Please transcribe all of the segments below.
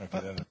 Okay,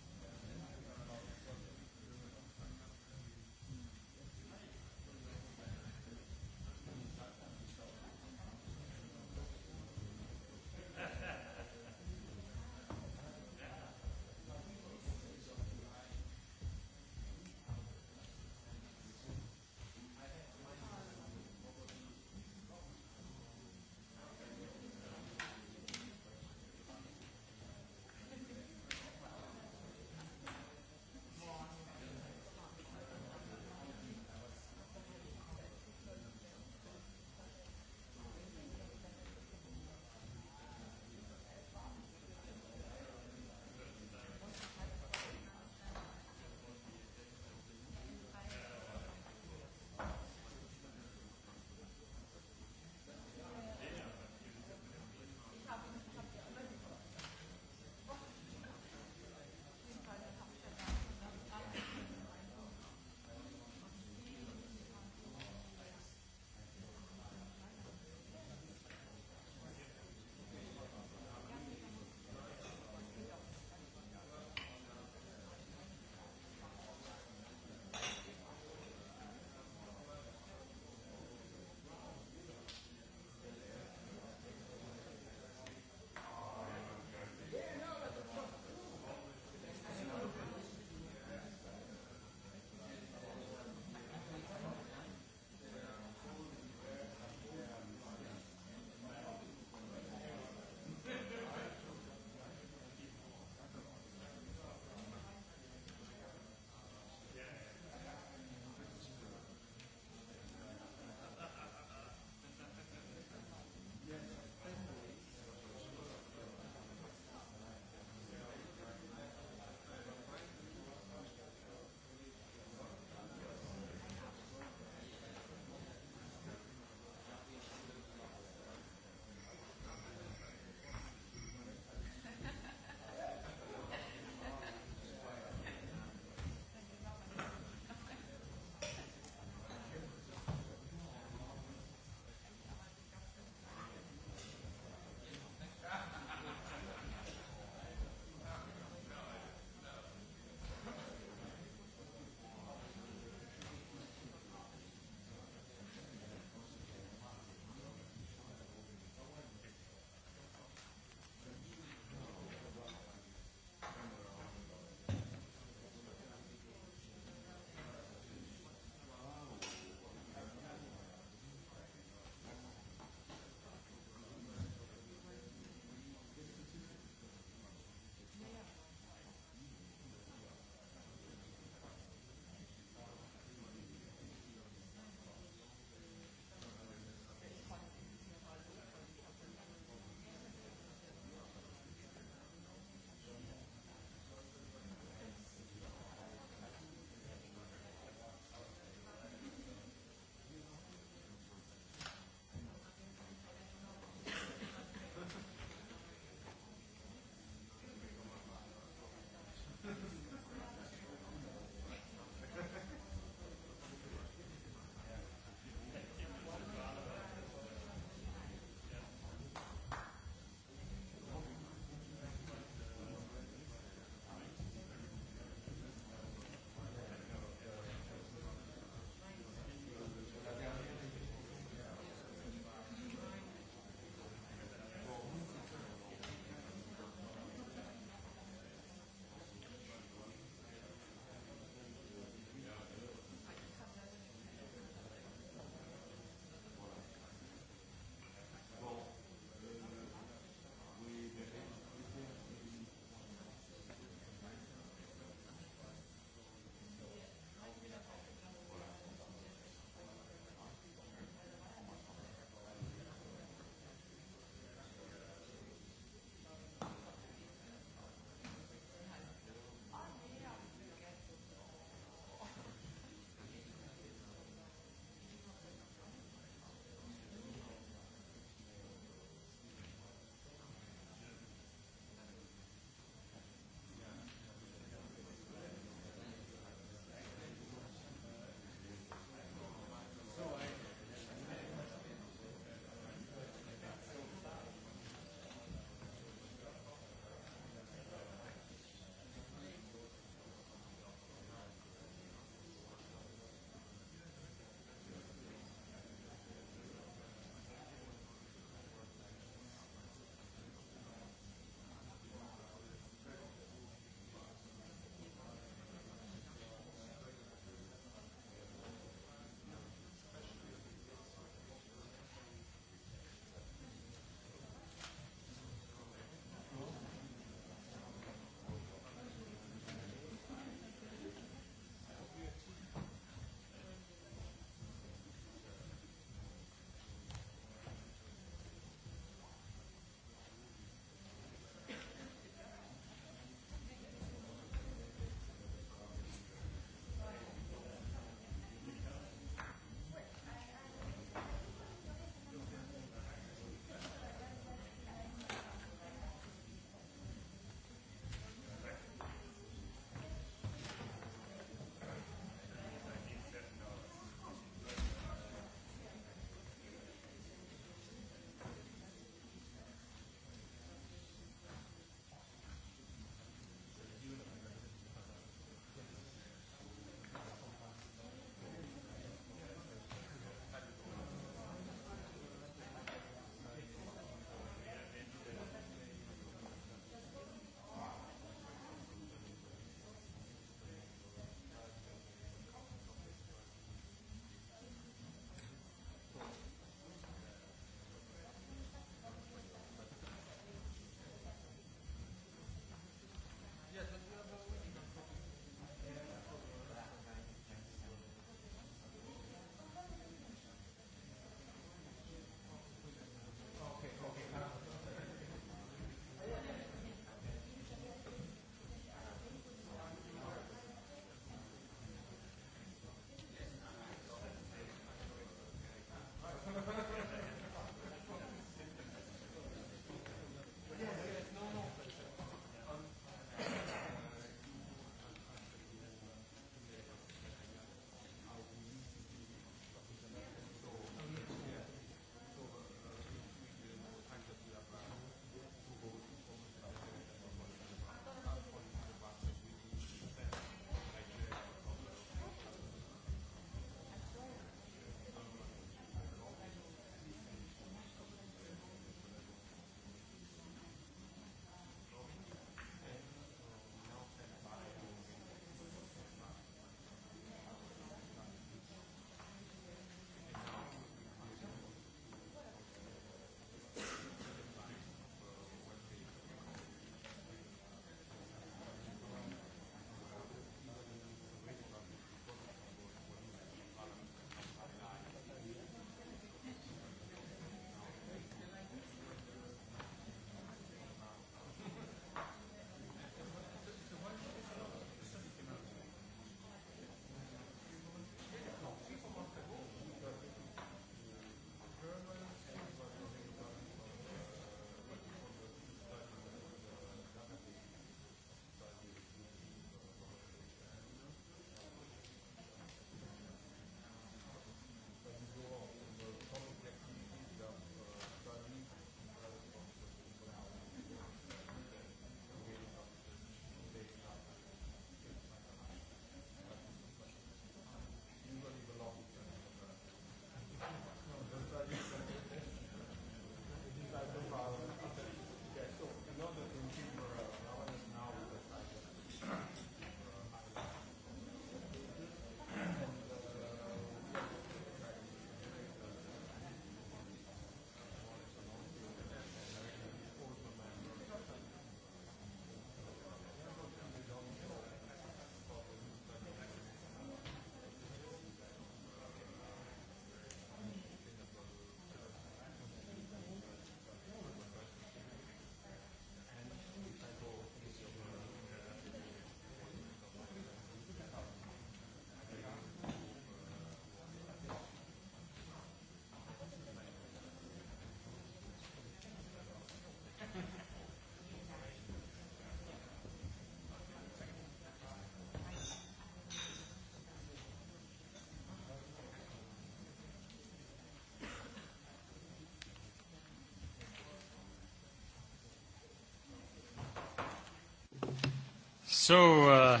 So, uh,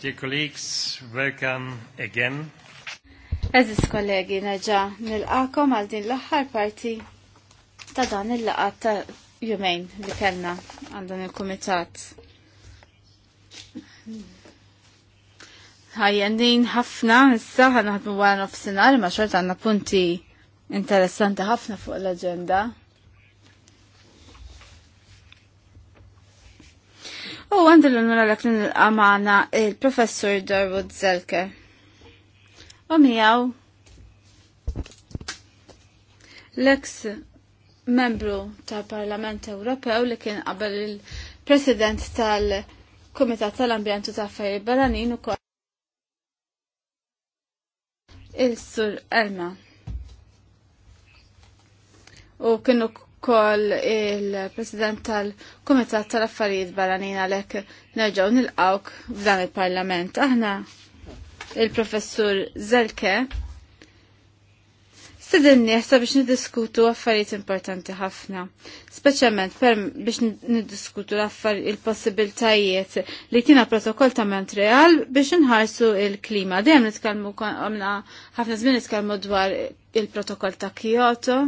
dear colleagues, welcome again. Eżis kollegi, neġa nil-għakom għal din l-axħar parti ta' dan il-laqat ta' jumejn li kellna għal dan il-komitat. Ħajjendin ħafna, issa ħanaħdmu għan of sinar, ma xort għanna punti interessanti ħafna fuq l-agenda. Għandi l-onora l nil-għamana il-professor Darwood Zelke. U miaw l-ex membru tal-Parlament Ewropew li kien qabel il-President tal-Komitat tal-Ambjentu ta' Affarijiet Barranin u il-Sur Elma. U kienu ukoll il-President tal-Kumitat tal-Affarijiet Barranin għalhekk nerġgħu nilqawk f'dan il-Parlament. Aħna il-Professur Zelke Sidinni jessa biex nidiskutu affarijiet importanti ħafna, speċjalment per biex nidiskutu il-possibiltajiet li kiena protokoll ta' Montreal biex nħarsu il-klima. Dejjem nitkellmu għamna ħafna żmien nitkellmu dwar il-protokoll ta' Kyoto,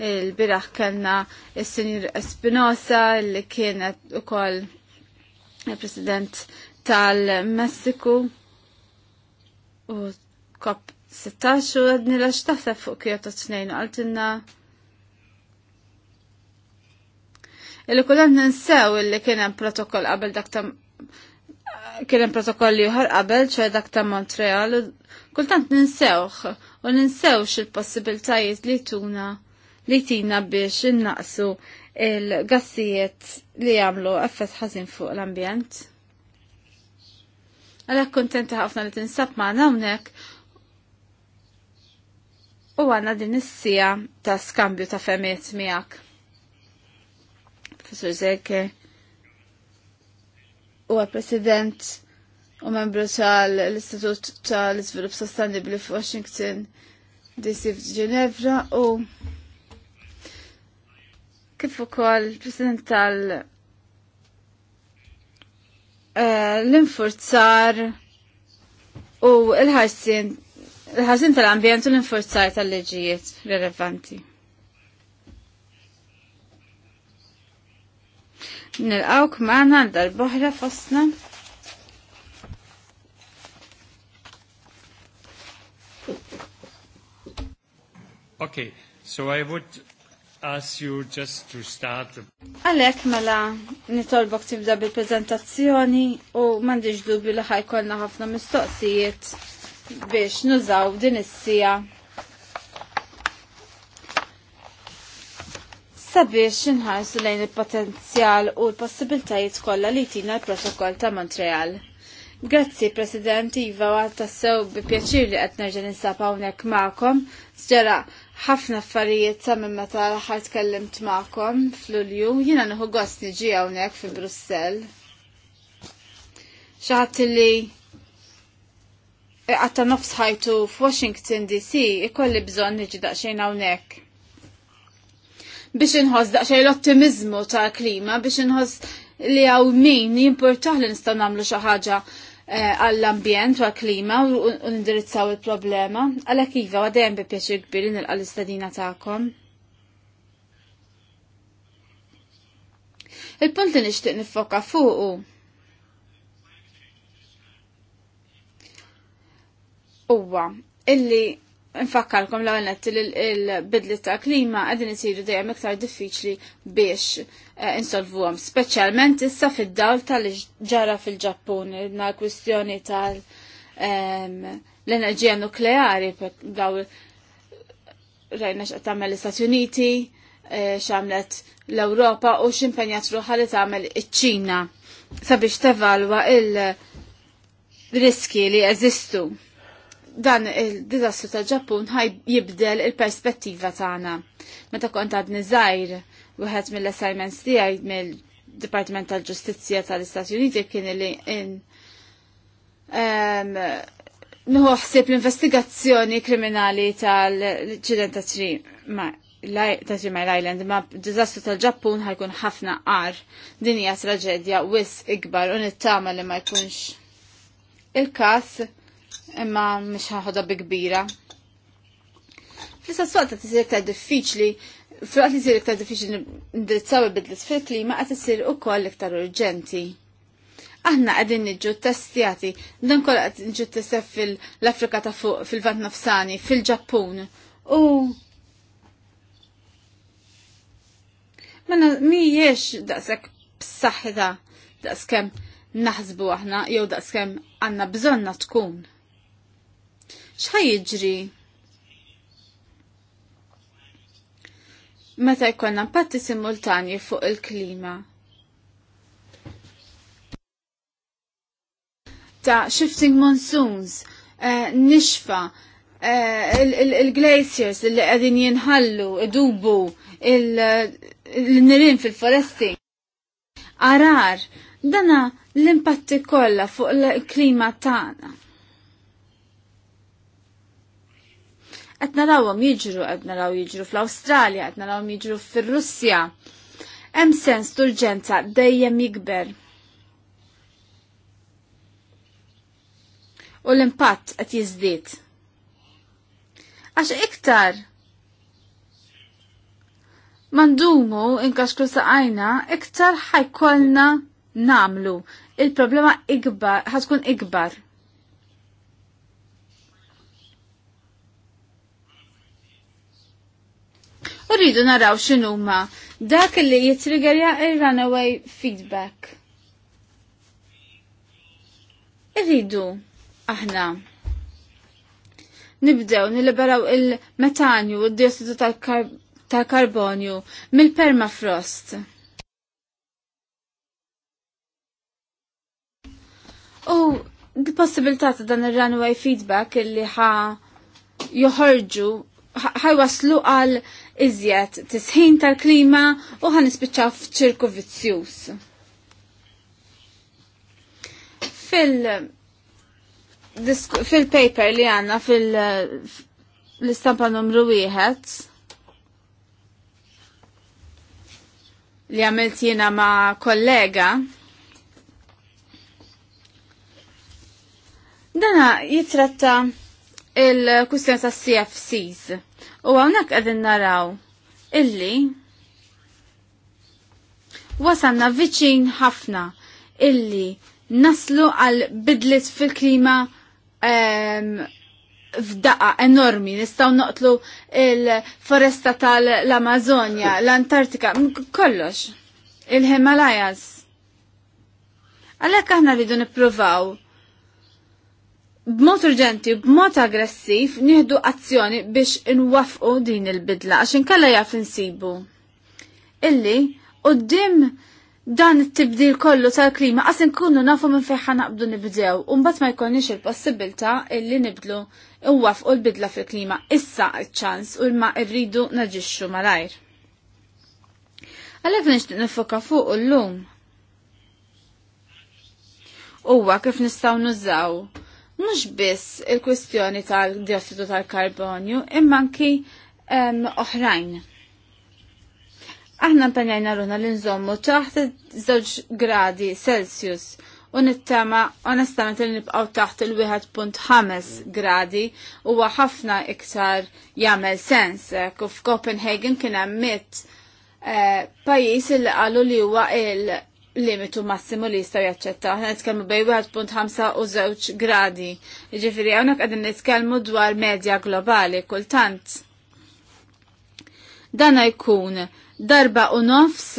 il-biraħ kellna il-Sinjur Espinosa li kienet ukoll il-President tal-Messiku u kop 16 u għadni la xtaħseb fuq Kyoto 2 għaltinna illi kullan ninsew illi kienem protokoll qabel dak ta' kienem protokoll li juħar qabel ċe dak ta' Montreal kultant ninsewx u ninsewx il-possibiltajiet li tuna li tina biex innaqsu il-gassijiet li jamlu effett ħażin fuq l-ambjent. Għalhekk kuntenta ħafna li tinsab ma' nawnek u għandna din is-sija ta' skambju ta' femiet miegħek. Professor Zeke huwa President u membru tal-Istitut tal-Iżvilupp Sostenibbli f'Washington DC f'Ġinevra u kif ukoll president tal- eh, l-infurzar u l-ħarsin l-ħarsin tal-ambjent u l-infurzar tal-leġijiet relevanti. Nil-għawk maħna dal-boħra fosna. Okay, so I would ask you just to start. Għalek mela nitolbok tibda bil-prezentazzjoni u mandiġ dubju li ħajkolna ħafna mistoqsijiet biex nużaw din is-sija. Sabiex inħarsu lejn il-potenzjal u l-possibiltajiet kollha li tina l-protokoll ta' Montreal. Grazzi, President Iva, għatta sew bi pjaċir li għatnerġan nisab għawnek ma'kom. Sġera, ħafna affarijiet ta' minn meta l-aħħar tkellimt magħkom fl-Ulju, jiena nieħu gost niġi hawnhekk fi Brussell. Xi ħadd li għatta nofs ħajtu f'Washington DC ikolli bżonn niġi daqsxejn hawnhekk. Biex inħoss daqsxejn l-ottimizmu tal klima biex inħoss li għaw min jimportaħ li nistgħu nagħmlu xi ħaġa Eh, għall-ambjent u għal-klima u nindirizzaw il-problema. Għalek iva, għadem bi pjaċir kbir nil-għal-istadina ta'kom. Il-punt li nixtieq nifoka fuqu huwa illi Nfakkarkom la għalnet il-bidli ta' klima għadin isiru dejjem iktar diffiċli biex eh, insolvu għom. specialment issa fid-dawl tal-ġara fil-ġappun, na' kwistjoni tal- enerġija nukleari, daw rajna x'tamel l-Istati Uniti, eh, xamlet l-Europa u ximpenjat ruħa li tagħmel iċ-Ċina sabiex tevalwa il-riski li jeżistu dan il-dizastru ta' Ġappun ħaj jibdel il-perspettiva tagħna. Meta kont għad niżajr wieħed mill-assignments tiegħi mill-Dipartiment tal-Ġustizzja tal-Istati Uniti kien li in nħuħsib l-investigazzjoni kriminali tal-ċident ta' Trimile Island ma dizastru tal-Ġappun ħajkun ħafna qar din hija traġedja wis ikbar u nittama li ma jkunx il-każ imma mish ħaħodha bi kbira. Fissa s-solta tisir iktar diffiċli, fil-għat li iktar diffiċli ndirizzaw il-bidlis fil-klima għat isir u koll iktar urġenti. Aħna għedin nġu testijati, dan koll għad nġu testijati fil-Afrika ta' fuq, fil-Vant Nafsani, fil-Ġappun. U Mena jiex daqsek b'saħħita daqskem naħsbu aħna jew daqskem għanna bżonna tkun x'ħaj jiġri? Meta jkollna impatti simultanji fuq il-klima. Ta' shifting monsoons, eh, nixfa, eh, il-glaciers li għedin jinħallu, idubu, il-nirin fil-foresti. Arar, dana l-impatti kolla fuq il-klima tagħna. Qed narawhom jiġru, qed naraw jiġru fl-Awstralja, qed narawhom jiġru fir-Russja. Hemm sens urġenza dejjem jikber. U l-impatt qed jiżdied. Għax iktar mandumu kull saqajna iktar ħajkolna namlu. Il-problema ikbar, ħatkun ikbar. u rridu naraw x'inhuma dak li jitrigerja il runaway feedback. Iridu aħna nibdew niliberaw il-metanju u d-diossidu tal-karbonju mill-permafrost. U d-possibilità ta' dan ir-runaway feedback illi ħa joħorġu ħajwaslu għal iżjed tisħin tal-klima u ħan ispiċċaw f'ċirku vizzjuż. Fil- fil-paper li għanna fil-istampa numru wieħed li għamilt jiena ma' kollega dana jitratta il-kustjoni ta' CFCs. U għawnek għedin naraw illi wasanna viċin ħafna illi naslu għal bidlis fil-klima ehm, f'daqqa enormi, nistaw noqtlu il-foresta tal-Amazonia, l-Antartika, kollox, il-Himalayas. Għalek aħna rridu nipruvaw b'mod urġenti, b'mod aggressiv, nieħdu azzjoni biex inwafqu din il-bidla, għax inkella jaf insibu. Illi, dim dan it-tibdil kollu tal-klima, għas nkunu nafu minn fejħa naqbdu nibdew, un-bat ma jkunniex il-possibilta illi nibdlu nwafqu l-bidla fil-klima, issa ċans u ma rridu naġixxu malajr. Għalek nixtieq nifoka fuq l-lum. Uwa kif nistaw nużaw mhux biss il-kwistjoni tal-diossidu tal-karbonju imma anki oħrajn. Aħna mpenjajna runa l nżommu taħt żewġ gradi Celsius u nittama onestament li nibqgħu taħt il-1.5 gradi huwa ħafna iktar jagħmel sens u f'Copenhagen kien hemm mitt eh, pajjiż li qalu li huwa il- limitu massimu li jistaw jaċċetta. Ħna nitkellmu bej 1.5 u 2 gradi. Ġifieri hawnhekk qegħdin nitkellmu dwar medja globali kultant. Dana jkun darba u nofs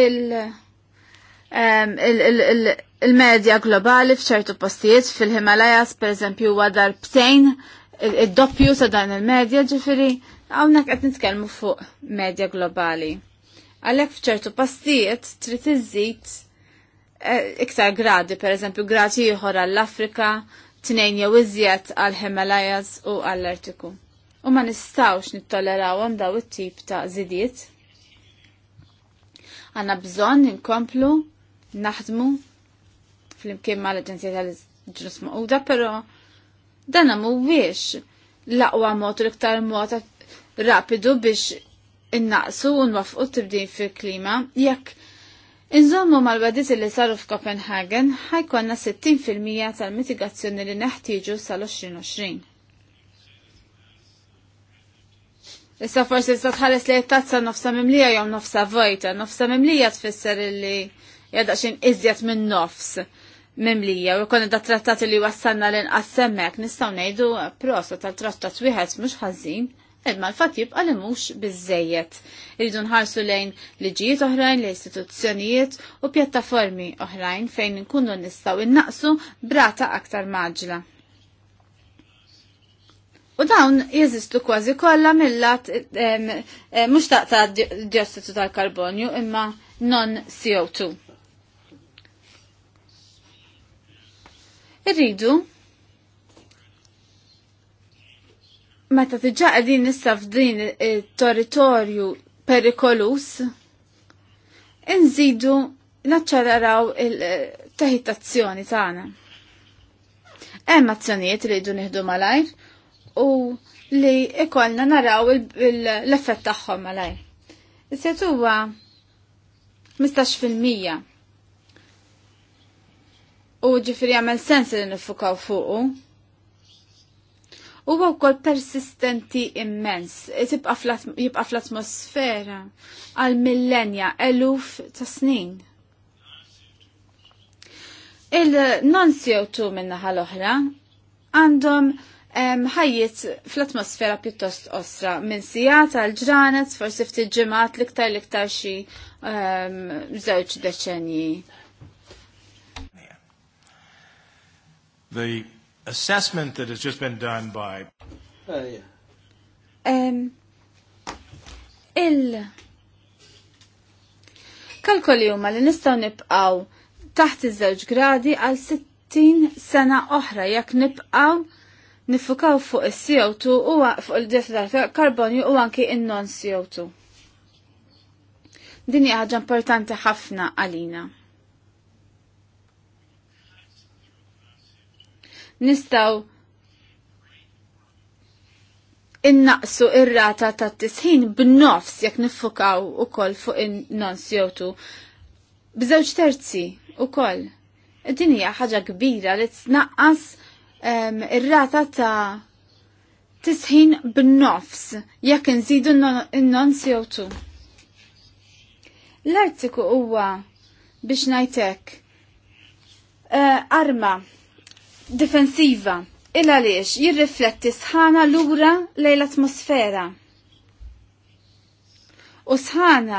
il-medja globali f'ċertu postijiet fil-Himalajas, per eżempju, għadar ptejn id-doppju sa dan il-medja ġifiri, hawnhekk qed nitkellmu fuq medja globali. Għalhekk f'ċertu pastijiet trid iżid eh, iktar gradi, pereżempju gradi ieħor għall-Afrika, tnejn jew iżjed għall-Himalayas u għall-Artiku. U ma nistawx nittolerawhom daw it-tip ta' żidiet. Għanna bżonn inkomplu naħdmu fl-imkien ma l-Aġenzija tal-Ġnus Maquda, però dan mhuwiex l-aqwa mod u iktar mod rapidu biex innaqsu u nwafqu t-tibdin fil-klima, jekk Inżommu mal-badis li saru f'Kopenhagen ħajkonna 60% tal-mitigazzjoni li neħtieġu sal-2020. Issa forsi issa tħares li tazza nofsa mimlija jew nofsa vojta, nofsa mimlija tfisser li jadaxin iżjed minn nofs mimlija u jkun da trattati li wassanna l-inqas semmek nistgħu ngħidu prosa tal-trattat wieħed mhux ħażin imma l-fat jibqa' li mhux biżejjed. Irridu nħarsu lejn liġijiet oħrajn, l istituzzjonijiet u pjattaformi oħrajn fejn nkunu nistgħu innaqsu brata aktar maġla. U dawn jeżistu kważi kollha mill-lat mhux ta' diossidu tal-karbonju imma non CO2. Irridu Meta tiġa qegħdin issa f'din it-territorju perikolus, inżidu naċċararaw il azzjoni tagħna. Hemm azzjonijiet li jdu nieħdu malajr u li ikollna naraw l-effett tagħhom malajr. Iżjed huwa fil-mija. u ġifieri għamel sens li nifukaw fuqu huwa wkoll persistenti immens, jibqa' fl-atmosfera għal millenja eluf ta' snin. Il-non CO2 minnaħa l-oħra għandhom ħajjiet fl-atmosfera pjuttost osra minn sijat għal ġranet forsi ftit ġimgħat l-iktar l-iktar xi żewġ deċenji assessment that has just been done by... Eh, il kalkoli huma li nistgħu nibqgħu taħt iż-żewġ gradi għal 60 sena oħra jekk nibqgħu nifukaw fuq is-CO2 u fuq il-dioxide karbonju u anki in-non CO2. Din hija ħaġa importanti ħafna għalina. nistaw innaqsu irrata rata ta' tisħin b'nofs jekk niffukaw ukoll fuq in-non CO2 b'żewġ terzi ukoll. Din hija ħaġa kbira li tnaqqas ir-rata ta' tisħin b'nofs jekk inżidu in-non CO2. L-artiku huwa biex ngħidlek eh, arma difensiva il għaliex jirrifletti sħana lura lej l-atmosfera. U sħana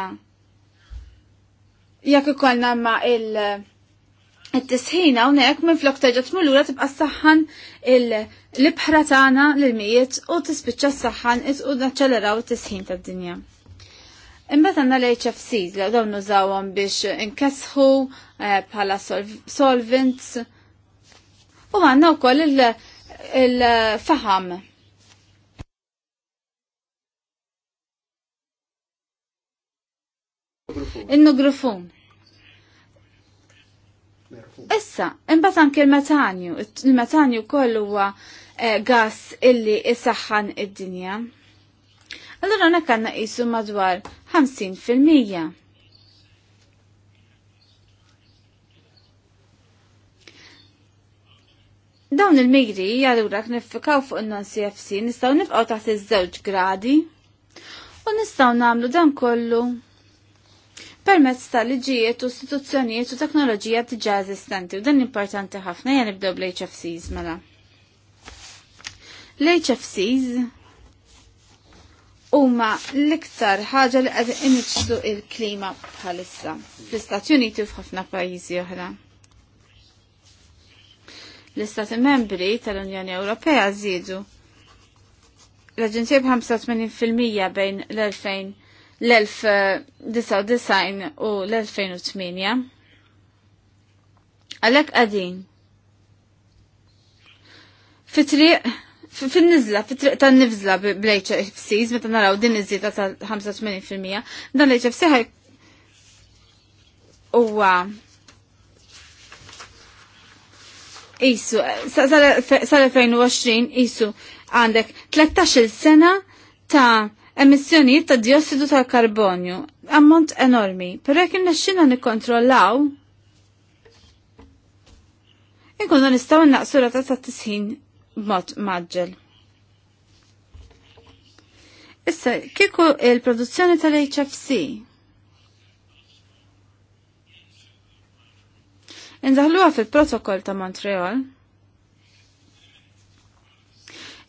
jekk ikollna namma il- it-tisħina hawnhekk minn flok terġa' tmur lura tibqa' saħħan l-ibħra tagħna l-mijiet u tispiċċa saħħan u naċċeleraw it-tisħin tad-dinja. Imbagħad għandna l-HFCs li dawn nużawhom biex inkesħu eh, bħala solvents u għanna u koll il-faham. Il-nugrufun. Issa, imbagħad anke il-metanju, il-metanju koll huwa eh, gas illi isaħħan id-dinja. Allura hekk għandna qisu madwar 50 fil-mija. Dawn il-miri jgħallura knifikaw fuq il-non-CFC nistaw nifqaw taħt iż-żewġ gradi u nistaw namlu dan kollu permezz tal liġijiet u istituzzjonijiet u teknoloġija diġa eżistenti u dan importanti ħafna jgħan nibdew bl-HFCs mela. L-HFCs huma l-iktar ħaġa li qed imiċċu il-klima bħalissa fl-Istati Uniti u f'ħafna pajjiżi oħra l-Istati membri tal-Unjoni Ewropea żiedu. L-Aġenzija b'85% bejn l-2000 l-1999 eh, u l-2008. Għalek għadin. Fitriq fil nizla fit ta' nifzla bl-HFCs, meta naraw din iż-żieda ta' 85%, dan l-HFC huwa Isu, sal-2020 isu għandek 13 sena ta' emissjonijiet ta' diossidu tal-karbonju, ammont enormi, pero jek xina nikontrollaw, inkunu nistaw naqsu rata ta' tisħin b'mod maġġel. Issa, kieku il-produzzjoni tal-HFC indaħluha fil-protokoll ta' Montreal.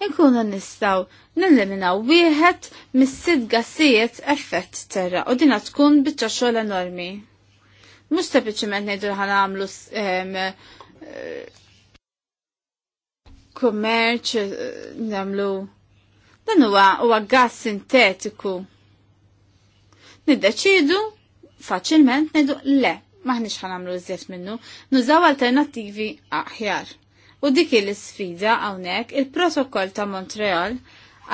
Inkunu nistaw nilliminaw wieħed mis-sid gassijiet effett terra u dina tkun biċċa xogħol enormi. Mhux sempliċement ngħidu ħan għamlu eh, kummerċ eh, nagħmlu dan huwa huwa gass sintetiku. Niddeċidu faċilment ngħidu le għamlu l iżjed minnu, nużaw alternattivi aħjar. U dik il-sfida hawnhekk il-protokoll ta' Montreal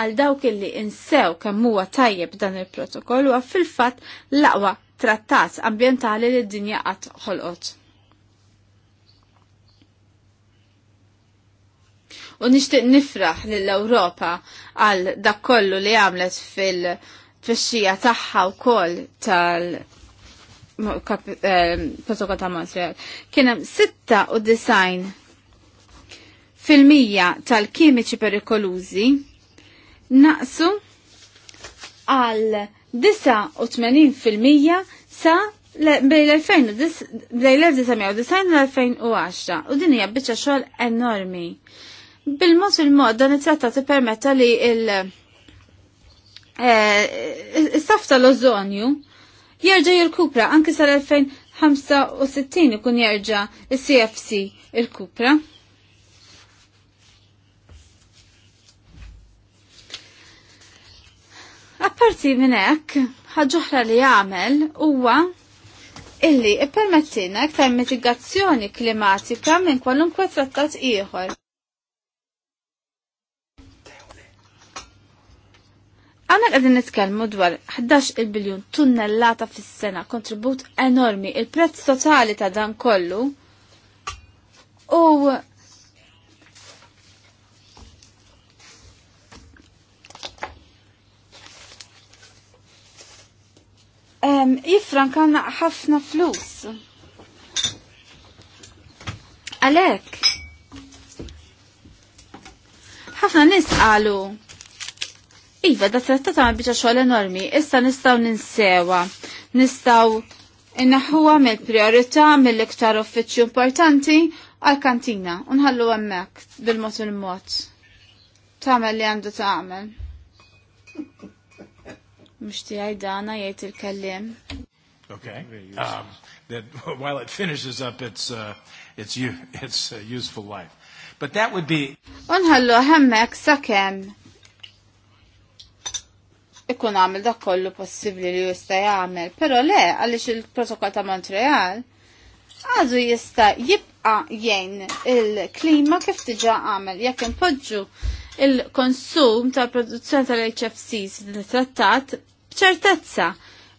għal dawk li insew kemm huwa tajjeb dan il-protokoll huwa fil-fatt l-aqwa trattat ambjentali li d-dinja qatt ħolqot. U nixtieq nifraħ lill-Ewropa għal dak kollu li għamlet fil-tfexxija tagħha wkoll tal- Eh, Kosovo ta' Montreal, kienem 96 fil-mija tal-kimiċi perikolużi naqsu għal 89 fil-mija sa bejn l u l-2010 u din hija biċċa xogħol enormi. Bil-mod il-mod dan it tratta permetta li il- eh, saf tal-ozonju jerġa' jirkupra anke sal-2065 ikun jerġa' il cfc l-kupra. Apparti minn hekk, li jgħamil huwa illi ippermettina iktar mitigazzjoni klimatika minn kwalunkwe trattat ieħor. Għanna għadin nitkelmu dwar 11 il-biljun tunnellata fis-sena, kontribut enormi, il-prezz totali ta' dan kollu. U Um, jifran kanna ħafna flus. Għalek. ħafna nis għalu Iva, da trattat ma bieċa xoħl enormi, issa nistaw ninsewa, nistaw innaħuwa mill priorità mill-iktar uffiċċju importanti għal-kantina, unħallu għemmek bil-mot il-mot. Tamel li għandu għamel. Mux ti għajdana jajt il-kellim. Ok. Um, that while it finishes up its, uh, its, its uh, useful life. But that would be... Unħallu għemmek sakemm ikun għamil dak kollu possibli li jista' jagħmel, però le għaliex il-protokoll ta' Montreal għadu jista' jibqa' jgħin il-klima kif diġà għamel jekk impoġġu il-konsum tal-produzzjoni tal-HFCs trattat b'ċertezza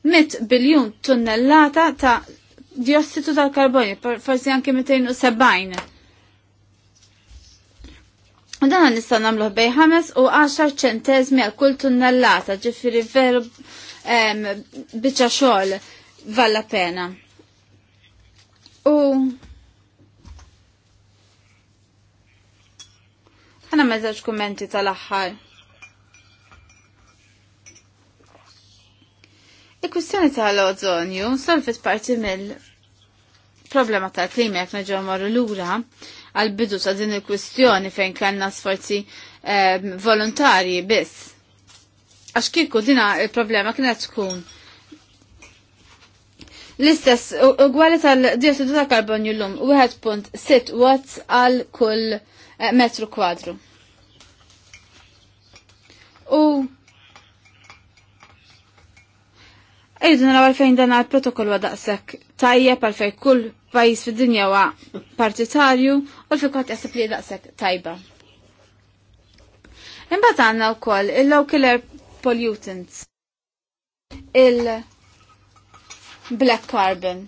100 biljun tunnellata ta' diossidu tal-karbonju, forsi anke 270 U dan nista' nagħmluh bej ħames u 10 ċentezmi għal kull tunnellata, ġifieri veru biċċa xogħol valla pena. U ħana żewġ kummenti tal-aħħar. Il-kwistjoni tal-ozonju solfet parti mill-problema tal-klima jekk neġgħu marru lura għal-bidu ta' din il-kwistjoni fejn kellna sforzi eh, volontari biss. Għax kieku dina il-problema kienet tkun L-istess, ugwali tal-dioxidu ta' karbonju l-lum, 1.6 watts għal kull eh, metru kwadru. U Ejdu naraw għalfejn dan għal protokoll għadaqsek tajjeb għalfejn kull pajjiż fid-dinja wa partitarju u l-fik għat jasab li daqshekk tajba. Imbagħad għandna wkoll il-low killer pollutants. Il-black carbon.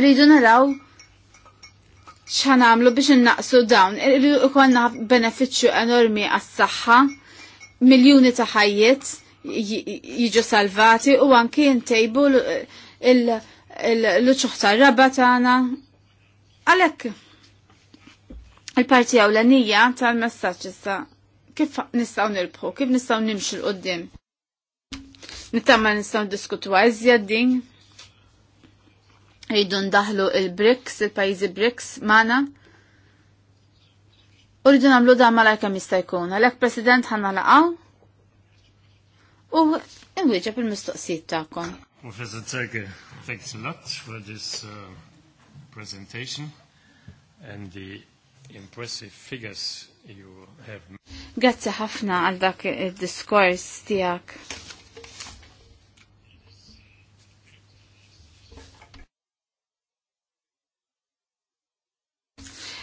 Rridu naraw ċanamlu biex innaqsu dawn. Irridu ikonna benefiċċju enormi għas-saħħa, miljuni ta' ħajjiet, jiġu salvati u anki ntejbu l uċuħ tar-raba tagħna. Għalhekk il-parti ewlenija tal-messaġġ issa kif nistgħu nirbħu, kif nistgħu nimxu l qudiem Nittamma nistgħu diskutu għażjad din. Rridu ndaħlu il-BRICS, il-pajjiżi BRICS Mana. U rridu nagħmlu da' malajr kemm jista' jkun. Għalhekk President ħanna laqgħu u nwieġeb il-mistoqsijiet tagħkom. Professor Zerke, thanks a lot for this uh, presentation and the impressive figures you have. Grazie ħafna għal dak il-diskors tiegħek.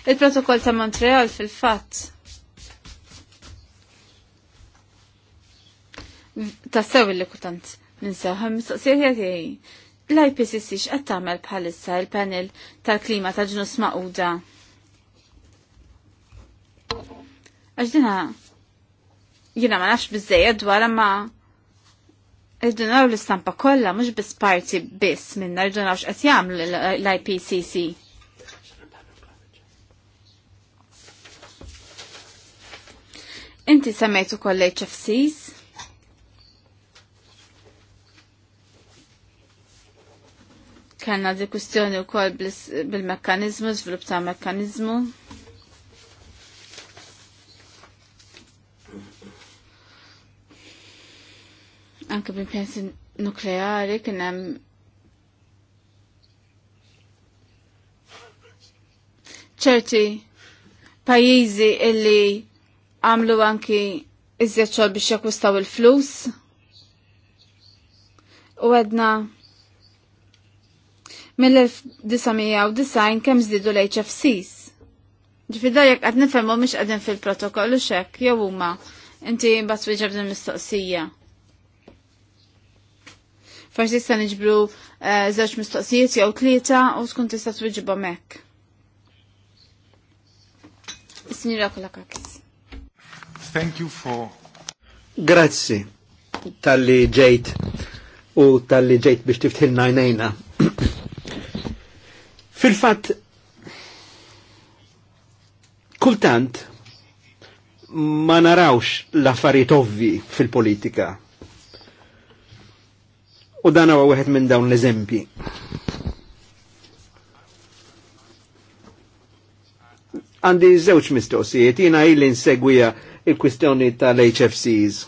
Il-protokoll ta' Montreal fil-fatt tassew li kutant minsew, mistoqsija tiegħi. L-IPCC x'qed tagħmel bħalissa il-panel tal-klima ta' ġnus maquda. Għax dina jiena ma nafx biżejjed dwar ma id-dunaw l-istampa kollha mhux biss parti biss minna rridu naraw x'qed jagħmlu l-IPCC. Inti semmejtu koll HFCs? Kanna di kustjoni u kol bil-mekkanizmu, zvilup ta' mekkanizmu. Anke bil-pjanti nukleari kien hemm ċerti pajjiżi illi għamlu anki iżjed xogħol biex jakkwistaw il-flus. U għedna mill-1990 kemm żdiedu l-HFCs. Ġifida jekk qed nifhmu mhux qegħdin fil-protokoll u xekk jew huma inti mbagħad wieġeb din mistoqsija. Forsi sta niġbru eh, żewġ mistoqsijiet jew tlieta u tkun tista' twieġibhom hekk. Is-Sinjura Kulakakis. Thank you for Grazzi tal-li ġejt u tal-li ġejt biex tiftħilna jnejna Fil-fat, kultant ma narawx l-affarijiet ovvi fil-politika. U dan huwa wieħed minn dawn l-eżempji. Għandi żewġ mistoqsijiet, jiena ili nsegwija il-kwistjoni tal-HFCs.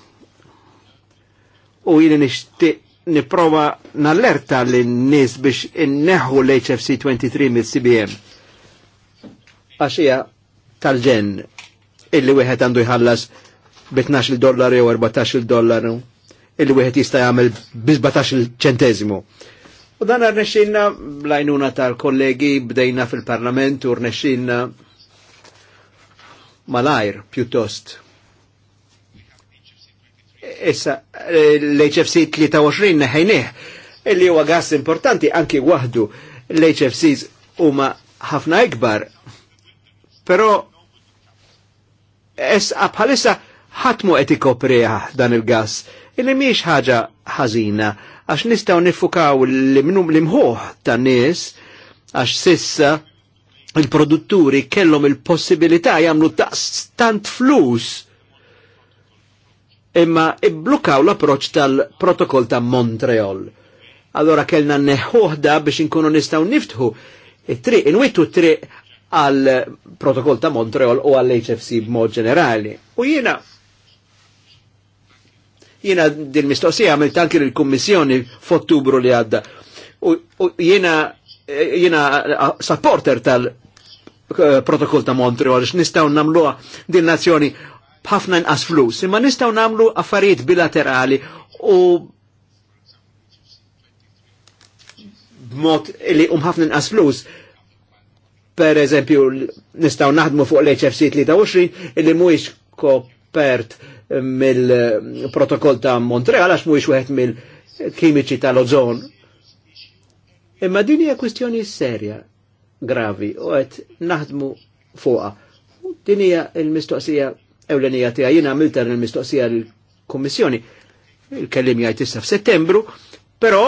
U ili nixtieq niprova nallerta l-nis biex inneħu l-HFC 23 mill-CBM. Għaxija tal-ġen illi wieħed għandu jħallas bi 12 dollari jew 14 dollaru illi wieħed jista' jagħmel bi 17 ċentesimu. U dan rnexxinna blajnuna tal-kollegi bdejna fil-Parlament u rnexxinna malajr pjuttost issa l-HFC 23 neħajnieh li huwa għas importanti anki waħdu l-HFCs huma ħafna ikbar. Però issa bħalissa ħatmu qed ikopriha dan il Il illi mhijiex ħaġa ħażina għax nistgħu nifukaw l l-imħuħ tan-nies għax sissa il-produtturi kellhom il-possibilità jagħmlu tant flus imma iblukaw l-approċ tal-protokoll ta' Montreal. Allora kellna neħuħda biex inkunu nistaw niftħu it-triq, inwittu it-triq għal protokoll ta' Montreal u għall HFC b'mod ġenerali. U jina, jina din mistoqsija għamilt anki l kommissjoni f'Ottubru li għadda. U, u jina, jiena supporter tal eh, protokoll ta' Montreal, x'nistgħu nagħmluha din nazzjoni b'ħafna nqas flus, imma nistgħu nagħmlu affarijiet bilaterali u b'mod li hum ħafna nqas flus per eżempju nistgħu naħdmu fuq l-HFC 23 illi mhuwiex kopert mill-protokoll ta' Montreal għax mhuwiex wieħed mill-kimiċi tal-ozon. Imma din hija kwistjoni serja gravi u qed naħdmu fuqha. Din hija l-mistoqsija ewlenija tiegħi jina għamilta l-mistoqsija l-Kummissjoni. Il-kellim jgħid issa f'Settembru, però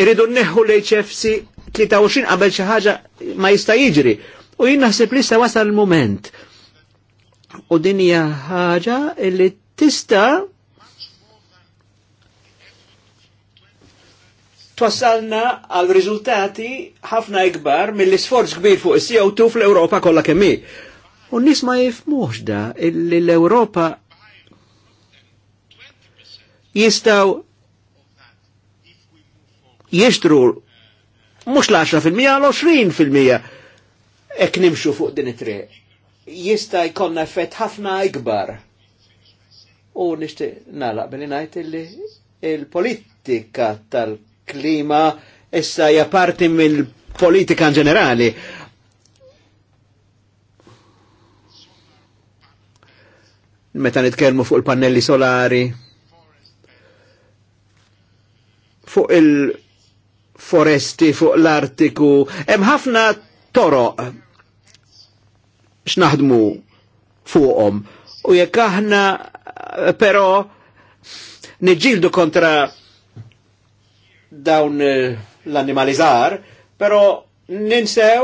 irridu neħu l-HFC 23 qabel xi ħaġa ma jista' jiġri. U jien naħseb lista wasal il-moment. U din hija ħaġa li tista' twassalna għal riżultati ħafna ikbar mill-isforz kbir fuq is-CO2 fl-Ewropa kollha kemm U nis ma jifmuħx da, l-Europa jistaw jishtru mux l-10% l-20% ek nimxu fuq din it-tre. Jista jkonna effett ħafna ikbar. U nishti nalaq billi najt illi il-politika tal-klima issa hija parti mill-politika ġenerali meta nitkellmu fuq il-pannelli solari, fuq il-foresti, fuq l-artiku, hemm ħafna toroq x'naħdmu fuqhom. U jekk aħna però niġġieldu kontra dawn eh, l-animalizar, però ninsew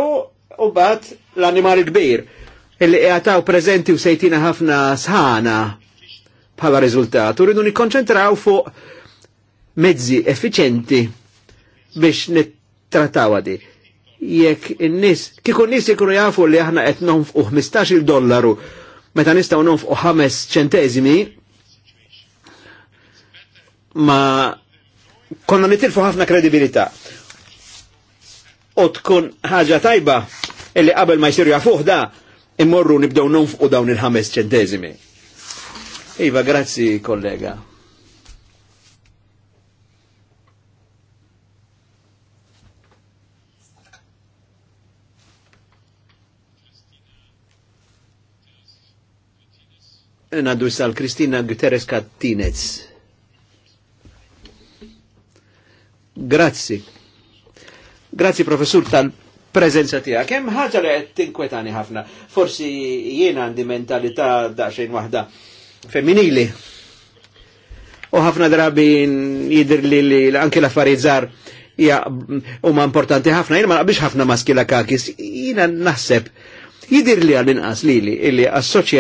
u bat l annimali kbir illi għataw prezenti u sejtina ħafna sħana bħala riżultat. Uridu nikkonċentraw fuq mezzi effiċenti biex nittrataw għadi. Jekk n-nis, kikun n-nis jikunu jafu li aħna qed nonfqu 15 dollaru meta nistgħu nonfqu 5 ċentesimi ma konna nitilfu ħafna kredibilità. U tkun ħaġa tajba illi qabel ma jsiru jafuħ da immorru nibdew nonfqu dawn il-ħames ċentesimi. Iva, grazzi kollega. Naddu sal Kristina Guterres Kattinez. Grazzi. Grazzi professur tal prezenza tiegħek. Kem ħaġa li qed tinkwetani ħafna. Forsi jiena għandi mentalità daqsxejn waħda femminili. U ħafna drabi jidher li anke l-affarijiet żgħar u huma importanti ħafna, jiena ma biex ħafna maskila kakis, jiena naħseb jidir li għal-inqas li li li għas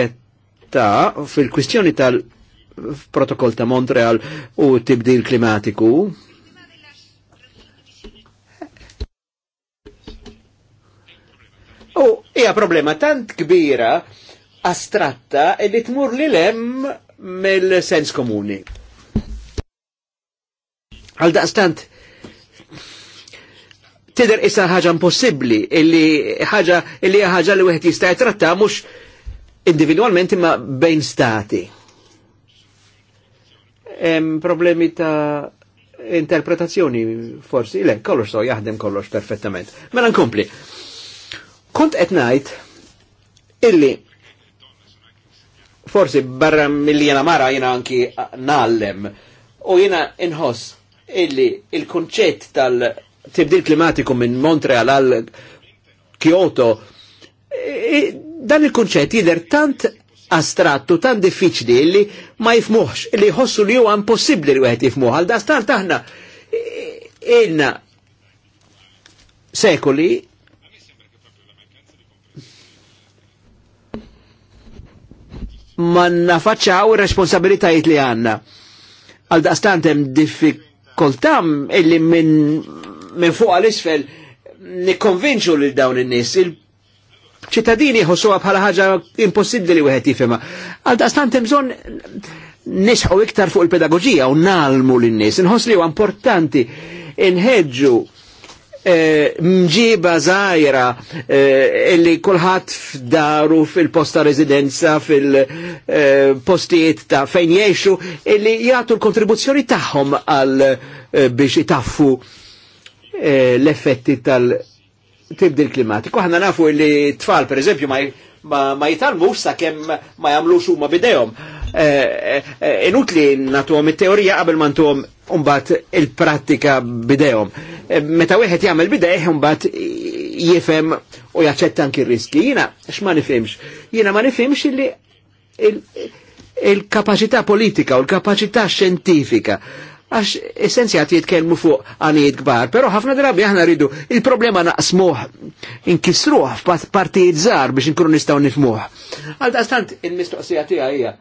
fil-kwistjoni tal-protokoll ta' Montreal u tibdil klimatiku hija problema tant kbira astratta li tmur li lem mill-sens komuni. Għal daqstant, tider issa ħaġa impossibbli, illi ħaġa illi ħaġa li wieħed jista' jitratta mhux individwalment imma bejn stati. Hemm problemi ta' interpretazzjoni forsi, le, kollox so jaħdem kollox perfettament. Mela nkompli. Kont etnajt illi forsi barra mill-jena mara jena anki nallem u jena inħoss illi il-konċett tal-tibdil klimatiku minn Montreal għal Kyoto e, dan il-konċett jider tant astrattu, tant diffiċli illi ma jifmuħx, illi jħossu li huwa impossibbli li wieħed jifmuħ. Għal stant aħna e, e, ilna sekoli ma nafaċċaw ir-responsabilitajiet li għandna. Għal daqstant hemm diffikultam illi minn min fuq għal isfel nikkonvinċu lil dawn in-nies ċittadini jħossuha bħala ħaġa impossibbli li wieħed jifhimha. Għal daqstant hemm bżonn nisħu iktar fuq il-pedagogija u nalmu lin-nies, inħoss li huwa importanti inħeġġu Eh, mġiba zaħira eh, illi kullħat f'daru fil-posta residenza fil-postijiet eh, ta' fejn jiexu illi jgħatu l-kontribuzzjoni tagħhom għal biex itaffu l-effetti tal-tibdil klimatiku. Aħna nafu illi tfal per eżempju ma jitalmu sa' kem ma jamlu huma bidejom Eh, eh, eh, inutli natuhom it-teorija qabel ma ntuhom umbat il-prattika bidejhom. Meta wieħed jagħmel bidejh umbat jifhem u jaċċetta anki riski. Jiena x'ma nifhimx. Jiena ma nifhimx illi il-kapaċità politika u l-kapaċità xjentifika għax essenzjati jitkelmu fuq għanijiet gbar, pero ħafna drabi aħna rridu il-problema naqsmuħ, inkisruħ f'partijiet żgħar biex inkunu nistgħu nifmuħ. Għal dastant il-mistoqsija tiegħi hija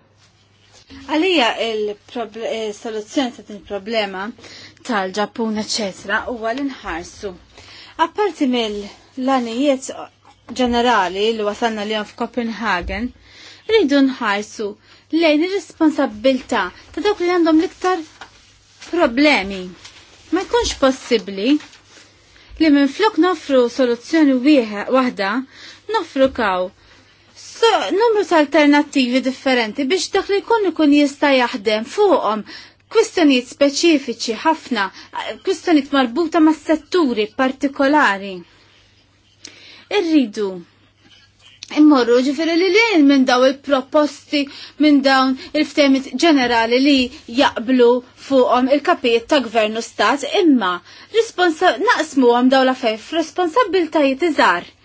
Għalija il-soluzzjoni eh, ta' din problema tal-ġappun, eccetera, u għal-inħarsu. Apparti mill-lanijiet ġenerali li wasanna li f'Copenhagen, rridu nħarsu lejn ir-responsabilta ta' dawk li għandhom l-iktar problemi. Ma jkunx possibbli li minn flok nofru soluzzjoni waħda nofru kaw So, numru ta' alternattivi differenti biex dak li jkun ikun jista' jaħdem fuqhom kwistjonijiet speċifiċi ħafna, kwistjonijiet marbuta ma' setturi partikolari. Irridu Immorru ġifiri li li minn daw il-proposti, minn dawn il-ftemit ġenerali li jaqblu fuqom il-kapijiet ta' gvernu stat, imma naqsmu għom daw la fejf responsabiltajiet iżar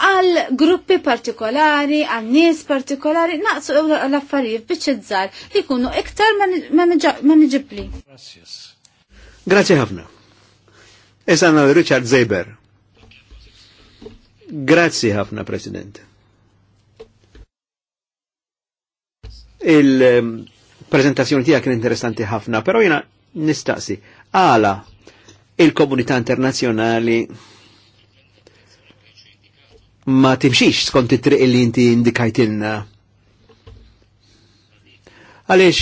għal gruppi partikolari, għal nies partikolari, naqsu l-affarijiet biex iżżar li jkunu iktar manageabli. Grazie ħafna. Issa Richard Zeber. Grazie ħafna, President. Il-prezentazzjoni tija kien interessanti ħafna, pero jena nistaqsi. Għala, il-komunità internazjonali ma timxix skont it-triq li inti indikajtilna. Għaliex,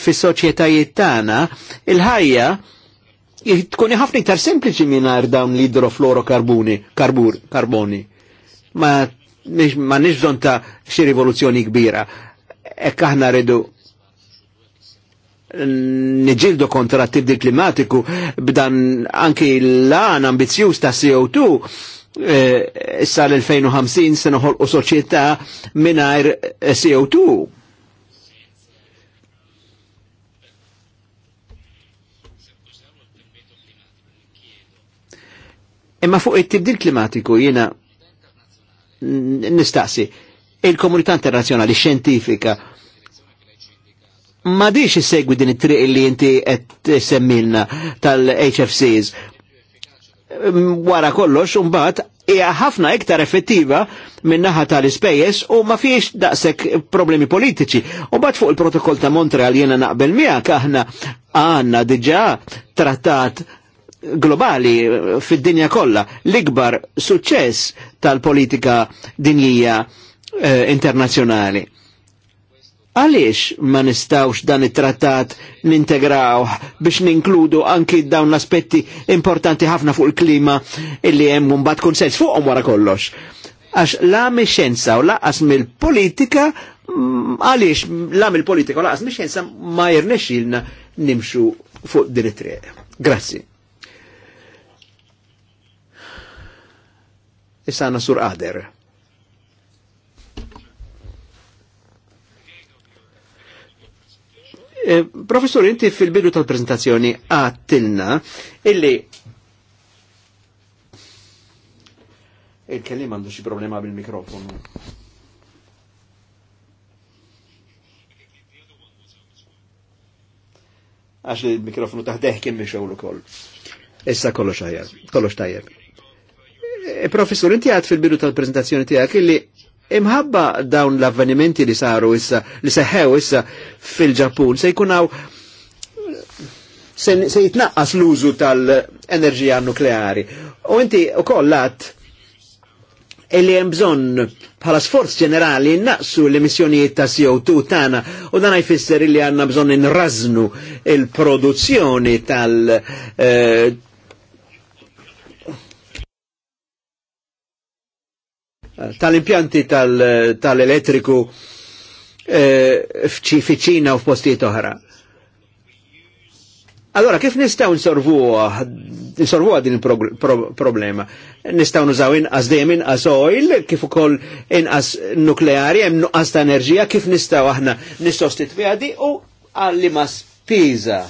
fi soċjetajiet tagħna il-ħajja tkun ħafna iktar sempliċi mingħajr dawn l-idrofluorokarbuni, karbur, karboni. Ma ma nix ta' xi rivoluzzjoni kbira. Ekk aħna rridu niġildu kontra t-tibdil klimatiku b'dan anki l-għan ambizjus ta' CO2 issa eh, l-2050 se noħolqu soċjetà mingħajr eh, CO2. Imma fuq it-tibdil klimatiku jiena nistaqsi il-komunità internazzjonali xjentifika ma diex segwi din it-triq li inti qed semmilna tal-HFCs. Wara kollox, mbagħad hija ħafna iktar effettiva minn naħa tal-ispejjeż u ma fiex daqshekk problemi politiċi. U bad fuq il-protokoll ta' Montreal jiena naqbel miegħek aħna għandna diġà trattat globali fid-dinja kollha l-ikbar suċċess tal-politika dinjija eh, internazzjonali Għaliex ma nistawx dan it-trattat nintegraw biex ninkludu anki dawn l-aspetti importanti ħafna fuq il-klima illi hemm mbagħad konsens fuqhom wara kollox. Għax la xenza u laqas mill-politika mm, għaliex l mill-politika u laqas mill-xenza ma jirnexilna nimxu fuq din it-triq. Grazzi. Issa għana sur qader. Eh, professor, inti fil-bidu tal-prezentazzjoni għattilna illi il-kellim għandu xie problema bil-mikrofonu. Għax il-mikrofonu taħdeħ kien biex l koll. Issa kollox ħajja, kollox tajjeb. Eh, professor, inti għad fil-bidu tal-prezentazzjoni tijak illi Imħabba dawn l-avvenimenti li saru issa, li seħew issa fil-ġapun, se jkunaw se, se jitnaqqas l-użu tal-enerġija nukleari. U inti u kollat illi hemm bżonn bħala sforz ġenerali naqsu l-emissjonijiet ta' CO2 tagħna u dan jfisser illi għandna bżonn inrażnu il-produzzjoni tal- eh, tal-impjanti tal-elettriku eh, fiċina u f'postijiet oħra. Allora, kif nistaw nisorvu għad din il-problema? Nistaw nużaw inqas dejjem inqas oil, kif ukoll inqas nukleari, hemm nuqqas ta' enerġija, kif nistaw aħna nissostitwiha għadi u għalli ma spiża.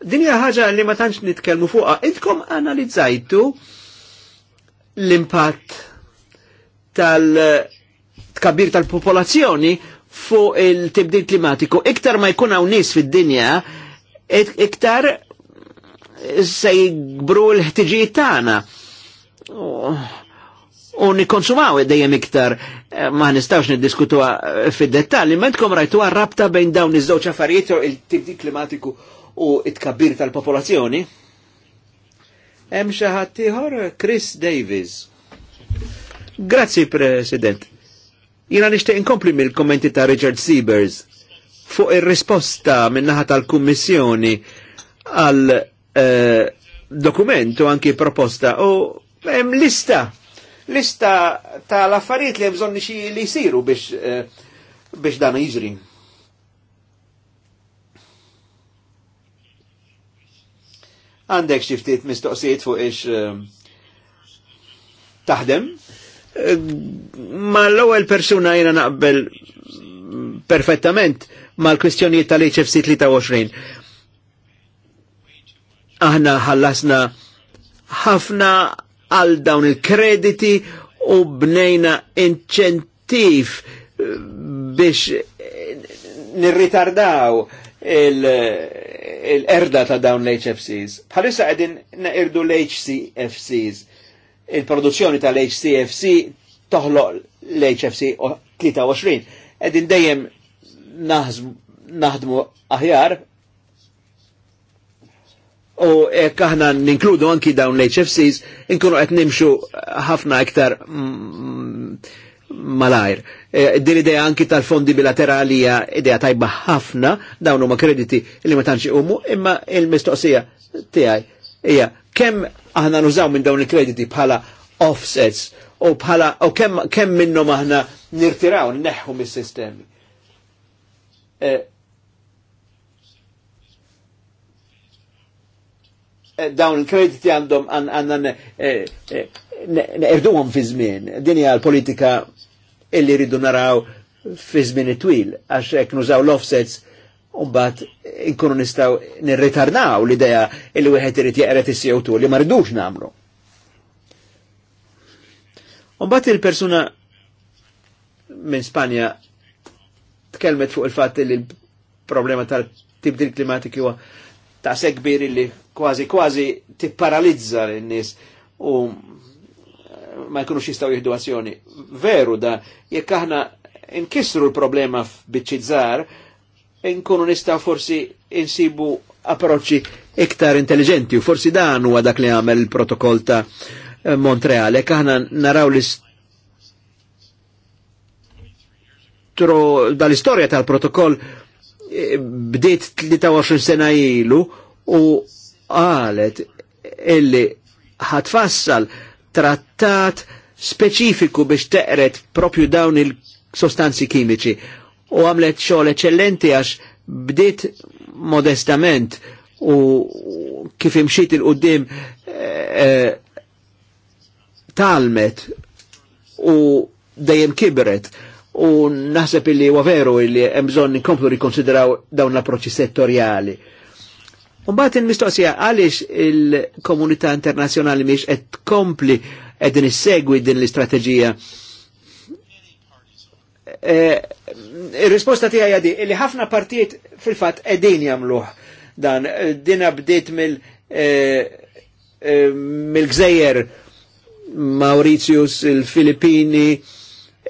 Dinja ħaġa li ma tantx nitkellmu fuqha. Intkom analizzajtu l-impatt tal-tkabbir tal-popolazzjoni fuq il-tibdil klimatiku. Iktar ma jkun hawn nies fid-dinja, iktar se jgbru l-ħtiġijiet tagħna. U nikkonsumaw dejjem iktar eh, ma nistawx niddiskutuha eh, fid-dettalji, mentkom rajtuha rabta bejn dawn iż-żewġ affarijiet il-tibdil klimatiku u it kabir tal-popolazzjoni. Hemm xi ħadd Chris Davis. Grazzi President. Jina nixtieq inkompli mill-kommenti ta' Richard Siebers fuq ir-risposta minnaħa tal-Kummissjoni għal eh, dokument u anki proposta u hemm lista lista tal-affarijiet li hemm bżonn li jsiru biex eh, biex dan jiġri Għandek xi ftit mistoqsijiet fuq ix ehm, taħdem. Ma l-ewwel persuna jiena naqbel perfettament mal-kwistjonijiet tal-HFC 23. Aħna ħallasna ħafna għal dawn il-krediti u bnejna inċentiv eh, biex nirritardaw il-erda ta' dawn l-HFCs. Bħalissa għedin irdu l-HCFCs. Il-produzzjoni tal-HCFC toħloq l-HFC 23. Għedin dejjem naħdmu aħjar u kħahna aħna ninkludu anki dawn l-HFCs, inkunu qed nimxu ħafna iktar malajr din idea anki tal-fondi bilaterali hija ideja tajba ħafna, dawn huma krediti li ma tantx umu, imma il-mistoqsija tiegħi hija kemm aħna nużaw minn dawn il-krediti bħala offsets u bħala u kemm kemm minnhom aħna nirtiraw neħħu mis-sistemi. dawn il-krediti għandhom għandhom irduhom fi żmien. Din hija l-politika illi rridu naraw fi żmien twil għax hekk nużaw l-offsets Umbat inkunu nistaw nirritarnaw l idea illi wieħed irid jaqret is-CO2 li ma rridux nagħmlu. Umbat il-persuna minn Spanja tkellmet fuq il-fatt li l-problema tal-tibdil klimatik huwa ta' sekbir li kważi kważi tipparalizza l-nies u um ma jkunux jistaw jihdu azzjoni. Veru da, jekk aħna nkissru l-problema f'biċċizzar, nkunu nistaw forsi insibu approċċi iktar intelligenti u forsi dan huwa dak li għamel il-protokoll ta' Montreal. Jekk aħna naraw l dal-istorja tal-protokoll e, bdiet 23 sena ilu u għalet illi ħatfassal fassal trattat speċifiku biex teqret propju dawn il-sostanzi kimiċi u għamlet xogħol eċellenti għax bdiet modestament u kif imxiet il-qoddim e, talmet u dejjem kibret u naħseb illi huwa veru illi hemm bżonn inkomplu rikonsidraw dawn l-approċċi settorjali Umbat il-mistoqsija għaliex il-komunità internazjonali miex qed kompli qegħdin issegwi din l-istrateġija. E, Ir-risposta tiegħi di li ħafna partijiet fil-fatt qegħdin jagħmluh dan din bdiet mill e, e, mill-Gżejjer Mauritius, il-Filippini,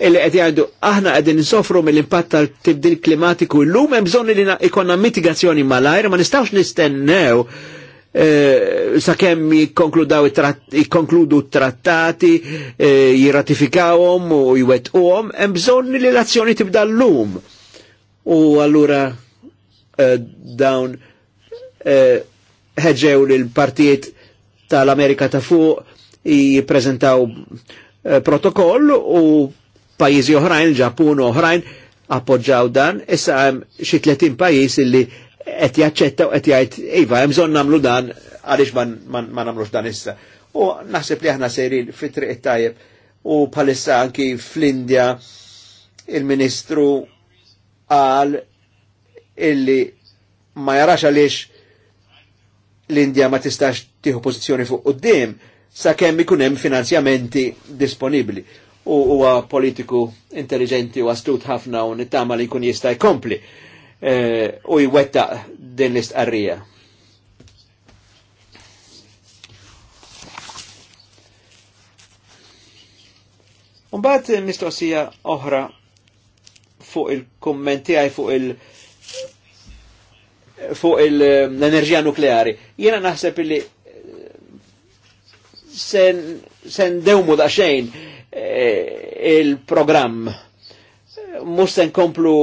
Il qed jgħidu aħna qegħdin insofru mill-impatt tal-tibdil klimatiku llum hemm bżonn li ikonna mitigazzjoni malajr ma nistgħux nistennew eh, sakemm jikkonkludaw jikkonkludu trattati eh, jirratifikawhom u jwettquhom hemm bżonn li l-azzjoni tibda llum. U allura eh, dawn ħeġew lill partijiet tal-Amerika ta' fuq jippreżentaw protokoll u pajjiżi oħrajn, ġapun oħrajn appoġġaw dan, issa hemm xi 30 pajjiż illi qed jaċċetta u qed jgħid iva hemm bżonn nagħmlu dan għaliex ma nagħmlux dan issa. U naħseb li aħna sejrin fit-triq tajjeb u palissa anki fl-Indja il-Ministru għal illi ma jarax għaliex l-Indja ma tistax tieħu pożizzjoni fuq d-dim, sakemm ikun hemm finanzjamenti disponibbli u huwa politiku intelligenti u astut ħafna u nittama li jkun jista' jkompli eh, u jwettaq din l-istqarrija. Umbat mistoqsija oħra fuq il-kommenti għaj fuq il- fuq l-enerġija nukleari. Jena naħseb li sen, sen dewmu da xejn Eh, il program mux se nkomplu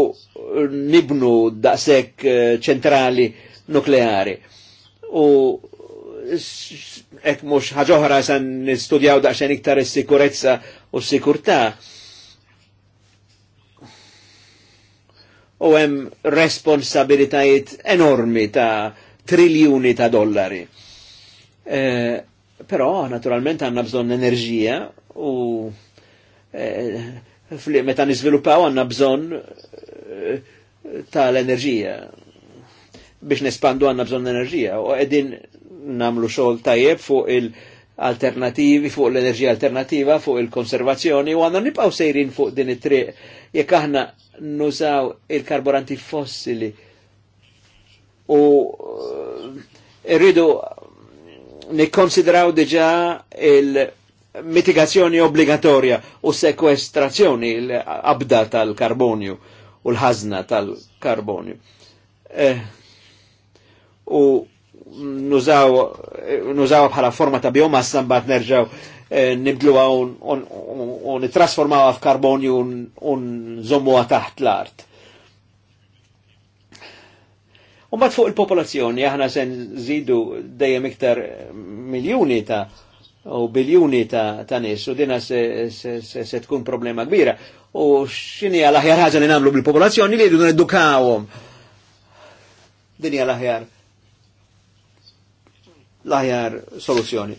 nibnu daqsek eh, ċentrali nukleari. U ek mux ħagħohra san nistudjaw daqxen iktar il sikurezza u sikurta U hemm responsabilitajiet enormi ta' triljuni ta' dollari. Eh, però naturalment għanna bżonn enerġija u e, meta nizviluppaw għandna bżonn e, tal-enerġija biex nespandu għanna bżon enerġija u għedin namlu xogħol tajjeb fuq il-alternativi, fuq l-enerġija alternativa, fuq il-konservazzjoni u għanna nipaw sejrin fuq din it-triq jekk aħna nużaw il-karburanti fossili u e, rridu nikkonsidraw diġa il- mitigazzjoni obbligatorja u sekwestrazzjoni l-abda tal-karbonju u l-ħazna tal-karbonju. Eh, u nużaw, bħala forma ta' biomassa mbagħad nerġaw eh, nibdluha u nittrasformawha f'karbonju u nżommuha taħt l-art. U mbagħad fuq il-popolazzjoni aħna se nżidu dejjem iktar miljuni ta' u biljuni ta', ta nis u dina se, se, se, se tkun problema kbira. U xini għal aħjar ħagġa li namlu bil-popolazzjoni li jridu nedukawhom. Din hija l-aħjar l-aħjar soluzzjoni.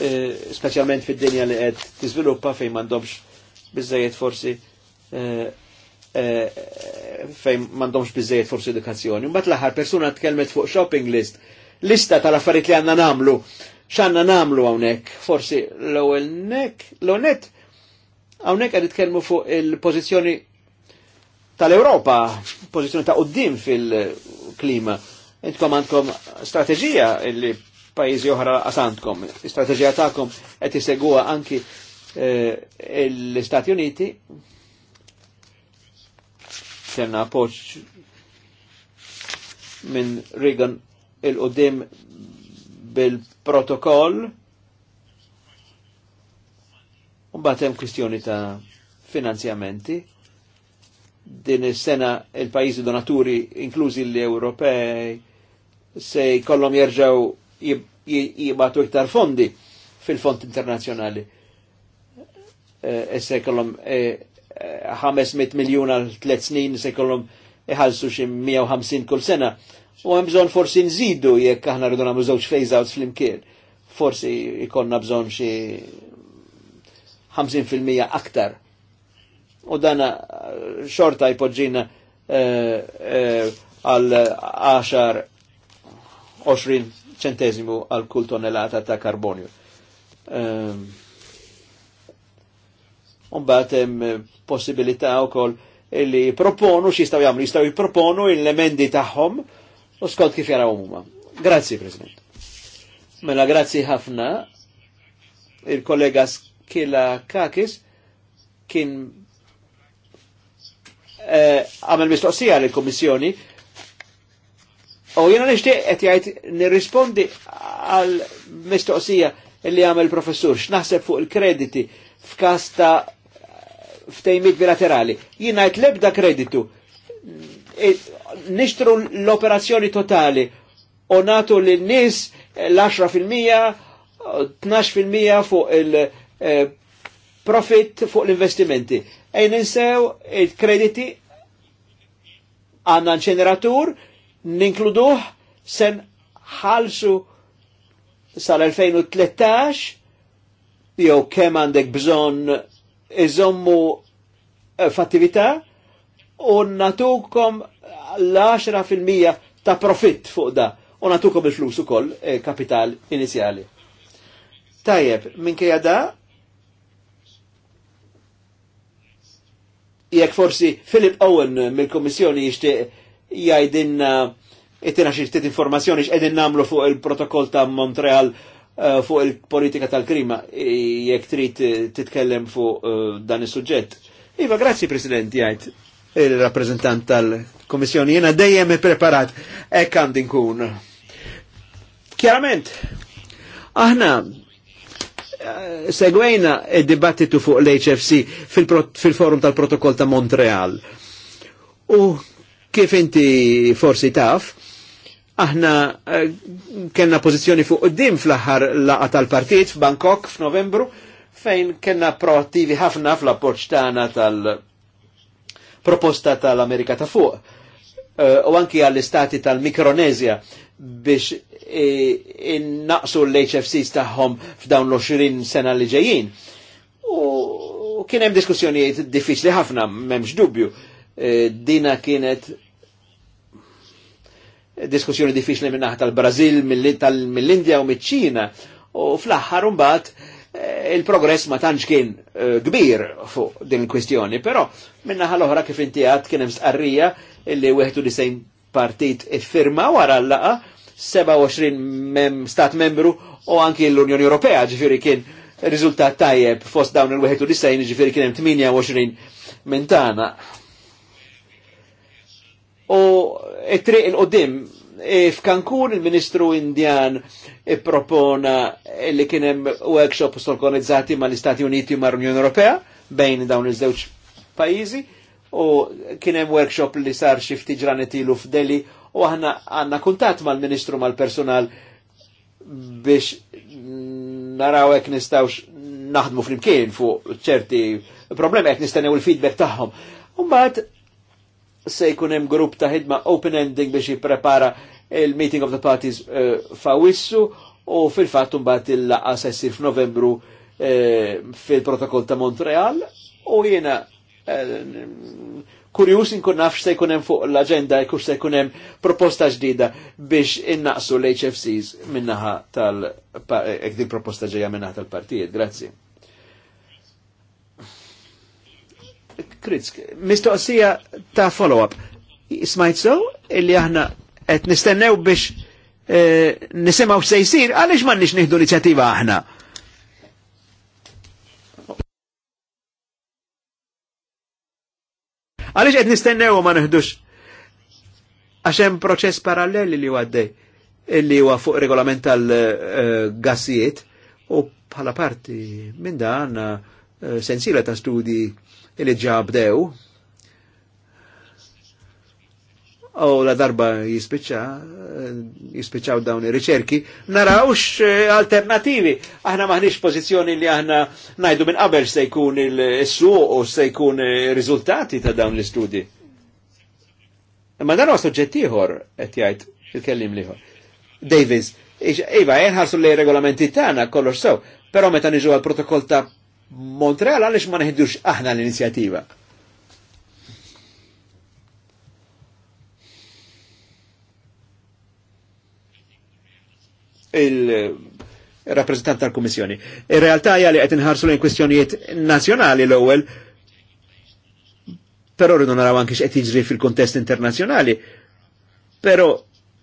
E, Speċjalment fid-dinja li qed tiżviluppa fejn m'għandhomx biżejjed forsi e, e, fejn m'għandhomx biżejjed forsi edukazzjoni. Mbagħad l-aħħar persuna tkellmet fuq shopping list, lista tal-affarijiet li għandna nagħmlu xanna namlu għawnek, forsi l-ewel nek, l-onet, għawnek għed kelmu fuq il-pozizjoni tal-Europa, pozizjoni ta' uddim fil-klima. Intkom għandkom strategija li pajizi oħra għasantkom, strategija ta'kom għed jisegwa anki eh, l-Stati Uniti, kena poċ minn Reagan il-qoddim bil-protokoll u hemm kwistjoni ta' finanzjamenti din is-sena il-pajjiżi donaturi inklużi l-Ewropej se jkollhom jerġgħu jibatu iktar fondi fil-Fond Internazzjonali. E, e se jkollhom 500 e, e, miljun għal tliet snin se jkollhom iħallsu xi 150 kull sena u hemm bżonn forsi nżidu jekk aħna rridu nagħmlu żewġ phase outs flimkien. Forsi ikonna bżonn xi 50% aktar. U dana eh, xorta jpoġġina eh, eh, għal eh, 10-20 ċentesimu għal kull tonnellata ta' karbonju. Umbat hemm possibilità wkoll li proponu x'jistgħu jagħmlu, jistgħu jipproponu l-emendi tagħhom u skont kif jaraw huma. Grazzi, President. Mela grazzi ħafna il-kollega Skila Kakis kien eh, għamel eh, mistoqsija l-Komissjoni u jena nishtiq qed jgħid nirrispondi għal mistoqsija li għamel professur x'naħseb fuq il-krediti f'kasta ftejmit bilaterali. Jien ngħid lebda kreditu E, nishtru l-operazzjoni totali u natu l-nis l-10%, 12% fuq il-profit e, fuq l-investimenti. Ejn ninsew il-krediti għanna ċeneratur ninkluduh sen ħalsu sal-2013 jew kemm għandek bżonn iżommu e, f'attività u natukom l-10% ta' profitt fuq da u natukom il-flus ukoll eh, kapital inizjali. Tajjeb, minkejja da jekk forsi Philip Owen mill komissjoni jixtieq jgħidinna jittina xi ftit informazzjoni x'qegħdin nagħmlu fuq il-protokoll ta' Montreal eh, fuq il-politika tal-krima jekk trid titkellem fuq eh, dan is-suġġett. Iva, grazzi President jgħid il-rappresentant tal-Komissjoni. Jena dejjem preparat, ek għandin kun. Chiarament, aħna eh, segwejna id-dibattitu fuq l-HFC fil-forum tal-protokoll ta' Montreal. U kif inti forsi taf, aħna eh, kena pozizjoni fuq qoddim fl-aħħar laqa tal-partit f'Bangkok f'Novembru fejn kena proattivi ħafna fl-appoċ tagħna tal-, -tal proposta tal-Amerika ta' fuq eh, u anki għall-istati tal-Mikronezja biex eh, innaqsu l-HFCs tagħhom f'dawn l-20 sena li ġejjin. U kien hemm diskussjonijiet diffiċli ħafna, m'hemmx dubju. Eh, dina kienet diskussjoni diffiċli minnaħ tal-Brażil, mill-Indja u miċ-Ċina. U fl-aħħar mbagħad Eh, il-progress ma tantx kien eh, kbir fuq din il-kwistjoni, però minna ħal-oħra kif inti għad kien hemm stqarrija illi wieħed disejn partit iffirma wara l-laqa 27 mem stat membru u anki l-Unjoni Ewropea ġifieri kien riżultat tajjeb fost dawn il 21 ġifieri kien hemm 28 mentana. U it-triq il-qudiem E F'Kankun il-Ministru Indjan e propona li kien hemm workshops organizzati mal-Istati Uniti u l unjoni Ewropea bejn dawn iż-żewġ pajjiżi u kien hemm workshop li sar xi ftit ġranet ilu f'Deli u aħna għandna kuntatt mal-Ministru mal-Personal biex naraw hekk nistgħux naħdmu flimkien fuq ċerti problemi qed nistennew il-feedback tagħhom. Umbagħad se jkun hemm grupp ta' ħidma open ending biex jipprepara il-meeting of the parties uh, fawissu u fil-fatt mbagħad il laqa se jsir f'Novembru uh, fil-protokoll ta' Montreal u jiena eh, kurjus inkun naf se jkun hemm fuq l-aġenda jkun se jkun hemm proposta ġdida biex innaqsu l-HFCs minnaħa tal proposta ġejja minnaħa tal-partijiet. Grazzi. Kritsk, mistoqsija ta' follow-up. Smajt so, illi aħna qed nistennew biex eh, nisimaw se jsir, għaliex m'għandniex nieħdu inizjattiva aħna? Għaliex qed nistennew ma nihdux? Għaxem proċess paralleli li għaddej illi huwa fuq regolament tal-gassijiet u bħala parti minn dan għandna eh, ta' studi illi ġabdew u la darba jispiċa, jispiċaw dawn ir-riċerki, narawx eh, alternativi. Aħna maħniex pozizjoni li aħna najdu minn qabel se jkun il-suq u se jkun eh, riżultati ta' dawn l-istudji. Ma dan huwa suġġett ieħor qed jgħid il-kellim liħor. Davis, iva, jenħarsu li regolamenti tagħna kollox sew, però meta niġu għal protokoll ta' Montreal għaliex ma neħdux aħna l-inizjattiva. il-rappresentant eh, tal-Kommissjoni. Ir-realtà hija li qed inħarsu lejn kwestjonijiet nazzjonali l-ewwel, però rridu naraw anke x'qed jiġri fil-kontest internazzjonali. Però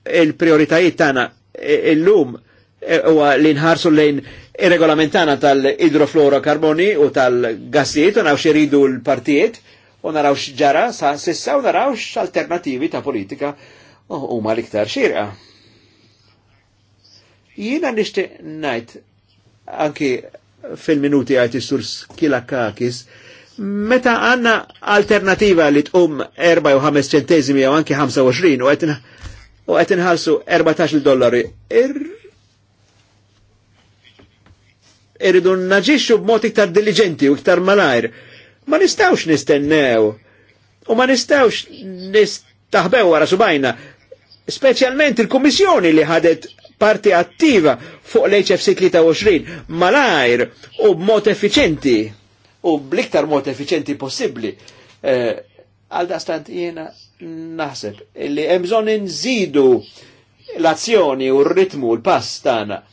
il-prioritajiet tagħna eh, illum eh, huwa li nħarsu lejn regolamentana tal-idroflora karboni u tal-gassiet u naraw xeridu l-partijiet u naraw xġara sa sissa u naraw alternativi ta' politika oh, u ma liktar xirqa. Jina nishti najt anki fil-minuti għajt sur Kakis, meta għanna alternativa li tqum 4 u 5 u anki 25 u u għetin ħalsu 14 dollari irridu naġixxu b'mod iktar diligenti u iktar malajr. Ma nistawx nistennew u ma nistawx nistaħbew wara subajna, speċjalment il-Kummissjoni li ħadet parti attiva fuq l-HFC 23 malajr u b'mod effiċenti u bliktar mod effiċenti possibbli. Eh, għal eh, dastant jiena naħseb li hemm bżonn inżidu l-azzjoni u r-ritmu l-pass tagħna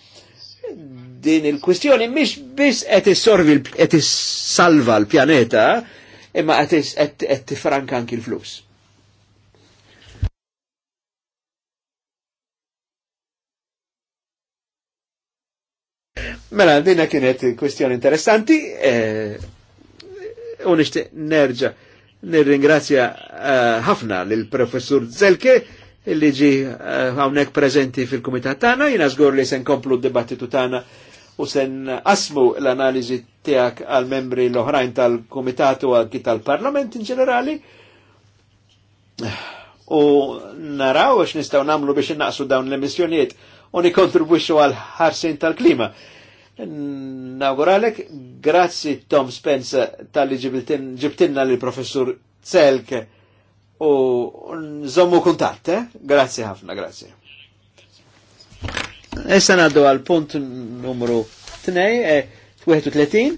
din il-kwistjoni mhix biss qed issorvi qed issalva l-pjaneta, imma qed tifranka anki l-flus. Mela, dina kienet kwestjoni interessanti, eh, u unishti nerġa nirringrazzja eh, ħafna lill professur Zelke, eh, li ġi għawnek prezenti fil-komitat tana, jina zgur li sen komplu d-dibattitu tana u sen asmu l-analizi tijak għal-membri l-oħrajn tal-komitatu għanki tal-parlament in ġenerali u naraw għax nistaw namlu biex naqsu dawn l-emissjoniet u nikontribwixxu għal-ħarsin tal-klima. Nawguralek, grazzi Tom Spence tal-li ġibtinna li professur Zelk u nżommu kuntatt, eh? Grazzi ħafna, grazzi. Issa naddu għal punt numru 2,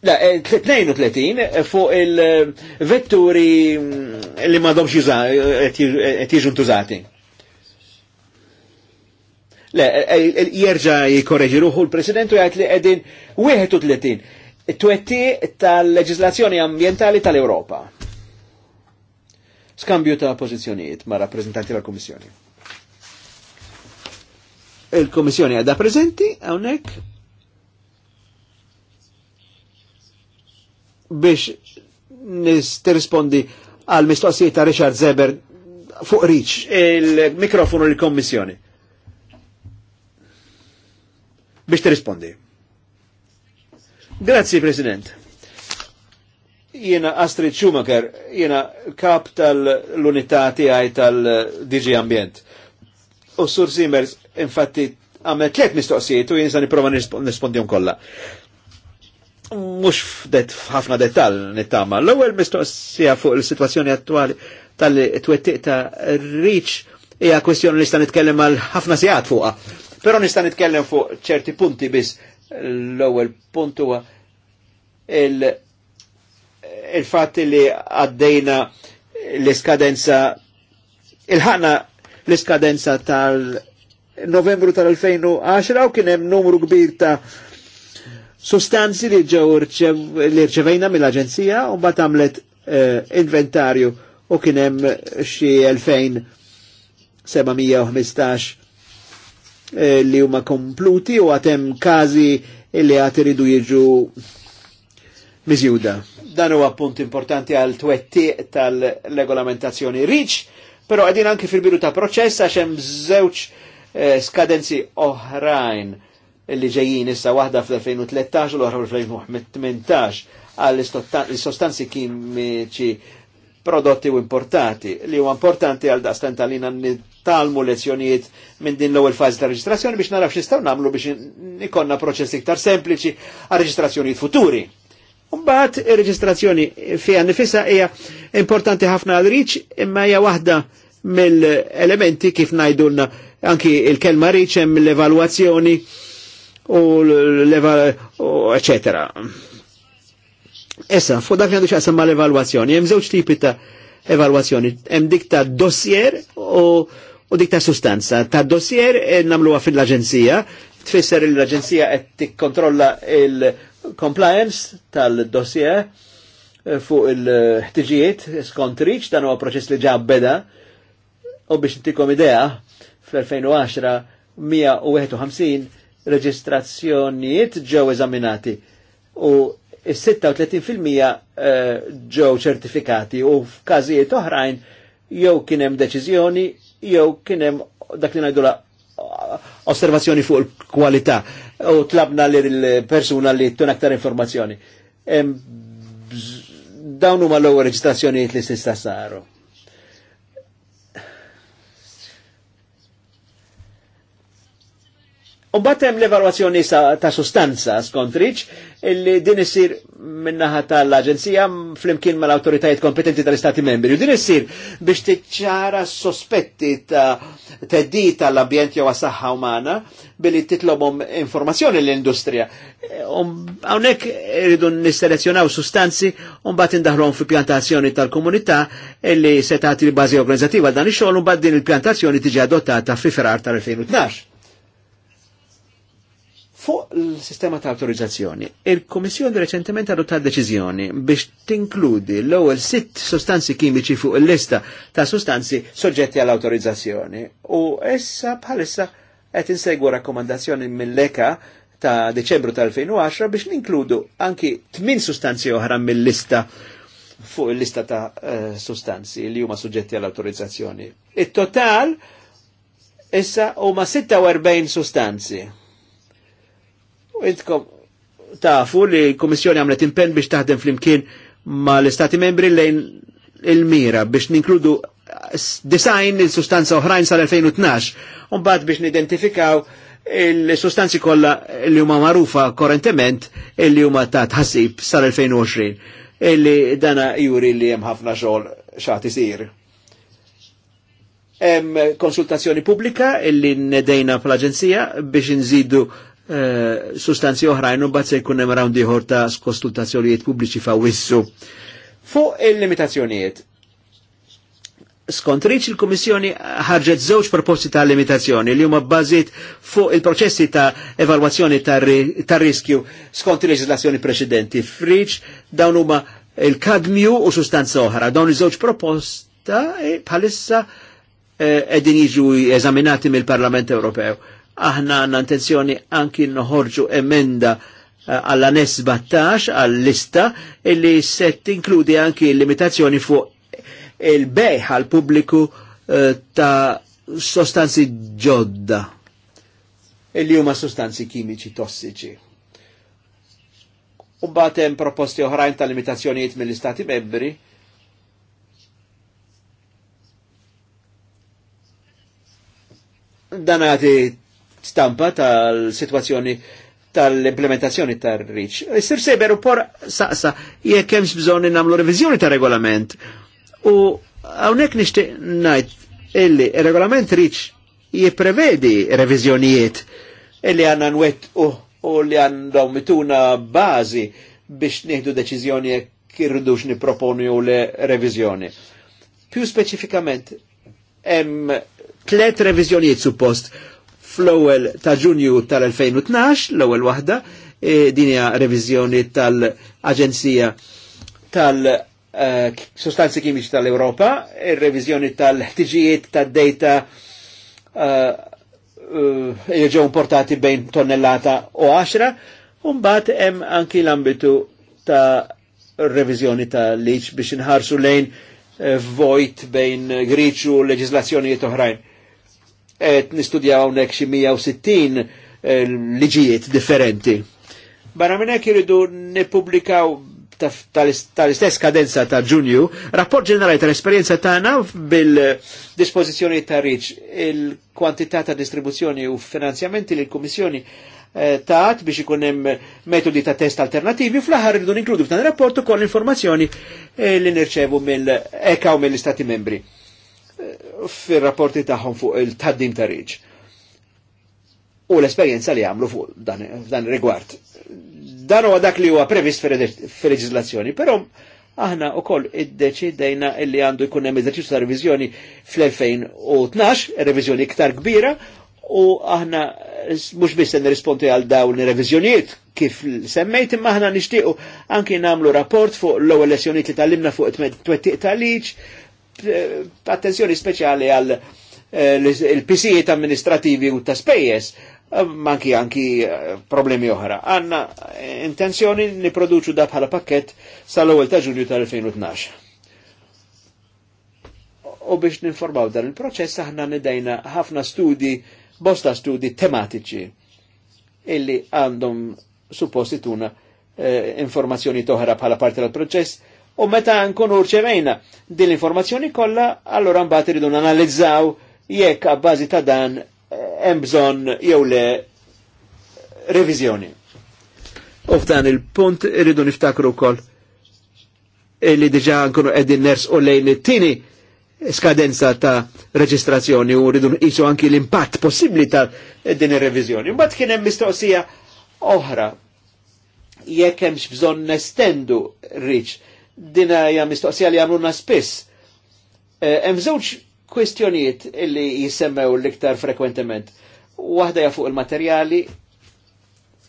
Da, 32 fuq il-vetturi mm, li ma domx eh, eh, jiġu ntużati. Le, eh, jirġa jikorreġi ruħu l-presidentu jgħat li għedin 31 t twetti tal-leġislazzjoni ambientali tal-Europa skambju ta' pożizzjonijiet ma' rappresentanti tal komissjoni il komissjoni għadha prezenti hawnhekk biex nisterrispondi għal mistoqsijiet ta' Richard Zeber fuq Rich il-mikrofonu l komissjoni Biex tirrispondi. Grazie, President. Jiena Astrid Schumacher, jiena kap tal-unità tiegħi tal-DG Ambjent. U Sur Simers, infatti, għamel tliet mistoqsijiet u jien sa nipprova kolla. kollha. Mhux ħafna dettal nittama. L-ewwel mistoqsija fuq il-sitwazzjoni attwali tal-twettiq ta' Rich hija kwestjoni li nista' nitkellem għal ħafna sigħat fuqha. Però nista' nitkellem fuq ċerti punti biss. L-ewwel punt huwa il- il fat li għaddejna l-iskadenza il-ħana l-iskadenza tal-Novembru tal-2010 u kien hemm numru kbir ta' sostanzi li ġew li rċevejna mill-Aġenzija u mbagħad għamlet eh, inventarju u kien hemm xi 2715 eh, li huma kompluti u għatem kazi li għat iridu jiġu miżjuda. Dan huwa punt importanti għal twettiq tal-regolamentazzjoni riċ, però għedin anki fil-bidu ta' proċess għax hemm żewġ eh, skadenzi oħrajn li ġejjin issa waħda fl-2013 u l-oħra fl-2018 għal sostanzi kimiċi prodotti u importati li huwa importanti għal daqstan tal-lina talmu lezzjonijiet minn din l-ewwel fażi ta' reġistrazzjoni biex naraf x'nistgħu nagħmlu biex ikonna proċess iktar sempliċi għal reġistrazzjonijiet futuri. Umbat il-reġistrazzjoni fiha nifissa hija importanti ħafna għal riċ imma hija waħda mill-elementi kif najdulna anki il-kelma riċ hemm l-evalwazzjoni u l-eccetera. Issa, fuq dak li għandu xaqsam ma l-evalwazzjoni, hemm żewġ tipi ta' evalwazzjoni, hemm dik ta' dossier u, u dik ta' sustanza. Ta' dossier eh, namluwa fil-aġenzija, tfisser l-Aġenzija qed tikkontrolla il compliance tal-dossier eh, fuq il-ħtiġijiet skont riċ dan huwa proċess li ġab beda u biex intikom idea fl-2010 151 reġistrazzjonijiet ġew eżaminati u 36% eh, ġew ċertifikati u f'każijiet oħrajn jew kien hemm deċiżjoni jew kien hemm dak li ngħidu osservazzjoni fuq il-kwalità u tlabna li l-persuna li tun aktar informazzjoni. Dawnu ma l-ewwel reġistrazzjonijiet li s saru. U batem l-evaluazzjoni ta' sustanza skont Rich, illi din issir minnaħa tal-Aġenzija fl-imkien mal autoritajiet kompetenti tal-Istati membri. U din issir biex tiċċara sospetti ta' teddi tal-ambjent jew saħħa umana billi titlobhom informazzjoni l-industrija. Um, hawnhekk irridu nisselezzjonaw sustanzi u mbagħad indaħruhom fi pjantazzjoni tal-komunità illi se tagħti l-bażi organizzativa dan ix-xogħol u mbagħad din il-pjantazzjoni tiġi adottata fi ferar tal-2012. Fuq l-sistema ta' autorizzazzjoni, il-Komissjoni reċentement adottat deċiżjoni biex tinkludi l-ewwel sitt sostanzi kimiċi fuq il-lista ta' sostanzi soġġetti għall autorizzazzjoni u issa bħalissa qed insegwu rakkomandazzjoni mill-EKA ta' Deċembru tal-2010 biex ninkludu anki tmin sustanzi oħra mill-lista fuq il-lista ta' uh, eh, sustanzi li huma suġġetti għall autorizzazzjoni. It-total issa huma 46 sustanzi Intkom tafu li l-Komissjoni għamlet impenn biex taħdem flimkien ma l-Istati membri lejn il-mira biex ninkludu design il-sustanza oħrajn sal-2012, bat biex nidentifikaw il-sustanzi kolla li huma marufa korrentement e li huma ta' tħassib sal-2020 illi e dana juri li hemm ħafna xogħol xagħti isir. Hemm konsultazzjoni pubblika illi e nedejna fl-Aġenzija biex nżidu Eh, sustanzi oħrajn u bat se jkun hemm rawn ieħor ta' skonsultazzjonijiet pubbliċi fawissu. Fuq il-limitazzjonijiet, skont riċ il-Komissjoni ħarġet żewġ proposti ta' limitazzjoni li huma bbażit fuq il-proċessi ta' evalwazzjoni ta', riskju skont il-leġislazzjoni preċedenti. Friċ dawn huma il-kadmju u sustanza oħra. Dawn iż-żewġ proposta eh, bħalissa qegħdin eh, edin jiġu eżaminati mill-Parlament Ewropew aħna għanna intenzjoni anki nħorġu emenda għalla nes 17 għall-lista illi se tinkludi anki limitazzjoni fuq il-bejħ għal pubbliku eh, ta' sostanzi ġodda illi huma sostanzi kimiċi tossiċi. U hemm proposti oħrajn ta' limitazzjonijiet mill-Istati membri dan għati stampa tal-situazzjoni tal-implementazzjoni tar-riċ. Sir Seber u por saqsa jek hemmx bżonn nagħmlu reviżjoni tar-regolament. U hawnhekk nixtieq najt illi ir-regolament riċ jiprevedi revizjonijiet illi għandna nwett u li għandhom mituna bażi biex nieħdu deċiżjoni jekk irridux niproponi u le reviżjoni. Più speċifikament hemm tlet revizjonijiet suppost fl-ewwel ta' Ġunju tal-2012, l-ewwel waħda, e, din hija reviżjoni tal-Aġenzija tal-Sostanzi e, Kimiċi tal-Ewropa, ir-reviżjoni e, tal-ħtiġijiet tad-data li ġew importati bejn tonnellata u 10, u mbagħad hemm anki l-ambitu ta' revizjoni ta' liċ biex inħarsu lejn vojt bejn griċu u leġislazzjonijiet oħrajn nistudjaw hawnhekk xi 160 eh, liġijiet differenti. Barra minn hekk iridu nippubblikaw tal-istess kadenza ta' ġunju, rapport ġenerali tal esperjenza tagħna bil-dispożizzjoni ta' riċ, il-kwantità ta' distribuzzjoni u finanzjamenti li l-Kummissjoni għat eh, biex ikun hemm metodi ta' test alternativi fl-aħħar rridu ninkludu f'dan ir-rapport ukoll informazzjoni eh, li nirċevu mill-EKA u mill-Istati membri fir-rapporti tagħhom fuq il-taddim ta' riġ. U l-esperjenza li għamlu fuq dan rigward. Dan huwa dak li huwa previst fil-leġislazzjoni, però aħna u koll id-deċidejna illi għandu jkun hemm eżerċizzju ta' revizjoni fl-2012, revizjoni iktar kbira, u aħna mhux biss nirrispondi għal dawn ir-reviżjonijiet kif semmejt imma aħna nixtiequ anke nagħmlu rapport fuq l-ewwel lezzjonijiet li tallimna fuq it-twettiq tal-liġ, attenzjoni speċjali għal eh, il-pisijiet amministrativi u ta' spejjes, eh, manki anki eh, problemi oħra. Għanna intenzjoni niproduċu da bħala pakket sal-ewwel ta' ġunju tal-2012. U biex ninformaw dan il-proċess aħna nidejna ħafna studi, bosta studi tematiċi illi għandhom suppostituna informazzjoni toħra bħala parti tal-proċess U meta nkunu rċevejna din l-informazzjoni kollha, allora mbagħad iridu nanalizzaw jekk għabbażi ta' dan eh, hemm bżonn jew le reviżjoni. U f'dan il-punt iridu niftakru wkoll li diġà nkunu qegħdin ners u lejn it-tieni skadenza ta' reġistrazzjoni u rridu nqisu anki l-impatt possibbli ta' din ir-reviżjoni. Mbagħad kien hemm mistoqsija oħra jekk hemmx bżonn nestendu riċ dina hija mistoqsija li għamluna spiss. Eh, hemm żewġ kwestjonijiet illi jisemmew l-iktar frekwentement. Waħda hija fuq il-materjali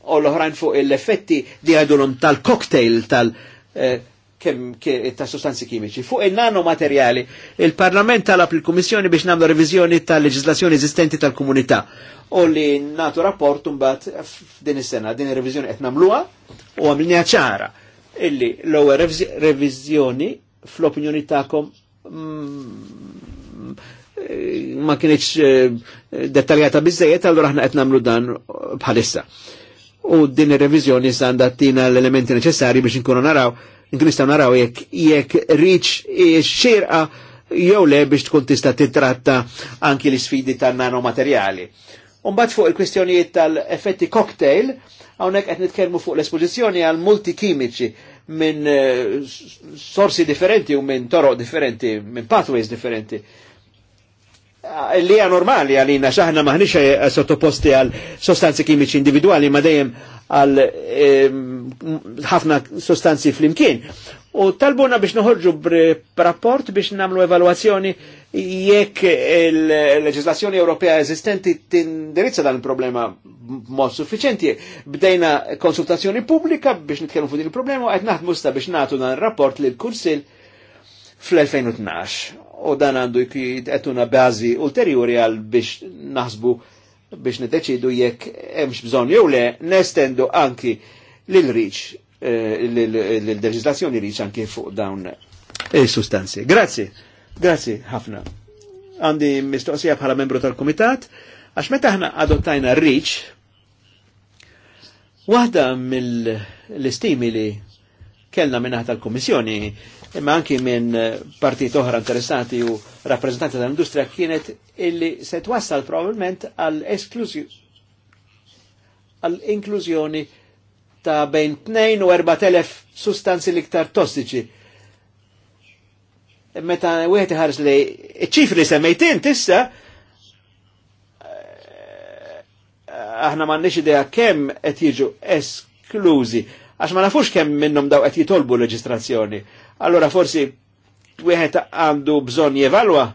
u l-oħrajn fuq l-effetti li għadulum tal-cocktail tal-, eh, kem ta' sostanzi kimiċi. Fuq il materjali il-Parlament talab il-Kummissjoni biex namlu revizjoni tal-leġislazzjoni eżistenti tal-komunità. U li natu rapport mbagħad din is-sena, din ir-reviżjoni qed nagħmluha u għamlinja ċara illi l-ewwel revizjoni fl-opinjoni tagħkom mm, mm, ma kienieċ eh, dettaljata biżejjed, allura aħna qed nagħmlu dan bħalissa. U din ir-reviżjoni għandha tina l-elementi neċessari biex inkunu naraw, nistgħu naraw jekk jekk riċ xirqa jew le biex tkun tista' titratta anki l-isfidi tan nanomaterjali. Umbat fuq il-kwistjonijiet tal-effetti cocktail, Hawnhekk qed nitkellmu fuq l-espożizzjoni għal multi kimiċi minn eh, sorsi differenti u minn toro differenti, minn pathways differenti. Ah, li hija normali għalina x'aħna maħniex eh, sottoposti għal sostanzi kimiċi individwali ma dejjem għal ehm, ħafna sostanzi flimkien. U talbuna biex noħorġu b'rapport biex namlu evalwazzjoni jekk il-leġislazzjoni Ewropea eżistenti tindirizza dan il-problema mod suffiċenti, bdejna konsultazzjoni pubblika biex nitkellmu fuq din il-problema qed naħdmu sta biex nagħtu dan rapport lil kursil fl-2012. U dan għandu jkun bażi ulterjuri għal biex naħsbu biex nideċidu jekk hemmx bżonn jew le nestendu anki lil riċ eh, l-leġislazzjoni riċ anki fuq dawn il-sustanzi. Grazie. Grazzi, ħafna. Għandi mistoqsija bħala membru tal-Komitat, għax meta ħna adottajna r-riċ, waħda mill-istimi li kellna minna tal-Komissjoni, imma anki minn partit oħra interessati u rappresentanti tal-industrija kienet illi se twassal probabbilment għal-inklużjoni ta' bejn 2 u 4.000 sustanzi liktar tossiċi meta wieħed ħares li ċifri semmejtin tissa aħna m'għandniex idea kemm qed jiġu esklużi għax ma nafux kemm minnhom daw qed jitolbu l-reġistrazzjoni, Allora forsi wieħed għandu bżonn jevalwa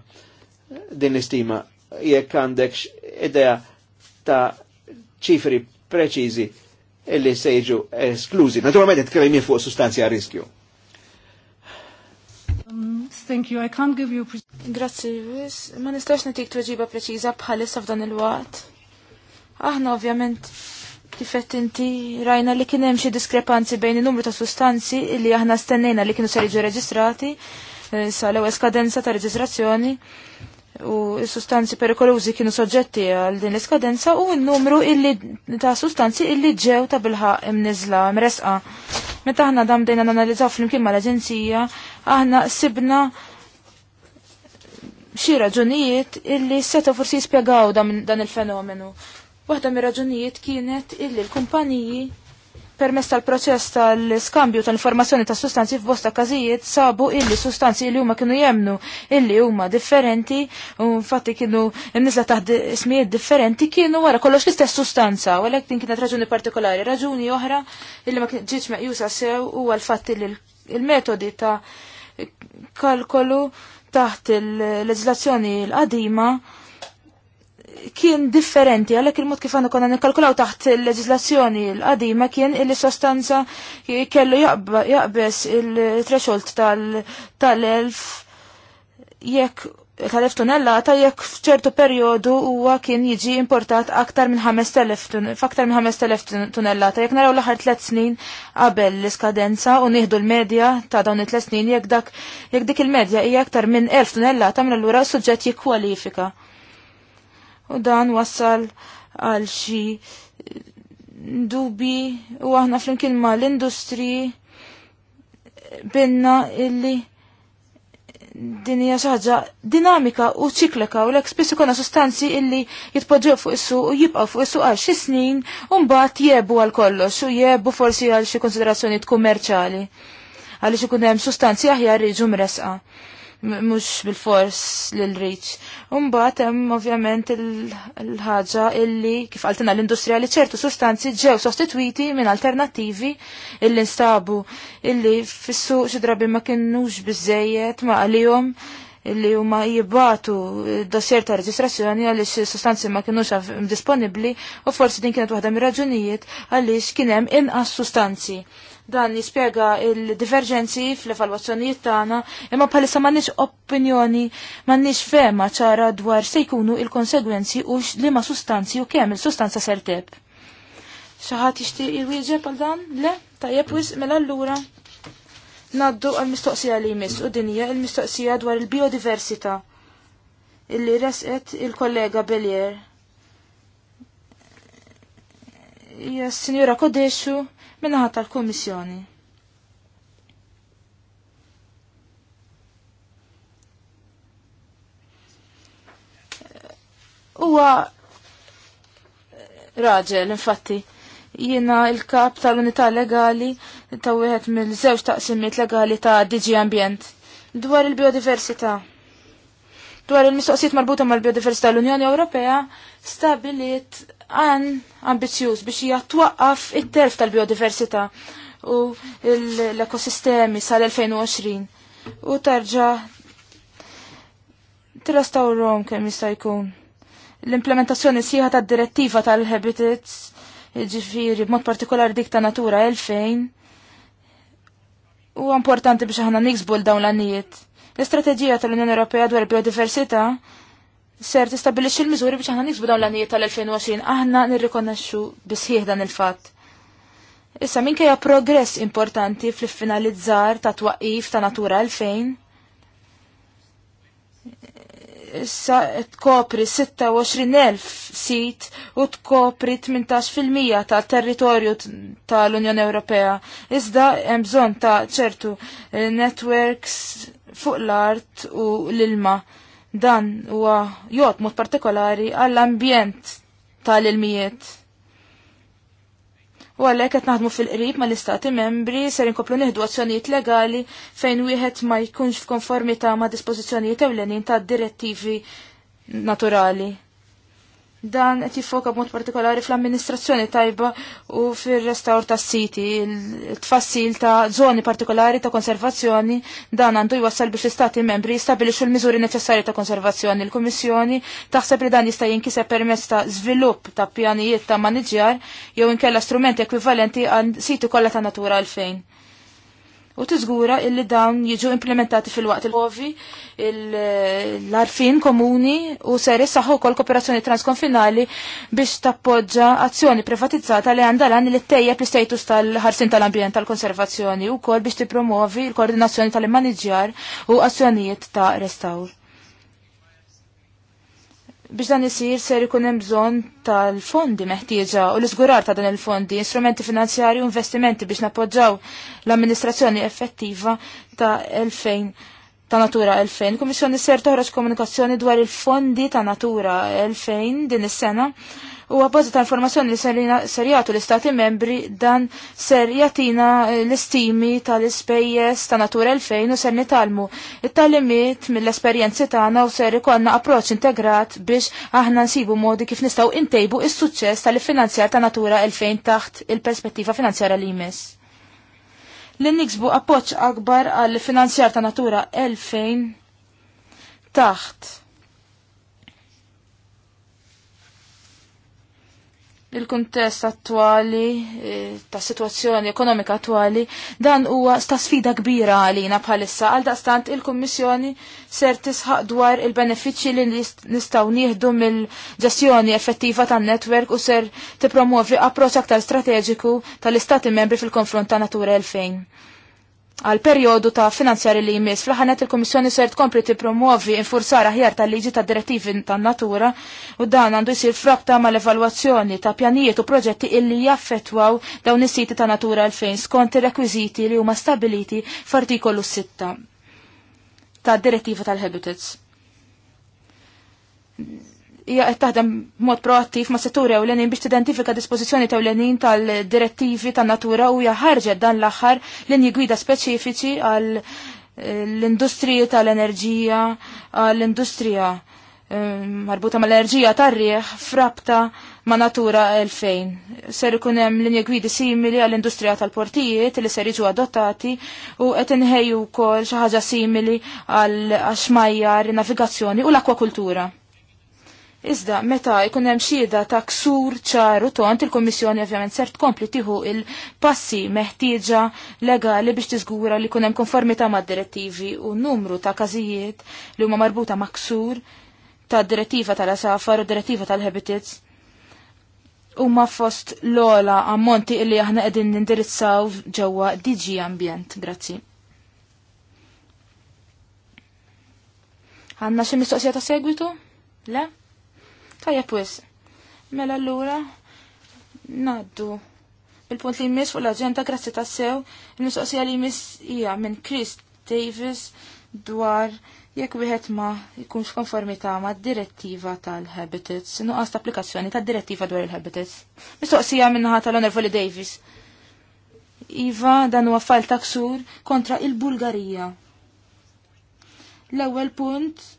din l-istima jekk għandek idea ta' ċifri preċiżi illi se jiġu esklużi. Naturalment qed fuq sustanzja riskju. Thank you, I can't give you... Grazzi, Luis. ma nistax nitik tweġiba preċiża bħalissa f'dan il-waqt. Aħna ovvjament kifet inti rajna li kien hemm xi diskrepanzi bejn in-numru ta' sustanzi li aħna stennejna li kienu ser jiġu reġistrati eh, sa l-ewwel skadenza ta' reġistrazzjoni u sustanzi perikolużi kienu soġġetti għal din l-iskadenza u n-numru illi ta' sustanzi illi ġew ta' bilħa imnizla mresqa. Meta aħna dam dejna nanalizzaw fl-imkien mal-Aġenzija, aħna sibna xi raġunijiet illi seta' forsi jispiegaw dan il-fenomenu. Waħda mir-raġunijiet kienet illi l-kumpaniji Permess tal-proċess tal-skambju ta' informazzjoni ta' sustanzi f'bosta każijiet sabu illi sustanzi li huma kienu jemnu illi huma differenti u infatti kienu nisla taħt ismijiet differenti kienu wara kollox l-istess sustanza u għalhekk din kienet raġuni partikolari, raġuni oħra illi ma ġietx meqjusa sew huwa l fatti li l-metodi ta' kalkolu taħt il-leġislazzjoni l-qadima il l qadima kien differenti, għalek il-mod kif għanna konna nikalkulaw taħt il-leġislazzjoni l-qadima kien il-sostanza kellu jaqbes il-threshold tal-1000 jekk tal-1000 ta' jekk f'ċertu periodu huwa kien jiġi importat aktar minn 5000 f'aktar minn 5000 ta' Jekk naraw l-aħħar tliet snin qabel l-iskadenza u nieħdu l-medja ta' dawn it-tliet snin jekk dak jekk dik il-medja hija aktar minn 1000 tonnellata minn allura suġġett jikkwalifika u dan wassal għal xi dubi u aħna flimkien ma l-industri binna illi din hija xi ħaġa dinamika u ċiklika u lek spiss ikolna sustanzi illi jitpoġġew fuq is-suq u jibqgħu fuq is su għal xi snin u mbagħad jebu għal kollox u jebu forsi għal xi konsiderazzjonijiet kummerċjali għaliex ikun hemm sustanzi aħjar jiġu mresqa mhux bil-fors l-reach. Umbat hemm ovvjament il-ħaġa illi kif għaltina l-industrija li ċertu sustanzi ġew sostitwiti minn alternattivi illi nstabu illi fissu xi drabi ma kinux bizzejiet ma għalijom illi huma jibbatu dossier ta' reġistrazzjoni għaliex sostanzi ma kienux disponibbli u forsi din kienet waħda mir-raġunijiet għaliex kien hemm inqas sustanzi Dan jispjega il-diverġenzi fl-evalwazzjonijiet tagħna, imma bħalissa m'għandniex opinjoni, m'għandniex fema ċara dwar se jkunu il-konsegwenzi u li ma sustanzi u kemm il-sustanza ser teb. Xaħat jixtieq il-wieġeb għal dan? Le? Tajjeb wis mela allura. Naddu għal-mistoqsija li jmiss u dinja il-mistoqsija dwar il-biodiversita illi resqet il-kollega Belier. Ja, signora Kodeshu, minnaħat tal-Kummissjoni. Huwa raġel, infatti, jiena il-kap tal-unità legali ta' wieħed mill-żewġ taqsimiet legali ta' Digi Ambient dwar il-biodiversità. Dwar il-mistoqsijiet marbuta mal-biodiversità l-Unjoni Ewropea stabiliet għan ambizjuż biex hija twaqqaf it terf tal-biodiversità u l-ekosistemi sal-2020 u tarġa tirrestawrom kemm jista' jkun. L-implementazzjoni sieħa tad-direttiva tal-habitats, ġifiri b'mod partikolari dik ta' natura 2000, u importanti biex aħna niksbu l dawn l-għannijiet. L-istrateġija tal-Unjoni Ewropea dwar biodiversità ser tistabilixxi l-miżuri biex aħna niksbu dawn l-għanijiet tal-2020 aħna nirrikonnaxxu bisħieħ dan il-fatt. Issa kajja progress importanti fl-finalizzar ta' twaqif ta' natura 2000. Issa tkopri 26.000 sit u tkopri 18% ta' territorju tal-Unjoni Ewropea. Iżda hemm bżonn ta' ċertu eh, networks fuq l-art u l-ilma Dan huwa jgħod mod partikolari għall-ambjent tal-ilmijiet. U għalhekk qed naħdmu fil-qrib mal-istati membri ser inkoplu nieħdu azzjonijiet legali fejn wieħed ma jkunx f'konformità ma' dispożizzjonijiet ewlenin tad-direttivi naturali. Dan qed jiffoka b'mod partikolari fl-amministrazzjoni tajba u fir-restawr tas-siti, il-tfassil ta' żoni partikolari ta' konservazzjoni dan għandu jwassal biex l-istati membri jistabilixxu l-miżuri neċessarji ta' konservazzjoni. Il-Kummissjoni taħseb li dan jista' jinkiseb permezz ta' żvilupp ta' pjanijiet ta' maniġjar jew inkella strumenti ekwivalenti għal siti kollha ta' natura għalfejn u tiżgura illi dawn jiġu implementati fil-waqt il-ovi l-arfin komuni u ser saħu kol kooperazzjoni transkonfinali biex tappoġġa azzjoni privatizzata li għandalan li tejjeb l-istatus tal-ħarsin tal-ambjent tal-konservazzjoni u kol biex tipromovi l-koordinazzjoni tal-immaniġjar u azzjonijiet ta' restawr. Biex dan isir ser ikun hemm bżonn tal-fondi meħtieġa u l-iżgurar ta' dan il-fondi, instrumenti finanzjari u investimenti biex napoġġaw l-amministrazzjoni effettiva ta' 2000 ta' Natura 2000. Kummissjoni ser toħroġ komunikazzjoni dwar il-fondi ta' Natura 2000 din is-sena. U għabbażi ta' informazzjoni li ser jagħtu l-Istati membri dan ser jagħtina l-istimi tal-ispejjeż ta' Natura 2000 u ser nitalmu it-talimiet mill-esperjenzi tagħna u ser ikollna approċċ integrat biex aħna nsibu modi kif nistgħu intejbu is-suċċess tal-finanzjar ta' Natura 2000 taħt il-perspettiva finanzjara li jmiss li niksbu appoġġ akbar għall finanzjar ta' natura 2000 taħt il-kuntest attwali, eh, ta' situazzjoni ekonomika attuali dan huwa sta' sfida kbira għalina bħalissa, għal daqstant il-Kommissjoni ser tisħaq dwar il-benefiċċji li nistaw nieħdu mill-ġestjoni effettiva tan-netwerk u ser tipromuovi approċċ aktar strateġiku tal-Istati membri fil-konfront ta' Natura 2000 għal perjodu ta' finanzjari li jmiss. Fl-ħanet il-Komissjoni ser tkompli promuovi infurzar aħjar tal-liġi ta' direttivi tan natura u dan għandu jsir frabta l evalwazzjoni ta' pjanijiet u proġetti illi jaffettwaw dawn is-siti ta' natura għalfejn skont ir-rekwiżiti li huma stabiliti f'artikolu 6 ta' direttiva tal-Habitats hija qed taħdem mod proattiv ma' settur ewlenin biex tidentifika dispożizzjoni ewlenin tal-direttivi tan-natura u jaħarġet dan l-aħħar linji gwida speċifiċi għal eh, l-industriji tal-enerġija, għall industrija eh, marbuta mal-enerġija tar-rieħ frabta ma' natura fejn. Ser ikun hemm linji gwidi simili għall industrija tal-portijiet li ser jiġu adottati u qed inħejju wkoll xi ħaġa simili għall xmajjar, navigazzjoni u l-akwakultura. Iżda, meta jkun hemm xieda ta' ksur ċaru tont il komissjoni ovvjament sert tkompli tieħu il-passi meħtieġa legali biex tiżgura li jkun hemm konformità mad-direttivi u numru ta' każijiet li huma marbuta ma' ksur ta' direttiva tal-asafar u direttiva tal-habitats huma fost l-ola ammonti illi aħna qegħdin nindirizzaw ġewwa DG Ambjent. Grazzi. Għanna xi mistoqsija ta' segwitu? Le? Tajja pwis. Mela allura naddu il-punt li jmiss fuq l-agenda grazzi ta' sew il-mistoqsija li jmiss hija minn Chris Davis dwar jekk wieħed ma jkunx konformità ma' direttiva tal-Habitats, nuqqas ta' applikazzjoni tad direttiva dwar il-Habitats. Mistoqsija minnaħat tal-Onorevoli Davis. Iva dan huwa fajl taksur kontra il-Bulgarija. L-ewwel punt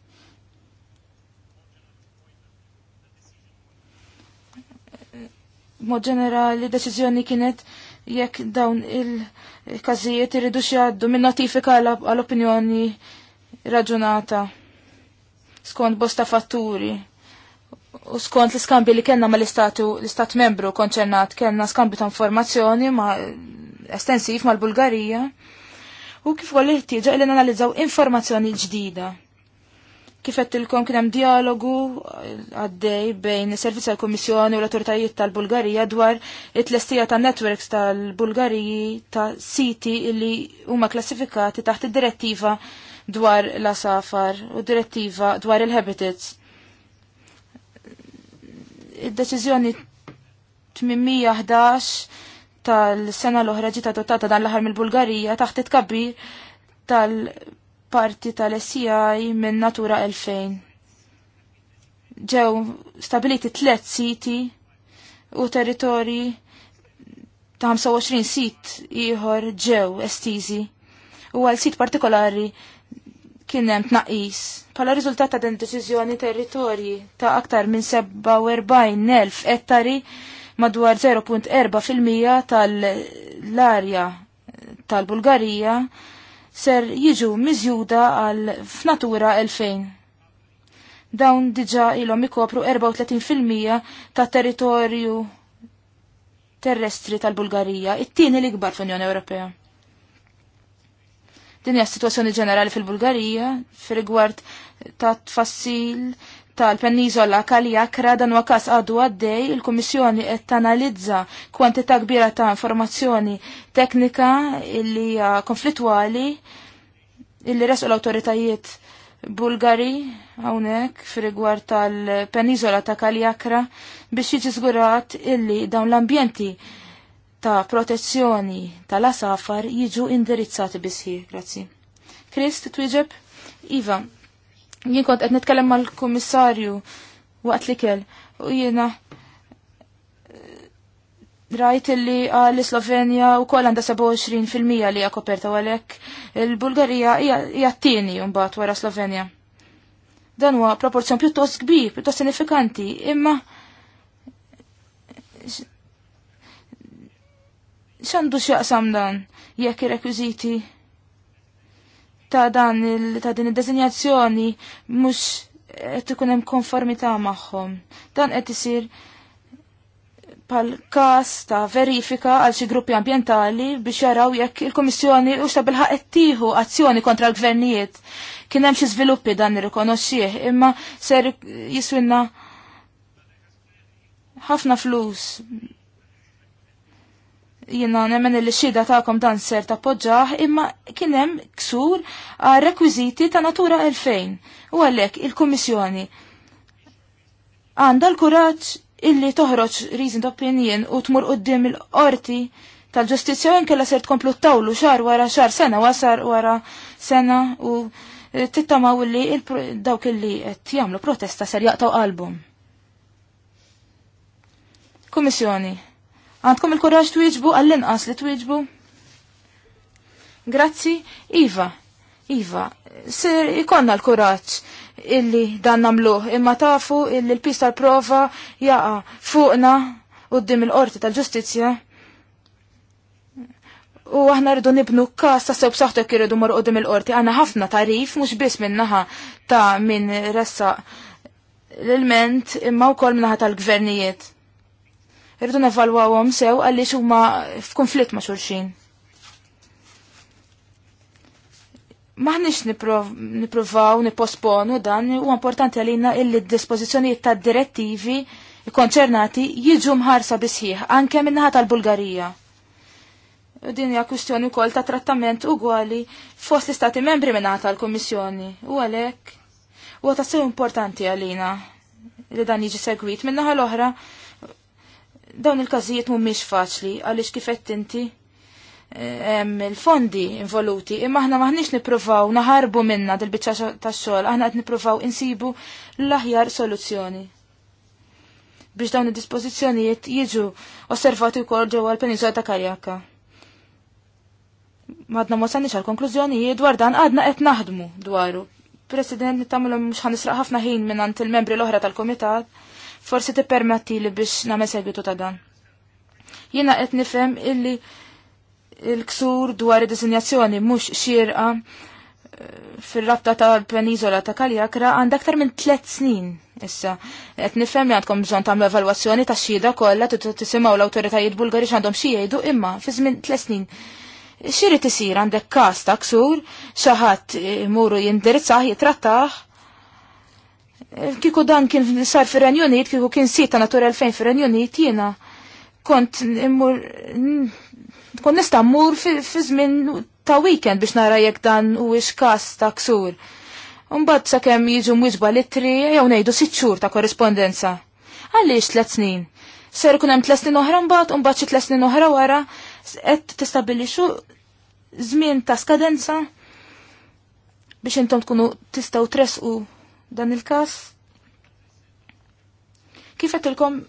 mod ġenerali deċiżjoni kienet jekk dawn il-każijiet iridu xjaddu minn notifika għall-opinjoni raġunata skont bosta fatturi u skont l skambi li kellna mal istatu l-istat membru konċernat kellna skambju ta' informazzjoni ma' estensiv mal-Bulgarija u kif għalli ħtieġa il analizzaw informazzjoni ġdida Kifet il-kom kienem dialogu eh, għaddej bejn servizz tal-Komissjoni u l-autoritajiet tal-Bulgarija dwar it-lestija ta' networks tal-Bulgariji ta' siti illi huma klassifikati taħt id-direttiva dwar la safar u direttiva dwar il-habitats. Id-deċiżjoni 811 tal-sena l-oħra ġita' dotata dan l-aħħar mill-Bulgarija taħt it-kabbir tal- parti tal-SCI minn Natura 2000. Ġew stabiliti tliet siti u territorji ta' 25 sit ieħor ġew estiżi u għal sit partikolari kien hemm tnaqqis. Pala riżultat ta' din deċiżjoni territorji ta' aktar minn 47,000 ettari madwar 0.4% tal-arja tal-Bulgarija ser jiġu miżjuda għal f'natura 2000. Dawn diġa ilhom ikopru 34% ta' territorju terrestri tal-Bulgarija, it-tieni l-ikbar fl-Unjoni Ewropea. Din hija situazzjoni ġenerali fil-Bulgarija, fir-rigward ta' tfassil tal-Peniżola Kalijakra, dan wakas każ għadu għaddej il-Kummissjoni qed tanalizza kwantità kbira ta' informazzjoni teknika illi hija konflittwali illi resu l-awtoritajiet Bulgari hawnhekk fir-rigward tal-Peniżola ta' Kaliakra biex jiġi żgurat illi dawn l-ambjenti ta' protezzjoni tal-asafar jiġu indirizzati bisħi. Grazzi. Krist, twieġeb? Iva, Jien kont qed nitkellem mal-kummissarju waqt li kell u jiena eh, rajt li għal Slovenja u koll għanda 27% li hija koperta għalek il-Bulgarija hija t-tieni mbagħad wara Slovenja. Dan huwa proporzjon pjuttost kbir, pjuttost sinifikanti, imma xandu x'jaqsam dan jekk ir-rekwiżiti ta' dan il, ta' din id-designazzjoni mhux qed ikun hemm konformità magħhom. Dan qed isir pal kas ta' verifika għal xi gruppi ambjentali biex jaraw jekk il-Kummissjoni u ta' bilħaq qed tieħu azzjoni kontra l-gvernijiet. Kien hemm xi żviluppi dan irrikonoxxih, imma ser jiswinna ħafna flus jenna nemmen il-xida ta'kom dan ser ta' podġaħ imma kienem ksur għal rekwiziti ta' natura 2000 u għallek il komissjoni għanda l-kuraċ illi toħroġ reason opinion u tmur qoddim il-qorti tal-ġustizja u nkella ser tkomplu tawlu xar wara xar sena wasar wara sena u eh, tittamaw illi dawk illi qed jagħmlu protesta ser jaqtaw qalbhom. Komissjoni. Għandkom il-kuraġġ twieġbu għall-inqas li twieġbu? Grazzi, Iva, Iva, sir ikonna l-kuraġġ illi dan namluħ, imma tafu illi l pista tal-prova jaqa fuqna u il-qorti tal-ġustizja. U aħna rridu nibnu kas ta' sew b'saħħtek irridu mor dim il-qorti. Għandna ħafna tarif mhux biss minnaħa ta' min ressa l-ilment imma wkoll minnaħa tal-gvernijiet. Irridu nevalwawhom sew għaliex huma f'konflitt ma' xulxin. Maħniex niprovaw nipposponu dan u importanti għalina illi d-dispożizzjonijiet ta' direttivi konċernati jiġu mħarsa bisħiħ anke minnaħat tal-Bulgarija. U din hija kwistjoni wkoll ta' trattament ugwali fost l-istati membri minnaħat tal-Kummissjoni u għalhekk huwa tassew importanti għalina li dan jiġi segwit minnaħa l-oħra Dawn il-każijiet mhumiex faċli għaliex kif qed inti eh, hemm il-fondi involuti, imma aħna maħniex nippruvaw naħarbu minna dil-biċċa tax-xogħol, aħna qed nippruvaw insibu l-aħjar soluzzjoni biex dawn id-dispożizzjonijiet jiġu osservati wkoll ġewwa l-Peniżola ta' Karjaka. Madna ma sanniex għal-konklużjonijiet dwar dan għadna qed naħdmu dwaru. President, nittamilhom mhux ħanisraq ħafna ħin minn il-membri l-oħra tal-Kumitat forsi permetti li biex nagħmel segwitu ta' dan. Jiena qed nifhem illi il-ksur dwar id-disinjazzjoni mhux xierqa eh, fil-rabta tal-penizola ta' Kaljakra għandha aktar minn tliet snin issa. Qed nifhem li għandkom bżonn tagħmlu evalwazzjoni ta' xhieda kollha tisimgħu l-awtoritajiet Bulgari x'għandhom xi jgħidu imma fi żmien tliet snin. Xiri tisir għandek każ ta' ksur, xi ħadd imuru jindirizzah jitrattaħ Kiku dan kien sar fir Unit, kiku kien sita natura fejn fir Unit, jiena kont immur, kon nista' mmur fi żmien ta' weekend biex nara jekk dan u kas ta' ksur. Unbad sa' kem jiġu li litri, jew nejdu sitxur ta' korrespondenza. Għaliex tlet snin? Ser kun hemm tlet snin oħra mbagħad, imbagħad xi tlet snin oħra wara qed xu żmien ta' skadenza biex intom tkunu tistgħu tresqu Dan il-kas kif qedtilkom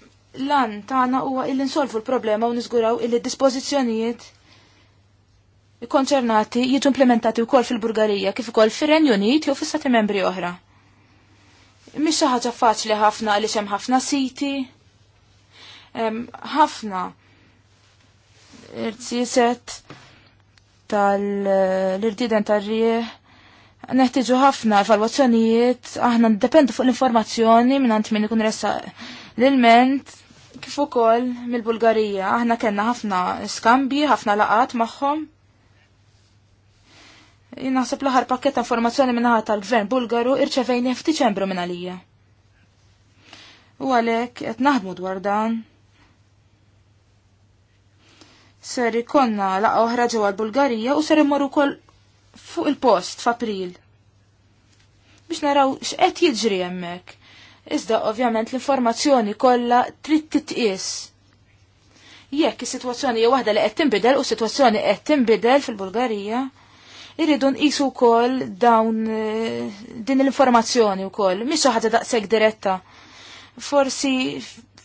lan tagħna huwa illi nsolvu l-problema u niżguraw illi dispożizzjonijiet konċernati jiġu implementati wkoll fil-Bulgarija kif ukoll fir-Renju Unit jew fis-Stati Membri oħra. Mhix xi ħaġa faċli ħafna għaliex hemm ħafna siti, ħafna irtiset tal-irdiden tar-rieħ neħtiġu ħafna evalwazzjonijiet, aħna ndependu fuq l-informazzjoni minn għant minn ikun ressa l-ilment, kif ukoll mill-Bulgarija. Aħna kellna ħafna skambi, ħafna laqat magħhom. Naħseb l-aħħar pakket ta' informazzjoni minn ħadd tal-Gvern Bulgaru irċevejni f'Diċembru minn għalija. U għalhekk qed naħdmu dwar dan. Ser ikonna laqa oħra ġewwa l-Bulgarija u ser immorru wkoll fuq il-post f'April biex naraw x'qed jiġri hemmhekk. Iżda ovvjament l-informazzjoni kollha trid titqies. Jekk is-sitwazzjoni hija waħda li qed tinbidel u s-sitwazzjoni qed tinbidel fil-Bulgarija, irridu nqisu wkoll dawn eh, din l-informazzjoni wkoll, mhix xi ħaġa daqshekk diretta. Forsi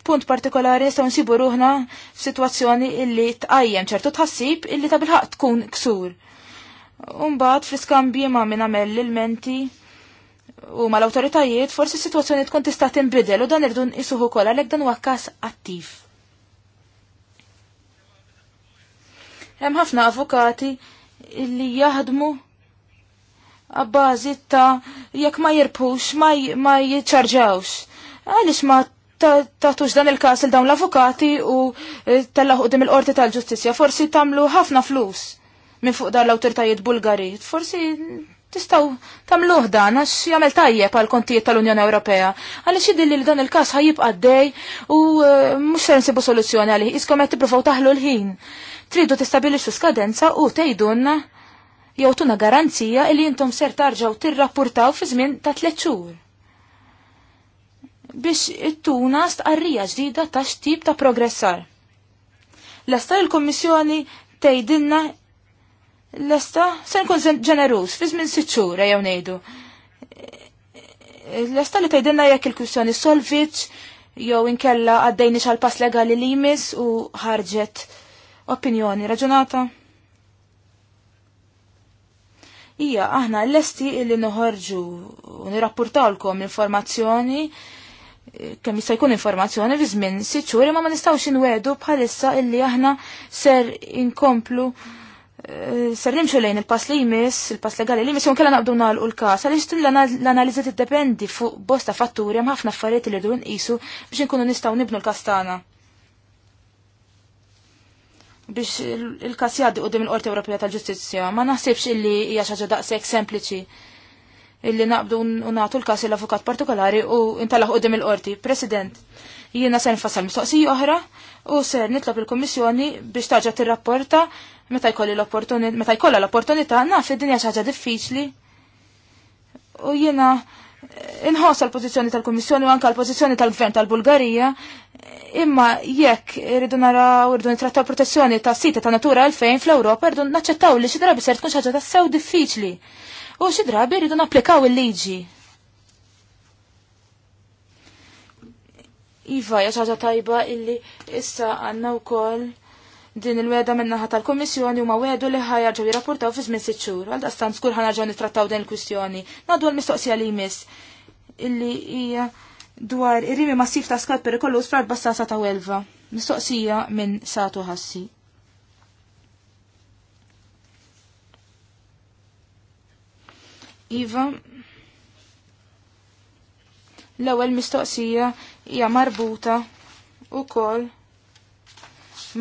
punt partikolari nistgħu nsibu ruħna f'sitwazzjoni illi tqajjem ċertu tħassib illi ta' bilħaq tkun ksur. Umbat fl-iskambji ma' minna għamel il menti u ma' l-autoritajiet forsi situazzjoni tkun tista' tinbidel u dan irdun isuħu kol għalhekk dan huwa każ attiv. Hemm ħafna avukati li jaħdmu għabbażi ta' jekk ma jirpux, ma jiċċarġawx. Għaliex ma tatux dan il-każ il dawn l-avukati u eh, tellaħu il-qorti tal-ġustizzja forsi tamlu ħafna flus minn fuq dan l autoritajiet Bulgari. Forsi tistaw tamluħ dan għax jagħmel tajjeb pal kontijiet tal-Unjoni Ewropea. Għaliex jidilli li dan il-każ ħajib għaddej u e, mhux se nsibu soluzzjoni għalli, iskom qed tippruvaw taħlu l-ħin. Tridu tistabilixxu skadenza u tgħidulna jew tuna garanzija li intom ser tarġaw tir-rapportaw fi żmien ta' tliet xhur biex it-tuna stqarrija ġdida ta' xtib ta' progressar. L-astar il-Kommissjoni tgħidilna Lesta, se nkun ġenerus, fi żmien sitt jew ngħidu. Lesta li tgħidilna jekk il-kwistjoni solvit jew inkella għaddejni xal pass legali li jmiss u ħarġet opinjoni raġunata. Ija, aħna l-esti li noħorġu u nirrapportawlkom informazzjoni kemm jista' jkun informazzjoni fi żmien sitt ma ma nistgħux inwedu bħalissa illi aħna ser inkomplu ser nimxu lejn il-pass li jmiss, il-pass legali li jmiss, jom kella nal u l-kas, għalix l-analizi t-dependi fuq bosta fatturi hemm ħafna affarijiet li dun nqisu biex nkunu nistgħu nibnu l-kastana. Biex il-kas jgħaddi dim il-Qorti Ewropea tal-Ġustizzja, ma naħsibx illi hija xi ħaġa daqshekk sempliċi illi naqbdu nagħtu l-kas il avukat partikolari u intalaħ dim il-qorti. President, jiena se nfassal mistoqsija oħra u ser nitlob il-Kommissjoni biex tarġa' tirrapporta meta jkolli l-opportunità jkollha l-opportunità naf id-dinja xi ħaġa diffiċli. U jiena eh, inħoss l-pożizzjoni tal-Kummissjoni u anke l-pożizzjoni tal-Gvern tal-Bulgarija imma jekk irridu naraw irridu nittrattaw protezzjoni ta' sita ta' natura għalfejn fl-Ewropa irridu naċċettaw li xi drabi ser tkun xi ħaġa sew diffiċli. U xi drabi rridu napplikaw il-liġi. Iva, jaċaġa tajba illi issa għanna u koll din il-weda minnaħa tal-Komissjoni u ma wedu li ħajarġu jirrapportaw fi żmien sitt xhur. Għal dastan skur ħanarġgħu nittrattaw din il-kwistjoni. Nadu l-mistoqsija li jmiss illi hija dwar ir-rimi massif ta' skat perikolus fl-arbassanza ta' welva. Mistoqsija minn Satu Ħassi. Iva, l-ewwel mistoqsija hija marbuta kol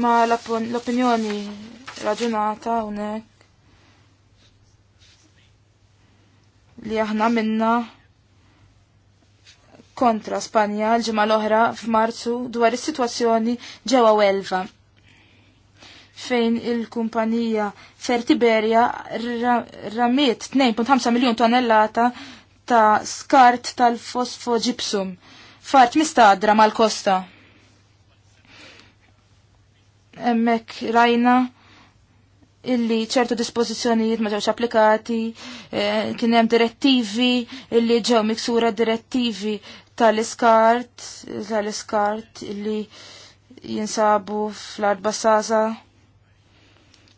ma l-opinjoni raġunata hawnhekk li aħna minna kontra Spanja l-ġimgħa l-oħra f'Marzu dwar is-sitwazzjoni ġewwa Welva fejn il-kumpanija Fertiberia ramiet 2.5 miljon tonnellata ta' skart tal fosfo ġipsum faċ mistadra mal-kosta. Emmek rajna illi ċertu dispożizzjonijiet ma ġewx applikati, eh, kien hemm direttivi illi ġew miksura direttivi tal-iskart, tal-iskart illi jinsabu fl-arba saza.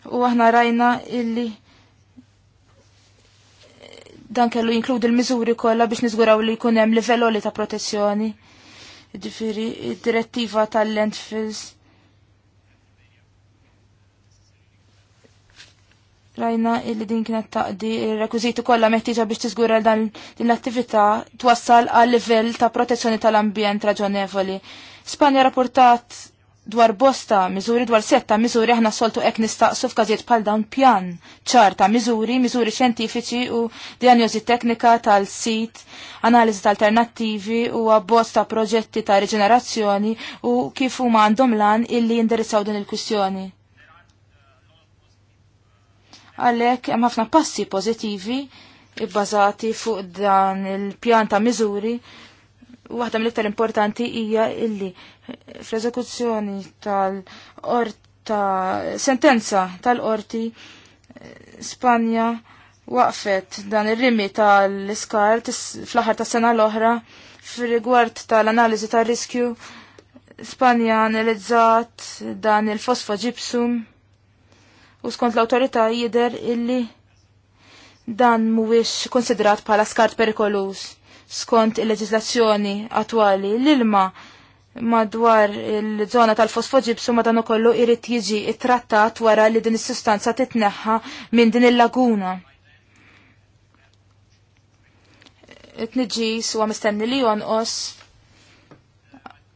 U aħna rajna illi dan kellu jinkludi l-miżuri kollha biex niżguraw li jkun hemm livell li ta' protezzjoni. Ġifieri id-direttiva tal-landfills. Rajna illi din kienet taqdi ir-rekwiżiti kollha meħtieġa biex tiżgura dan din l-attività twassal għal livell ta' protezzjoni tal-ambjent raġonevoli. Spanja rapportat dwar bosta miżuri dwar setta miżuri aħna soltu ek nistaqsu f'każijiet bħal dawn pjan ċar ta' miżuri, miżuri xjentifiċi u diagnosi teknika tal-sit, analiżi tal-alternattivi u abbozz ta' proġetti ta' riġenerazzjoni u kif huma għandhom lan illi jindirizzaw din il-kwistjoni. Għalhekk hemm ħafna passi pożittivi bbażati fuq dan il-pjan ta' miżuri u waħda mill-iktar importanti hija illi fl-eżekuzzjoni tal-orta sentenza tal-orti eh, Spanja waqfet dan ir-rimi tal-iskar fl-aħħar tas-sena l-oħra fir-rigward tal-analiżi tar-riskju Spanja analizzat dan il ġipsum u skont l-awtorità jidher illi dan mhuwiex konsidrat bħala skart perikolus skont il leġiżlazzjoni attwali l-ilma madwar il-żona tal-fosfoġibsu ma dan ukollu irid jiġi ittrattat wara li din is-sustanza titneħħa minn din il-laguna. It-tniġis huwa mistenni li jonqos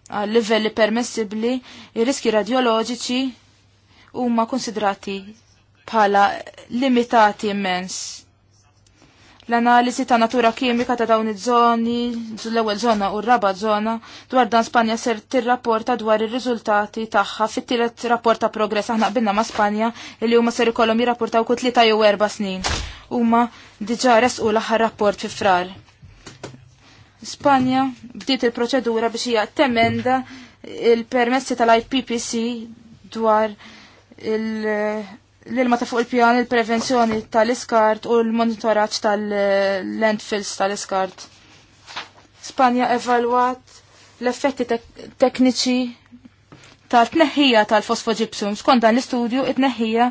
għal livelli permessibbli, ir-riski radjoloġiċi huma konsidrati bħala limitati immens l-analisi ta' natura kimika ta' dawn iż-żoni, l-ewwel żona u r-raba' żona, dwar dan Spanja ser tirrapporta dwar ir-riżultati tagħha fit-tielet rapport ta' progress aħna qbilna ma' Spanja li huma ser ikollhom jirrapportaw kull tlieta jew erba' snin. Huma diġà resqu l-aħħar rapport fi frar. Spanja bdiet il-proċedura biex hija temenda il-permessi tal-IPPC dwar il- l-ilma ta' fuq il-pjan il-prevenzjoni tal-iskart u l-monitoraċ tal-landfills tal-iskart. Spanja evalwat l-effetti tekniċi tal-tneħħija tal fosfogipsum Skont dan l-istudju, it-tneħħija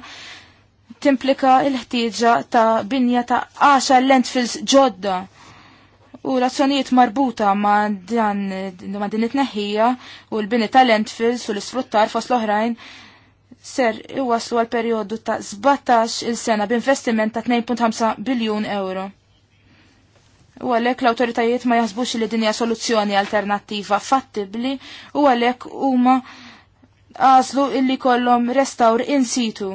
timplika il-ħtieġa ta' binja ta' 10 landfills ġodda. U razzjonijiet marbuta ma' dan ma' din it-tneħħija u l-bini tal-landfills u l-isfruttar fost l-oħrajn ser iwaslu għal periodu ta' 17 il-sena b'investiment ta' 2.5 biljun euro. U għalek l-autoritajiet ma jaħsbux li dinja soluzzjoni alternattiva fattibli u għalek huma għazlu illi kollom restaur in situ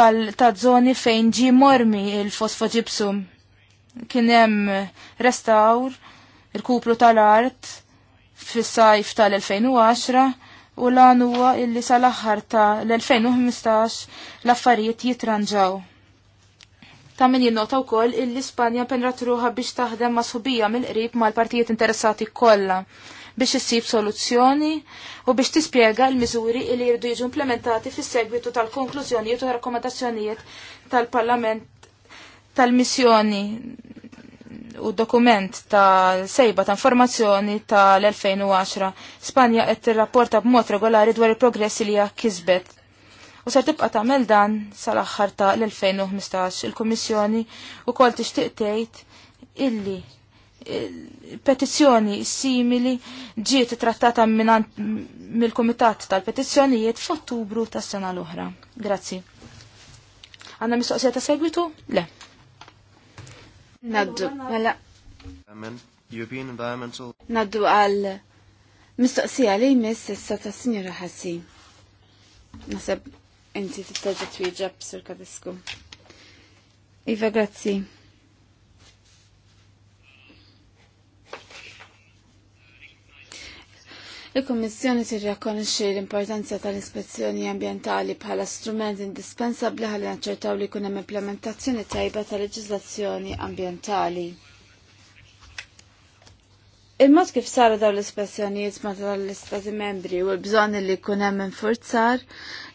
tal-zoni fejn ġi mormi il-fosfoġipsum. Kienem restaur il-kuplu tal-art fis-sajf tal-2010 u lan huwa illi sal-aħħar ta' l-2015 l-affarijiet jitranġaw. Ta' min jinnota wkoll illi Spanja penra truħa biex taħdem ma' subija mill-qrib mal-partijiet interessati kollha biex issib soluzzjoni u biex tispjega l-miżuri li jirdu jiġu implementati fis-segwitu tal-konklużjonijiet u rakkomandazzjonijiet tal-Parlament tal-missjoni u dokument ta' sejba ta' informazzjoni tal-2010 Spanja qed tirrapporta b'mod regolari dwar il-progressi li hija kisbet. U ser tibqa' tagħmel dan sal-aħħar ta' l-2015 il-Kummissjoni wkoll tixtieq tgħid illi petizzjoni simili ġiet trattata mill-Kumitat tal-Petizzjonijiet f'Ottubru tas-sena l-oħra. Grazzi. Għandna mistoqsija ta' segwitu? Le. Naddu, mela. European Environmental. Naddu għal mistoqsija li jmiss s issa ta' s Sinjora Ħassi. Naseb inti t-tagġi tista' ġitwieġa b'sirka disku. Iva, grazzi. Il-Kummissjoni tirrekonixxi l-importanza tal-ispezzjoni ambjentali bħala strument indispensabbli ħalli naċċertaw li jkun hemm implementazzjoni tajba tal-leġiżlazzjoni ambjentali. Il-mod kif saru daw l-ispezzjonijiet ma tal-Istati membri u l-bżonn li jkun hemm infurzar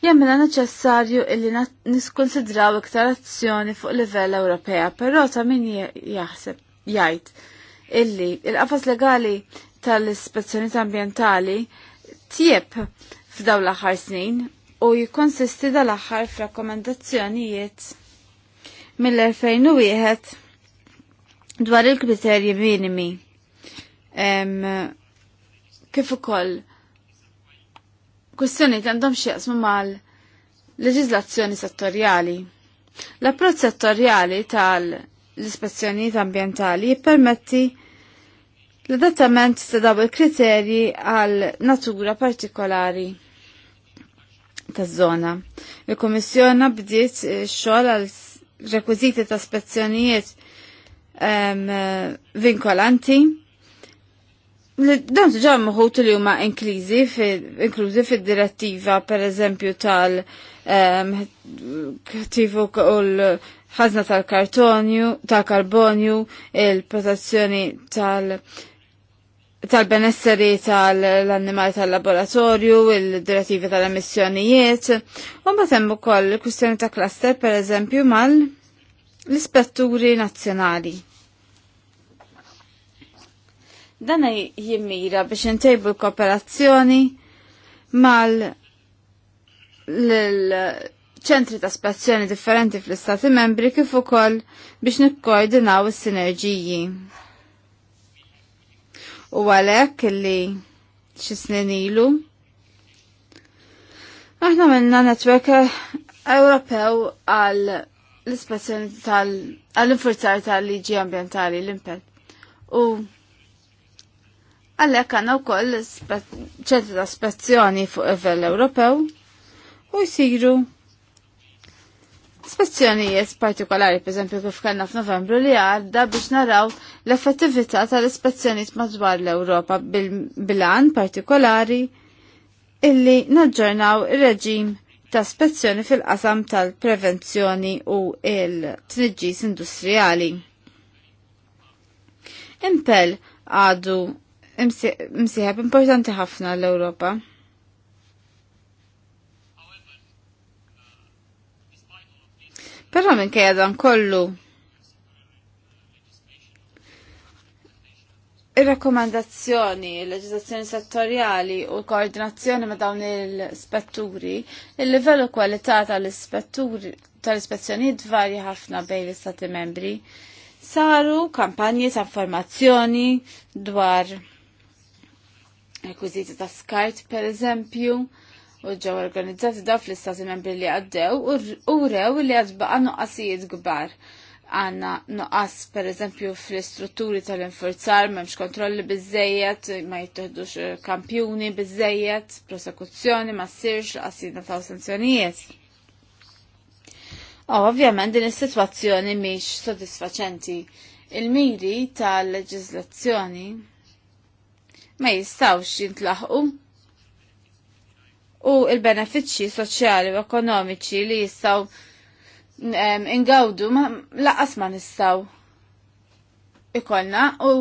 jemmina neċessarju illi niskonsidraw iktar azzjoni fuq livell Ewropea, però ta' min jaħseb jgħid illi il-qafas legali tal-ispezzjoniet ambientali tjeb f'daw l-aħħar snin u jikkonsisti dal-aħħar f'rakkomandazzjonijiet mill-2001 dwar il-kriterji minimi kif ukoll kwestjoni għandhom xieqsmu mal leġizlazzjoni settorjali. L-approċċ settorjali tal-ispezzjonijiet ambientali jippermetti L-adattament sedaw il-kriterji għal natura partikolari ta' zona. Il-Komissjona bdiet eh, xogħol għal rekwiziti ta' spezzjonijiet um, vinkolanti. Dan ġa mħut li huma inklużi fid-direttiva per eżempju tal- kattivu u l-ħazna tal-kartonju, tal-karbonju, il-protezzjoni tal tal-benesseri tal-annimali tal-laboratorju, il-direttivi tal-emissjonijiet, u batem u koll kustjoni ta' cluster per eżempju mal l-ispetturi nazzjonali. Dan jimmira biex intejbu l-kooperazzjoni mal ċentri ta' spazzjoni differenti fl-Istati membri kif ukoll biex nikkoordinaw is-sinerġiji u għalek li xisnin ilu. Aħna minna netwerk Ewropew għal l tal għall-infurzar tal-liġi ambientali l-impel. U għalek għanna u koll ċentri ta' fuq evel Ewropew u jisiru Ispezzjonijiet partikolari, pereżempju kif kellna f'Novembru li għadda biex naraw l-effettività tal-ispezzjonijiet madwar l-Ewropa bil-bilan partikolari illi naġġornaw ir-reġim ta' spezzjoni fil-qasam tal-prevenzjoni u il-tniġġis industrijali. Impel għadu imsieħab importanti ħafna l-Ewropa. Però minn dan kollu Il-rakkomandazzjoni, il-leġizazzjoni settorjali u koordinazzjoni ma dawn il-spetturi, il livellu u kwalità tal-ispetturi tal-ispezzjonijiet varja ħafna bejn l-istati membri. Saru kampanji ta' informazzjoni dwar rekwiziti ta' skart per eżempju, u ġew organizzati daw fl-istati membri li għaddew u rew li għad baqa nuqqasijiet gbar. Għanna nuqqas per eżempju fl-istrutturi tal-infurzar memx kontrolli bizzejiet, ma jittuħdux eh, kampjuni bizzejiet, prosekuzzjoni ma sirx l ta' sanzjonijiet. ovvjament din is-sitwazzjoni mhix sodisfaċenti. Il-miri tal-leġiżlazzjoni ma jistawx jintlaħqu u il-benefiċċji soċjali u ekonomiċi li jistaw ingawdu laqas ma nistaw ikolna u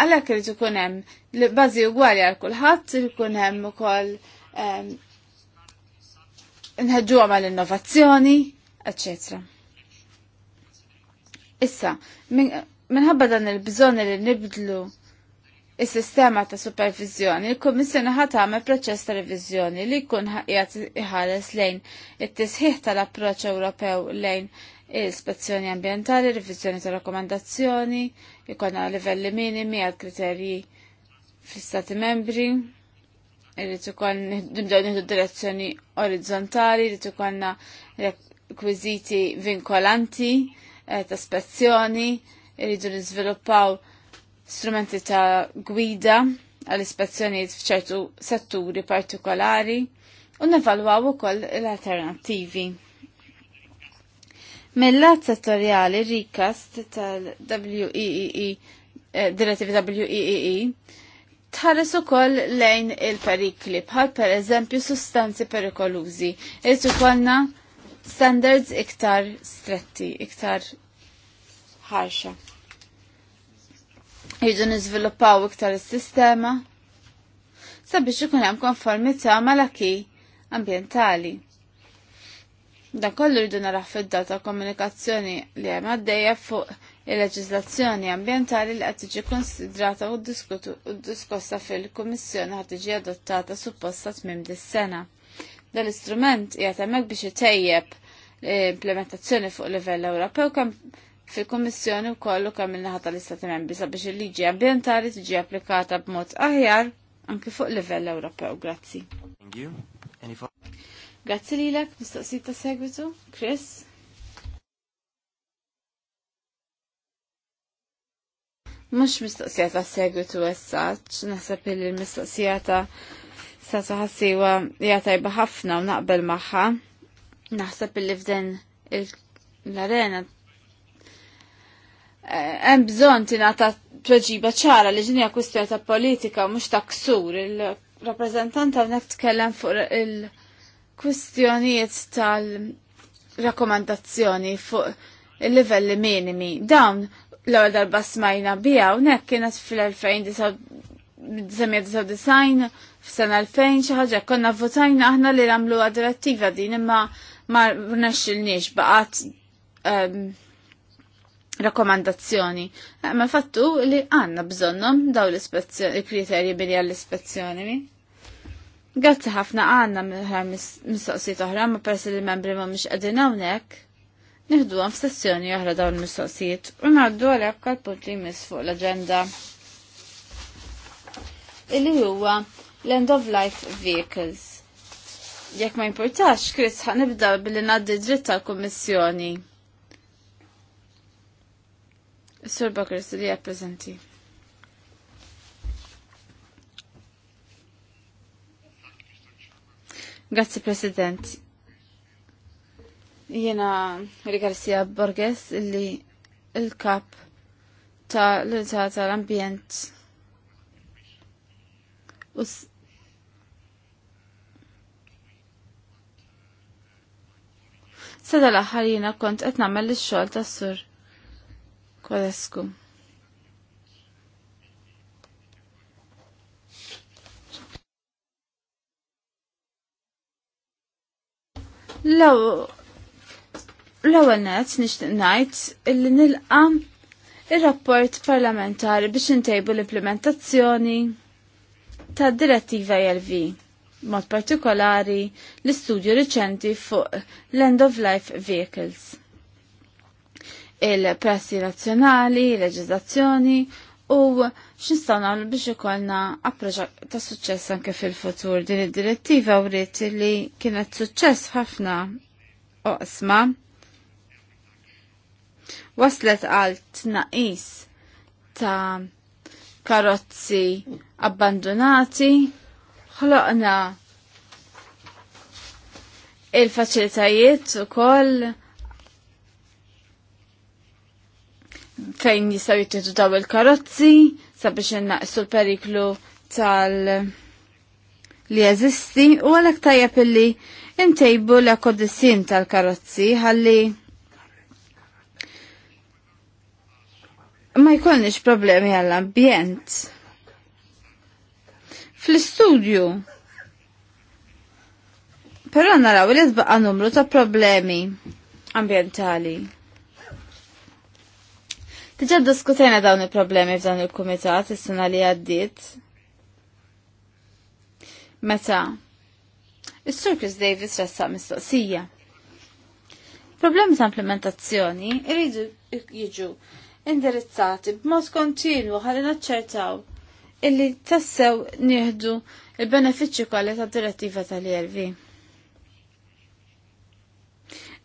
għalhekk irid ikun hemm li bażi ugwali għal kulħadd ikun hemm ukoll nħeġġuha mal-innovazzjoni, eċċetera. Issa, minħabba dan il-bżonn li nibdlu is-sistema ta' supervizjoni, il-Kummissjoni ħat għamel proċess ta' revizjoni li jkun qiegħed iħares lejn it-tisħiħ tal-approċċ Ewropew lejn ispezzjoni ambientali, revizjoni ta' rakkomandazzjoni, għal livelli minimi għal kriterji fl-Stati membri, irrid ukoll nibdew nieħdu direzzjoni orizzontali, irrid ukollna rekwiżiti vinkolanti eh, ta' spezzjoni, irridu niżviluppaw strumenti ta' gwida għal ispezzjonijiet f'ċertu setturi partikolari u nevalwaw ukoll l-alternattivi. Mill-lat settorjali rikast tal-WEEE, e e, eh, direttivi WEEE, e tħares ukoll lejn il-perikli bħal per eżempju sustanzi perikolużi. Irid ukollna standards iktar stretti, iktar ħarxa. Jiġu niżviluppaw iktar is-sistema sabiex ikun hemm konformità mal-aki ambjentali. Dan kollu rridu naraħ fid-daw ta' komunikazzjoni li hemm għaddejja fuq il-leġiżlazzjoni ambjentali li qed tiġi konsidrata u ddiskossa fil-Kummissjoni ħad tiġi adottata supposta tmiem dis-sena. Dan l-istrument qiegħed hemmhekk biex itejjeb l-implementazzjoni fuq livell Ewropew kemm fil-Kommissjoni u kollu kamil naħata naħa tal-Istati Membri sabiex il-liġi ambientali tiġi applikata b'mod aħjar anke fuq livell Ewropew. Grazzi. Grazzi lilek, mistoqsijiet ta' segwitu. Chris? Mux mistoqsija segwitu essaċ, nasab li l-mistoqsija ta' sa' saħasiwa jgħataj ħafna u naqbel maħħa. Naħseb li f'den l-arena Eh, hemm bżonn tingħata tweġiba ċara li ġinja kwistjoni ta' politika mhux ta' ksur. Il-rappreżentant hawnhekk tkellem fuq il-kwistjonijiet tal-rakkomandazzjoni fuq il-livelli minimi. Dawn l-ewwel darba smajna biha hawnhekk kienet fil-2099 f'sena 2000 xi ħaġa konna votajna aħna li nagħmluha direttiva din imma ma rnexxilniex baqgħet ehm, rakkomandazzjoni. Eh, ma fattu li għanna bżonnom daw l-ispezzjoni, kriterji bini għall-ispezzjoni. Grazzi ħafna għanna mistoqsijiet oħra, ma persi li membri ma mx għadin hawnhekk. Nihdu għan f-sessjoni oħra daw l-mistoqsijiet u naħdu għalhekk għal-punt li jmiss fuq l-aġenda. Illi huwa l-end of life vehicles. Jekk ma importax, Chris ħanibda billi ngħaddi dritt tal-Kummissjoni. Sur Bakr li jappreżenti. Grazie, President. Jena Rigarsija Borges li il-kap ta' l-unità tal-ambjent u Sada l-aħħar kont qed nagħmel ix-xogħol tas-sur Kolesku. Law, law għanet nishtiq najt illi nilqa il-rapport parlamentari biex intejbu l-implementazzjoni ta' direttiva ILV, e mod partikolari l-istudju riċenti fuq l-end of life vehicles il-prassi nazzjonali, leġizazzjoni u xinstawna nagħmlu biex ikollna approċċ ta' suċċess anke fil-futur din id-direttiva rrit li kienet suċċess ħafna oqsma. Waslet għal tnaqis ta' karozzi abbandonati, ħloqna il-faċilitajiet u koll fejn jistaw jittitu daw il-karozzi sabiex innaqsu l-periklu tal- li jeżisti u għalek tajjeb illi intejbu l kodissin tal-karozzi ħalli ma jkollniex problemi għall-ambjent. Fl-istudju Però naraw li tbaqa numru ta' problemi ambientali. Tiġa diskutajna dawn il-problemi f'dan il-kumitat is-sena li għaddiet. Meta? Is-Sur Chris Davis ressaq mistoqsija. Problemi ta' implementazzjoni iridu jiġu indirizzati b'mod kontinwu ħalli naċċertaw illi tassew nieħdu il-benefiċċju kollha tad-direttiva tal-ERV.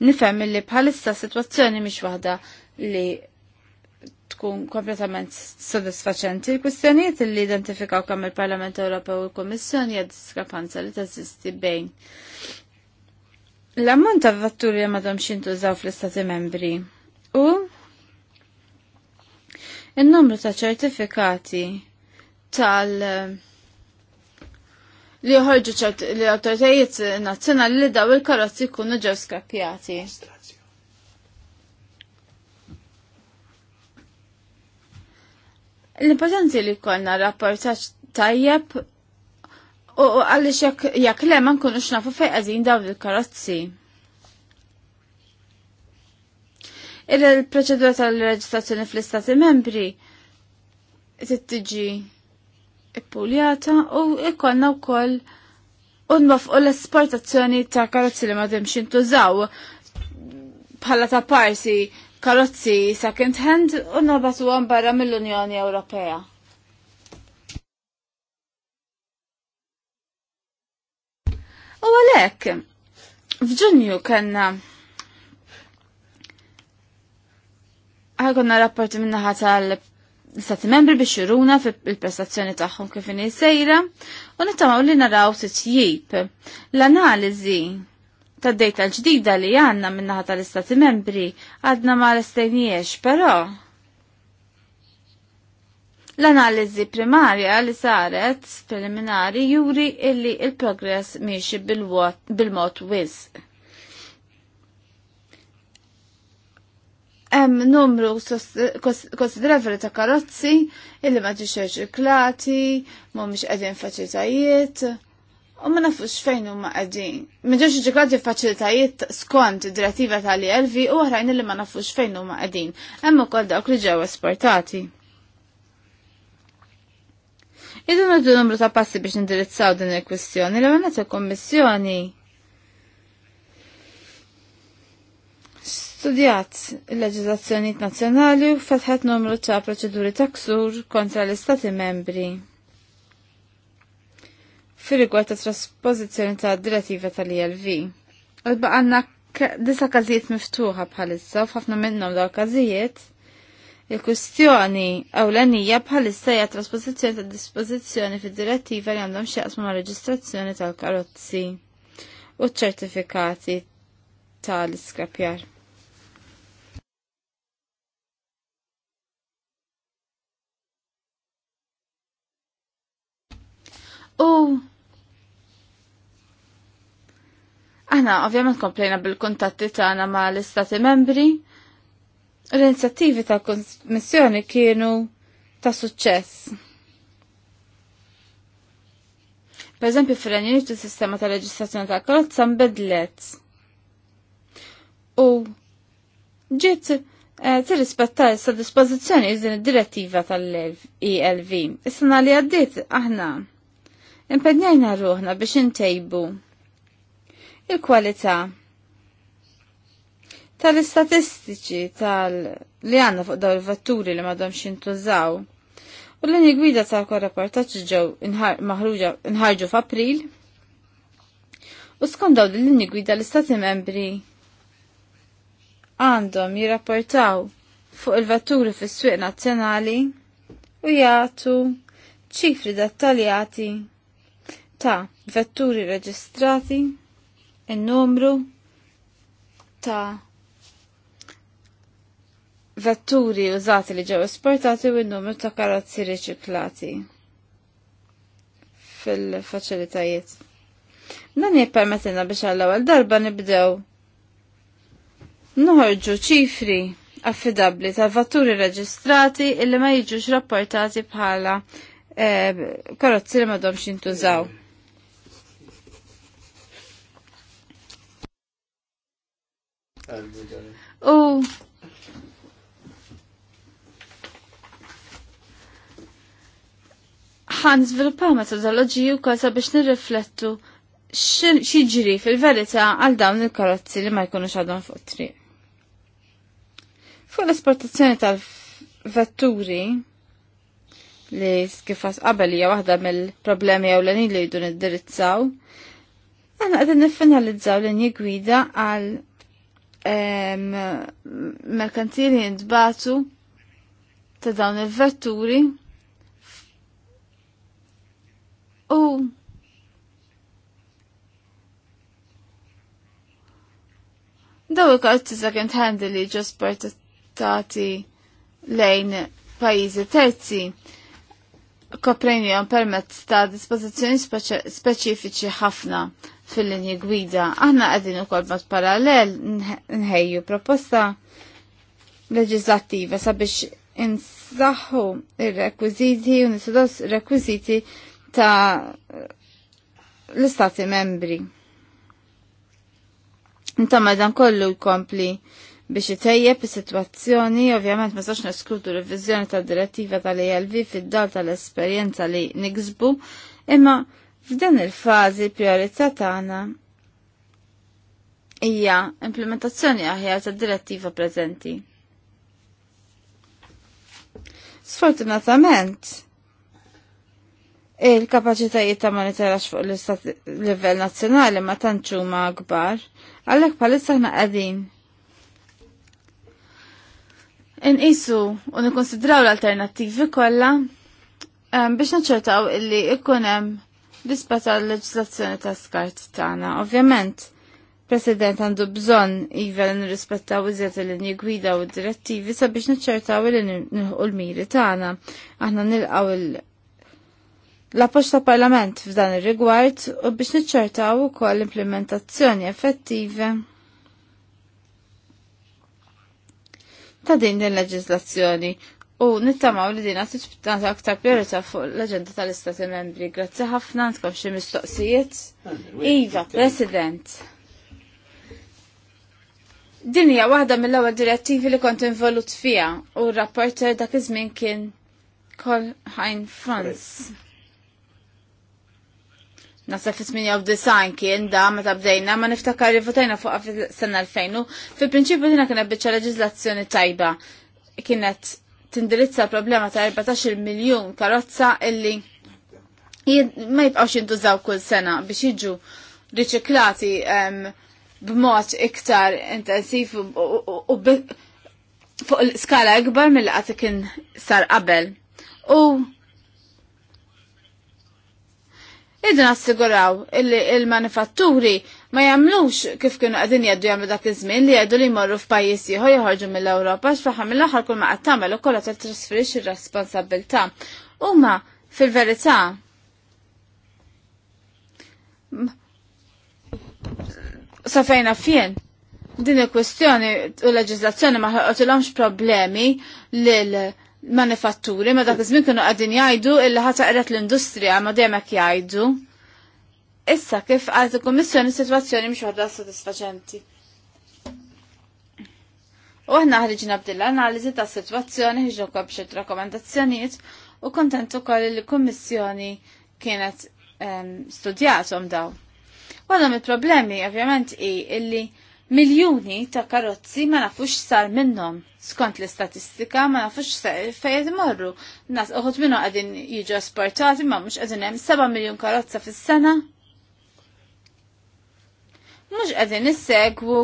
Nifhem illi bħalissa sitwazzjoni mhix waħda li tkun kompletament sodisfaċenti. l kwistjonijiet li identifikaw kam il-Parlament Ewropew u l-Kummissjoni hija diskrepanza li teżisti bejn l-ammont ta' vetturi li madhom xintużaw fl-Istati membri u il-numru ta' ċertifikati tal- li joħorġu ċert li autoritajiet nazzjonali li daw il-karozzi jkunu ġew skappjati. L-importanti li konna rapportaċ tajjeb u għalix jak le ma nkunux nafu fej għazin dawn il-karozzi. Il-proċedura tal-reġistrazzjoni fl-istati membri tittiġi ippuljata u ikonna u koll u l-esportazzjoni ta' karozzi li ma demx intużaw bħala ta' parsi karozzi second hand u nabatu għan barra mill-Unjoni Ewropea. U għalek, f'ġunju kanna ħakonna rapporti minnaħa tal-Stati membri biex juruna fil-prestazzjoni tagħhom kif sejra u nittamaw li naraw titjib l-analiżi ta' data ġdida li għanna minnaħa tal-Istati membri għadna ma l istajniex pero L-analizi primarja li saret preliminari juri illi il-progress miexi bil-mod wis. Hemm numru konsiderevoli ta' karozzi illi ma ġiexx irċiklati, mhumiex qegħdin faċilitajiet, u ma nafux fejn huma qegħdin. M'ġewx iġikrati faċilitajiet skont id-direttiva tal elvi u oħrajn li ma nafux fejn huma qegħdin. Hemm ukoll dawk li ġew esportati. Idu noddu numru ta' passi biex indirizzaw din il-kwistjoni li għanet il-kommissjoni. Studjat il-leġizazzjoniet nazzjonali u fetħet numru ta' proċeduri ta' ksur kontra l-istati membri fil-rigward ta' trasposizjoni ta' direttiva tal-ILV. Għadba għanna disa kazijiet miftuħa bħalissa, u ħafna minnhom daw kazijiet, il-kustjoni ewlenija bħalissa jgħat trasposizjoni ta' dispożizzjoni fid-direttiva li għandhom xieqsmu ma' reġistrazzjoni tal-karozzi u ċertifikati tal-iskrapjar. U Aħna ovvjament komplejna bil-kuntatti tagħna ma' l-Istati membri. L-inizjattivi ta' Kommissjoni kienu ta' suċċess. Per eżempju, fil-Renjuniet sistema ta' leġislazzjoni ta' karozza mbedlet. U ġiet eh, tirrispetta issa dispożizzjoni din id-direttiva tal-ELV. Is-sena li għaddiet aħna impegnajna ruħna biex intejbu il-kwalità tal-istatistiċi tal li għanna fuq daw il-vetturi li madhom xintużaw. U l-linji gwida tal kol ġew nħarġu f'April. U skont daw l-linji gwida l-istati membri għandhom jirrapportaw fuq il-vetturi fis-swieq nazzjonali u jagħtu ċifri dettaljati ta' vetturi reġistrati in-numru ta' vetturi użati li ġew esportati u n-numru ta' karozzi riċiklati fil-faċilitajiet. Dan permetina biex għall-ewwel darba nibdew noħorġu ċifri affidabli ta' vetturi reġistrati illi ma jiġux rapportati bħala eh, karozzi li ma domx jintużaw. U ħan zviluppa metodoloġiju kważa biex nirriflettu xieġri fil-verità għal dawn il-karozzi li ma jkunux għadhom fuq Fuq l-esportazzjoni tal-vetturi, li skifas qabel hija waħda mill-problemi jew l-għanin li jidun iddirizzaw, għanna qegħdin nifinalizzaw l gwida għal merkantili jintbatu ta' dawn il-vetturi u daw il-karti second hand li ġo sportati lejn pajizi terzi koprejnijom permezz ta' dispozizjoni speċifiċi ħafna fil-linji gwida. Aħna għadin u kolbat parallel nħejju proposta leġislattiva sabiex insaħħu il-rekwiziti u nisodos rekwiziti ta' l-istati membri. Inta madan kollu jkompli biex itejjeb is-sitwazzjoni, ovvjament ma sax skrutu revizjoni tad direttiva tal-ELV fid-dal tal-esperjenza li niksbu, imma F'din il-fazi prijorità tagħna hija implementazzjoni aħjar tad-direttiva preżenti. Sfortunatament, il-kapacitajiet ta' monitoraġġ fuq l-istat livell nazzjonali ma tantx huma akbar, għalhekk bħalissa aħna qegħdin Inqisu u nikkonsidraw l-alternattivi kollha ehm, biex naċċertaw illi ikun hemm bisba tal-leġislazzjoni ta' skart tagħna. Ovvjament, President għandu bżonn iva li nirrispettaw iżjed l linji gwida u direttivi sabiex niċċertaw li nilħu l-miri tagħna. Aħna nilqaw L-appoġġ ta' Parlament f'dan ir-rigward u biex niċċertaw ukoll implementazzjoni effettive ta' din il-leġislazzjoni U nittamaw li dina t ta' aktar priorita fuq l-agenda tal-Istati membri. Grazzi ħafna, għandkom xie mistoqsijiet. Iva, President. Din hija waħda mill-ewwel direttivi li kont involut fija u r-rapporter dak iż-żmien kien Kol Hein Franz. Nasa fit design kien da meta bdejna ma niftakar li votajna fuq sena 2000 u fil-prinċipju dina kien biċċa leġizlazzjoni tajba kienet tindirizza problema ta' 14 miljon karozza illi ma jibqawx jintużaw kull sena biex jiġu riċiklati b'mod iktar intensiv u fuq skala ikbar mill-qatt sar qabel. U Idna assiguraw illi il-manifatturi ma jamlux kif kienu għadin jaddu jamlu dak iż-żmien li jaddu li jmorru f'pajjiż ieħor joħorġu mill-Ewropa x'faħam mill-aħħar kull ma qed tagħmel ukoll qed trasferix ir-responsabilità. Huma fil-verità safejna fien din il-kwestjoni u l-leġizlazzjoni ma ħolqotilhomx problemi lil manifatturi, ma dak iż-żmien kienu qegħdin jgħidu illi ħataqret l-industrija ma dejjem hekk jgħidu. Issa kif għalt il-Kummissjoni sitwazzjoni mhix waħda sodisfaċenti. U aħna ħriġna bdilla analiżi ta' sitwazzjoni ħiġna wkoll b'xi rakkomandazzjonijiet u kontent ukoll li l-Kummissjoni kienet ehm, studjatom daw. Wadhom il problemi ovvjament hi illi miljuni ta' karozzi ma nafux sar minnhom. Skont l-istatistika ma nafux fejed morru. Nas uħut minnu għadin jiġu asportati ma mhux għadin hemm 7 miljun karozza fis-sena. Mhux qegħdin issegwu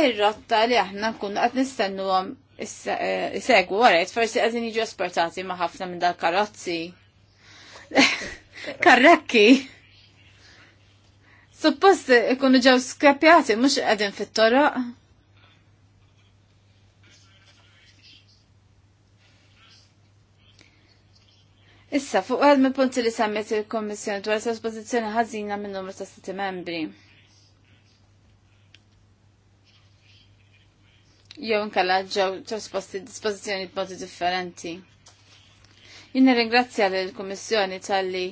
ir-rotta li aħna nkunu qed għom eh, Isegwu, għarajt, forsi għadin jiġu asportati ma ħafna minn dal-karozzi. Karrekki. Suppost ikunu ġew skrapjati mhux qegħdin fit-toroq. Issa, fuq għad me punti li sammet il-Kommissjoni dwar s-esposizjoni ħazina minn numru ta' stati membri. Jew nkalla ġew trasposti dispożizzjoni b'modi differenti. Jina ringrazzja l-Kommissjoni tal-li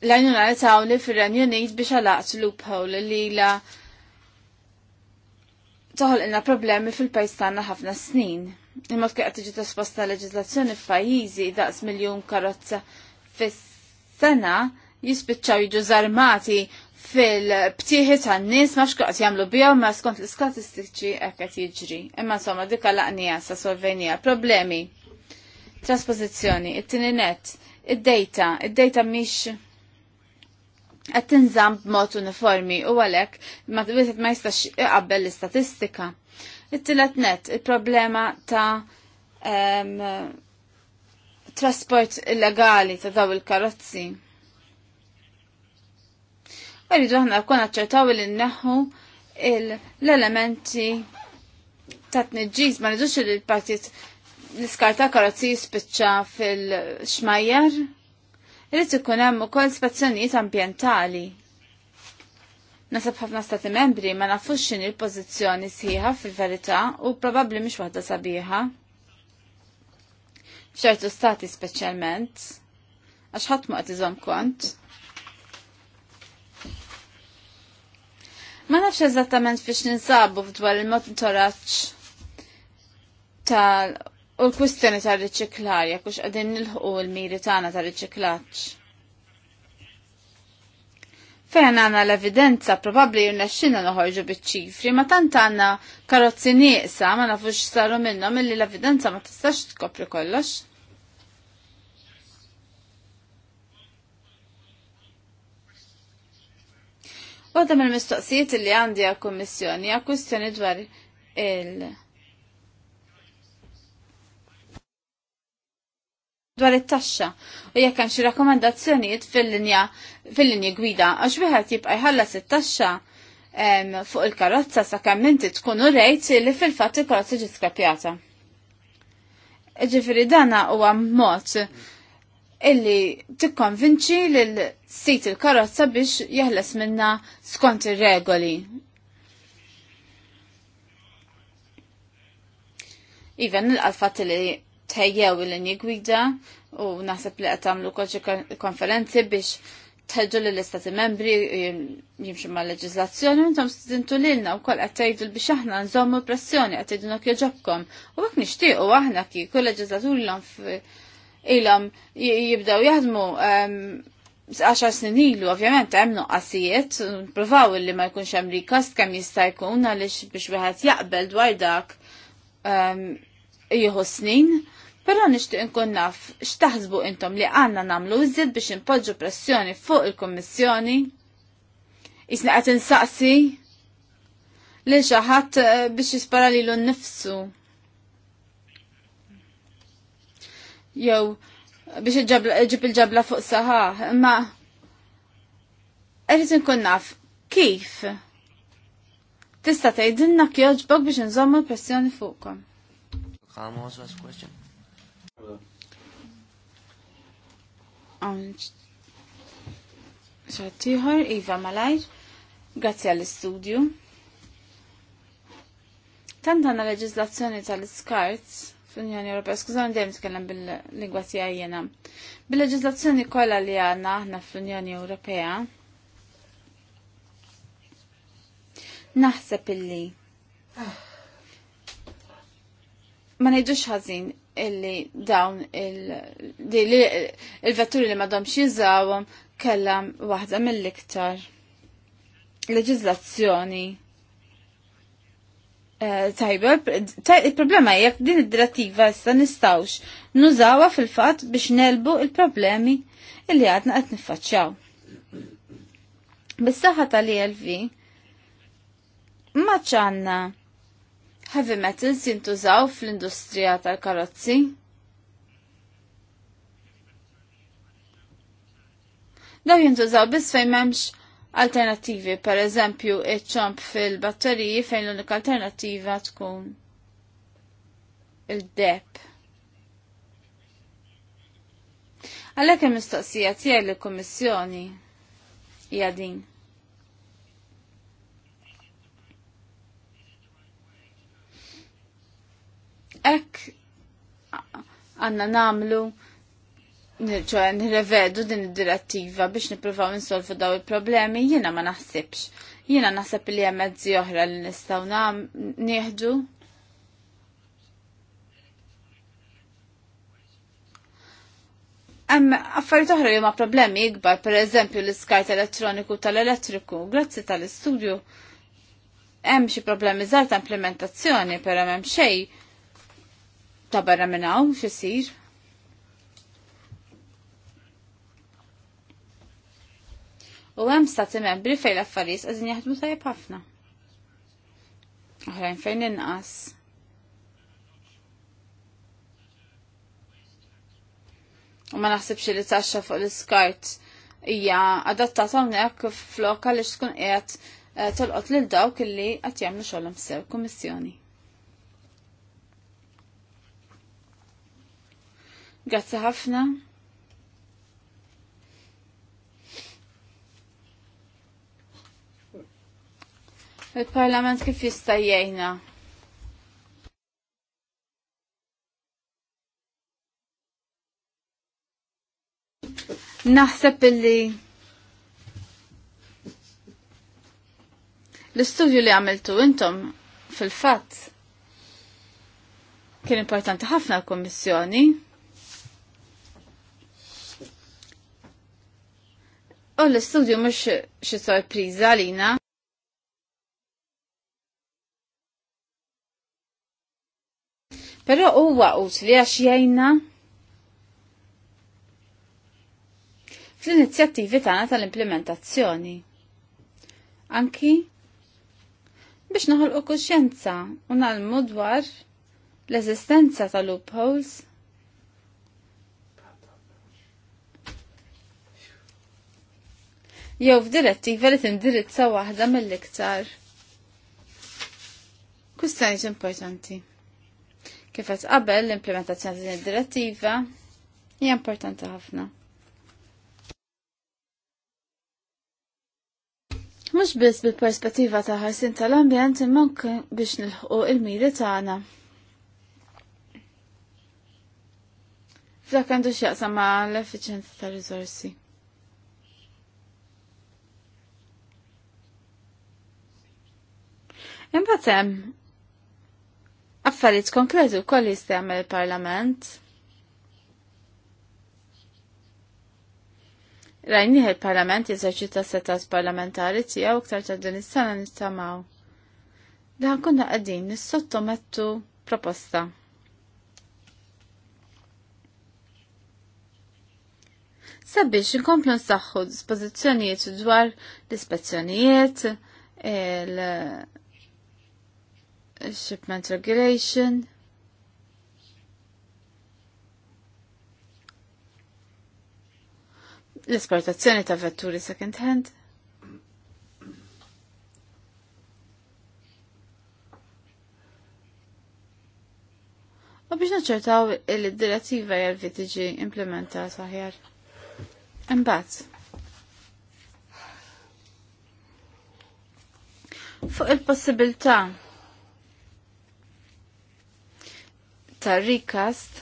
l-għajnuna għal tawni fil-Renju Unit biex għalaqt loophole li la toħol inna problemi fil-pajs tanna ħafna snin. Imma kif qed tiġi trasposta f f'pajjiżi daqs miljun karozza fis-sena jispiċċaw jiġu żarmati fil-ptieħi tan-nies ma x'qed jagħmlu bihom ma skont l-iskatistiċi hekk qed jiġri. Imma insomma dikka laqnija sa solvenija problemi. Trasposizzjoni, it tininet net, id-data, id-data mhix qed tinżamm b'mod uniformi u għalhekk ma wieħed ma jistax iqabbel l-istatistika. It-tielet net, il-problema ta' um, trasport illegali ta' daw il-karozzi. Rridu aħna kun aċċertaw li nneħħu l-elementi ta' tniġġis ma rridux li l-partit l-iskarta karozzi jispiċċa fil-xmajjar Irid ikun hemm ukoll spazzjonijiet ambjentali. Nasab ħafna stati membri ma nafux x'inhi l-pożizzjoni sħiħa fil-verità u probabbli mhix waħda sabiħa. F'ċertu stati speċjalment għax ħadd ma iżomm kont. Ma nafx eżattament fiex ninsabu f'dwar il-monitoraġġ tal U l-kwistjoni ta' riċiklarja jekk għadin nilħu l-miri tagħna ta' riċiklaġġ. Fejn għandna l-evidenza probabbli jirnexxina noħorġu biċ-ċifri, ma tant għandna karozzi nieqsa ma nafux saru minnhom illi l-evidenza ma tistax tkopri kollox. għadam mill-mistoqsijiet li għandi għal kummissjoni għal kwistjoni dwar il- dwar it-taxxa u jekk hemm xi rakkomandazzjonijiet fil-linja fil-linji gwida għax wieħed jibqa' jħallas it-taxxa fuq il-karozza sakemm inti tkun rejt li fil-fatt il-karozza ġiet skrapjata. Ġifieri dana huwa mod illi tikkonvinċi lil sit il-karozza biex jeħles minna skont ir-regoli. Iven il-qalfat li tejjew il-linji gwida u naħseb li qed tagħmlu koċi konferenzi biex tħedġu lill istati membri jimxu mal leġiżlazzjoni intom stintu lilna kol qed l biex aħna nżommu pressjoni qed tgħidulna joġobkom U hekk nixtiequ aħna kieku il ilhom jibdew jaħdmu ehm, għaxar snin ilu, ovvjament, hemm għasijiet, provaw li ma jkunx hemm rikast kemm jista' jkun għaliex biex wieħed jaqbel dwar dak ehm, jieħu snin. Però nixtieq inkun naf x'taħsbu intom li għandna nagħmlu iżjed biex impoġġu pressjoni fuq il kommissjoni Isna qed insaqsi lil xi ħadd eh, biex jispara lilu nnifsu. Jew biex iġib il-ġabla fuq saħa, imma irrid inkun naf kif tista' tgħidilna kjoġbok biex inżommu l-pressjoni fuqkom. Carmos was question ċattiħor, Iva Malajr, grazzi għall-istudju. Tant għanna leġizlazzjoni tal-skarts fl-Unjoni Ewropea, skużani dejjem tkellem bil-lingwa tiegħi jiena. Bil-leġizlazzjoni kollha li għandna aħna fl-Unjoni Ewropea, naħseb illi ah. ma ngħidux ħażin illi dawn il-vetturi li madom xizawom kellam waħda mill-iktar leġizlazzjoni eh, tajba, il-problema jek din id-direttiva issa nistawx nużawa fil-fat biex nelbu il-problemi illi għadna għed nifacċaw. Bis-saħħa tal-ELV maċċanna heavy metals jintużaw fl-industrija tal-karozzi. Daw jintużaw biss fejn m'hemmx alternattivi, per eżempju iċ-ċomp fil-batteriji fejn l-unika alternattiva tkun il-dep. Għalhekk il-mistoqsija tiegħi l-Kummissjoni hija din. ekk għanna namlu ċoħe nirrevedu din id-direttiva biex niprofaw insolvu daw il-problemi, jiena ma naħsibx. Jiena naħseb li hemm mezzi oħra li nistgħu nieħdu. Hemm affarijiet oħra li ma problemi ikbar, pereżempju l-iskajt elettroniku tal-elettriku, grazzi tal-istudju hemm xi problemi żgħar ta' implementazzjoni, però m'hemm xejn ta' barra minnaw xisir. U hemm stati membri fejn l-affarijiet qegħdin jaħdmu tajjeb ħafna. Oħrajn fejn inqas. U ma naħsibx li taxxa fuq l-iskart hija adattata hawnhekk f'loka li tkun qiegħed eh, tolqot lil dawk illi qed jagħmlu xogħol sew kummissjoni. Grazzi ħafna. Il-Parlament kif jista' jgħinna? Naħseb illi l-istudju li għamiltu intom fil-fatt kien importanti ħafna l-Kommissjoni. U l-istudju mux xi sorpriża lina. Però huwa utli għax jgħinna fl-inizjattivi tagħna tal-implementazzjoni. Anki biex naħolqu kuxjenza u nagħmlu dwar l-eżistenza tal-loopholes jew f'direttiva li tindirizza waħda mill-iktar. Kustaniġ importanti. Kif qed qabel l-implementazzjoni din id-direttiva hija importanti ħafna. Mhux biss bil-perspettiva ta' ħarsin tal-ambjent imma biex nilħqu il-miri tagħna. F'dak għandu x'jaqsam ma' l-effiċjenza ta' riżorsi. Imbagħad hemm affarijiet konkreti wkoll jista' jagħmel il-Parlament. Rajnih il-Parlament jeżerċita setas parlamentari tiegħu iktar ta' din is-sena nittamaw. Dan kunna qegħdin nissottomettu proposta. sabiex inkomplu nsaħħu dispożizzjonijiet dwar l-ispezzjonijiet, shipment regulation, l-esportazzjoni ta' vetturi second hand, U biex naċċertaw il-direttiva jgħal VTG implementa aħjar. Imbagħad. Fuq il-possibilità ta' rikast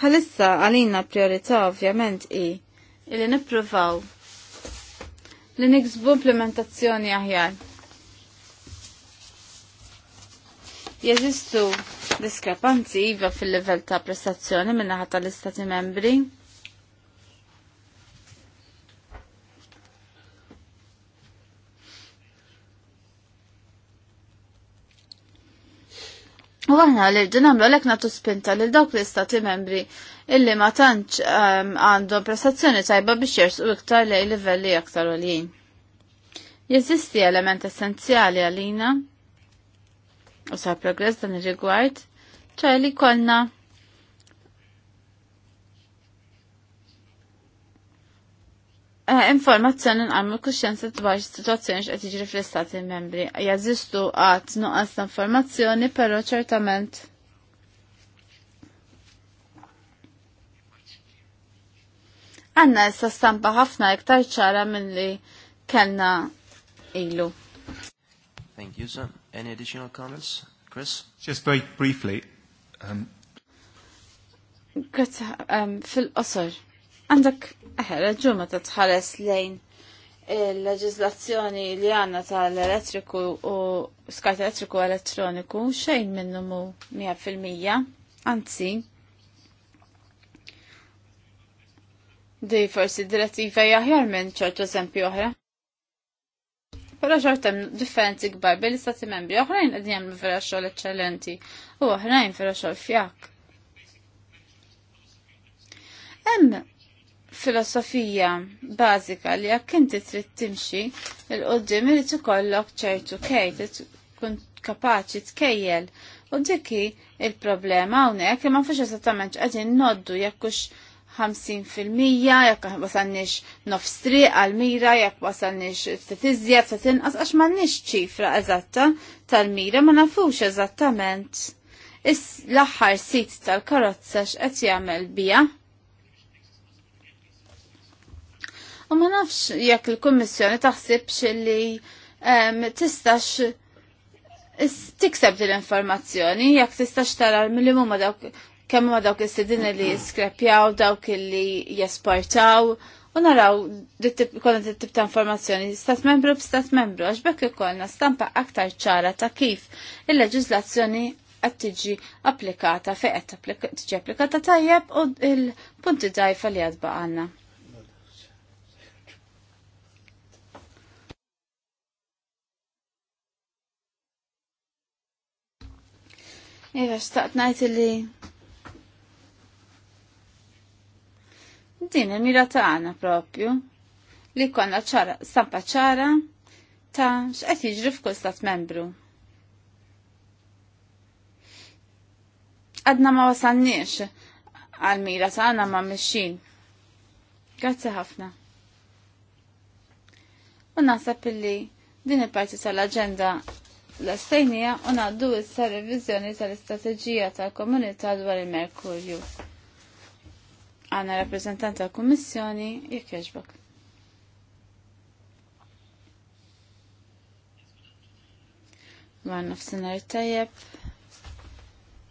Bħalissa għalina priorità ovvjament i il-li nippruvaw li niksbu implementazzjoni aħjar. Jeżistu diskrepanzi iva fil-livell ta' prestazzjoni ħata tal-istati membri. U għahna li din għamlu għalek natu spinta li dawk l-istati membri illi ma tantx ehm, għandhom prestazzjoni tajba biex jersu iktar li livelli aktar li. Jeżisti element essenzjali għalina u sa' progress dan ir-rigward ċaj li kolna Eh, informazzjoni nqamlu kuxjenza dwar situazzjoni x'qed jiġri fl-Istati membri. Jażistu qatt nuqqas ta' informazzjoni, però ċertament għanna issa stampa ħafna iktar ċara minn li kellna ilu. Thank you, sir. Any additional comments? Chris? Just very briefly. Um... Grazie, um, fil-qosor. Għandak, ħera ġumma ta' tħares lejn il-leġizlazzjoni li għanna tal-elettriku u skart elettriku elettroniku xejn minnu mu 100%, anzi, di forsi direttiva jahjar minn ċertu eżempju oħra. Pero ċertem differenzi gbar bil istati membri oħrajn għedin jemlu vera xogħol eċċellenti u oħrajn vera xogħol fjak. Hemm filosofija bażika li jekk inti trid timxi il qudiem irid ikollok ċertu kej tkun kapaċi tkejjel u dikki il-problema hawnhekk imma fiex eżattament qegħdin noddu jekk hux 50% jekk wasalniex nofstri għal-mira, jekk wasalniex statizja, statinqas, għax m'għandniex ċifra eżatta tal-mira, ma nafux eżattament. Is l-aħħar sit tal-karozza x'qed jagħmel bija. U ma nafx jekk il-Kummissjoni taħsibx li tistax tikseb din l-informazzjoni, jekk tistax tara mill huma dawk kemm ma dawk is-sidin li skrepjaw, dawk li jesportaw, u naraw kollha tip ta' informazzjoni stat membru b'stat membru għax bekk ikollna stampa aktar ċara ta' kif il-leġiżlazzjoni qed tiġi applikata fejn qed tiġi applikata tajjeb u l-punti dajfa li għadba għandna. Iva, xtaqt najt li. Din il-mira għana propju. Li konna ċara, stampa ċara ta' xqed jiġri f'kull stat membru. Għadna ma wasalniex għal-mira għana ma' mixin. Grazzi ħafna. U nasab illi din il-parti tal-agenda l-assajnija u naddu issa revizjoni tal-istrateġija tal-komunità dwar il-Merkurju. Għana rappresentant tal-Kummissjoni jekk jaġbak. Mar nofsinar tajjeb,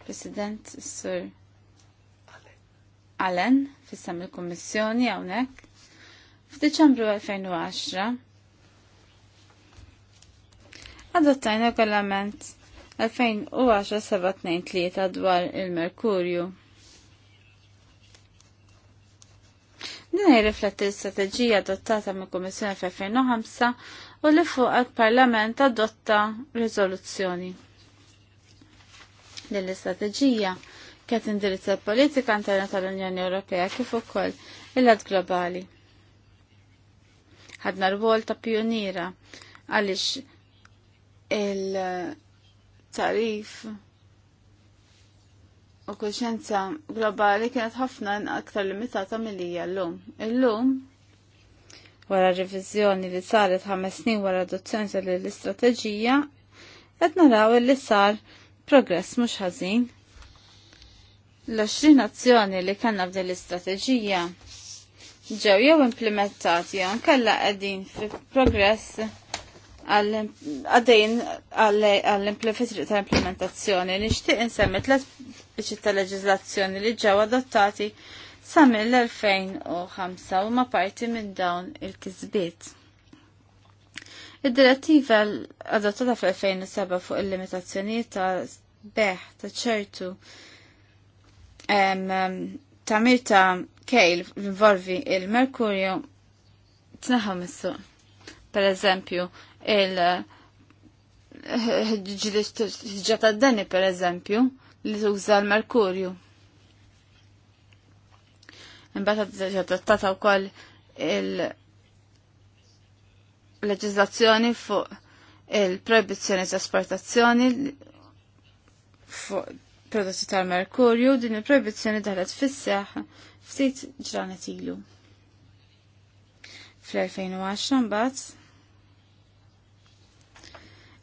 President Sur Allen, fissam il-Kommissjoni għawnek, f'Deċembru 2010, adottajna regolament 2010-723 dwar il-Merkurju. Din jirrifletti l-istrateġija adottata mill kummissjoni fl-2005 u li fuq il-Parlament adotta riżoluzzjoni. Din l-istrateġija kienet indirizza l-politika interna tal-Unjoni Ewropea kif ukoll il-lad globali. Ħadna rwol ta' pionira għaliex il-tarif u kuxenza globali kienet ħafna aktar limitata mill-lija l-lum. l lum wara revizjoni li saret ħames snin wara adozzjoni tal-istrateġija, qed naraw li sar progress mhux ħażin. L-20 azzjoni li kellna f'din l-istrateġija ġew jew implementati jew kella qegħdin fi progress għaddejn għall-implementazzjoni. Nixtieq insemmi tlet biċi ta' leġislazzjoni li ġew adottati sa mill-2005 u ma parti minn dawn il-kisbiet. Id-direttiva adottata fl-2007 fuq il-limitazzjonijiet ta' beħ ta' ċertu ta' ta' kejl involvi il-merkurju t missu. Per eżempju, il- ġata d-dani per eżempju li tuża l-merkurju. Imbagħad u wkoll il-leġiżlazzjoni fuq il-proibizzjoni ta' esportazzjoni fuq prodotti tal-merkurju din il-proibizzjoni daħlet fis-seħ ftit ġranet ilu. Fl-2010 mbagħad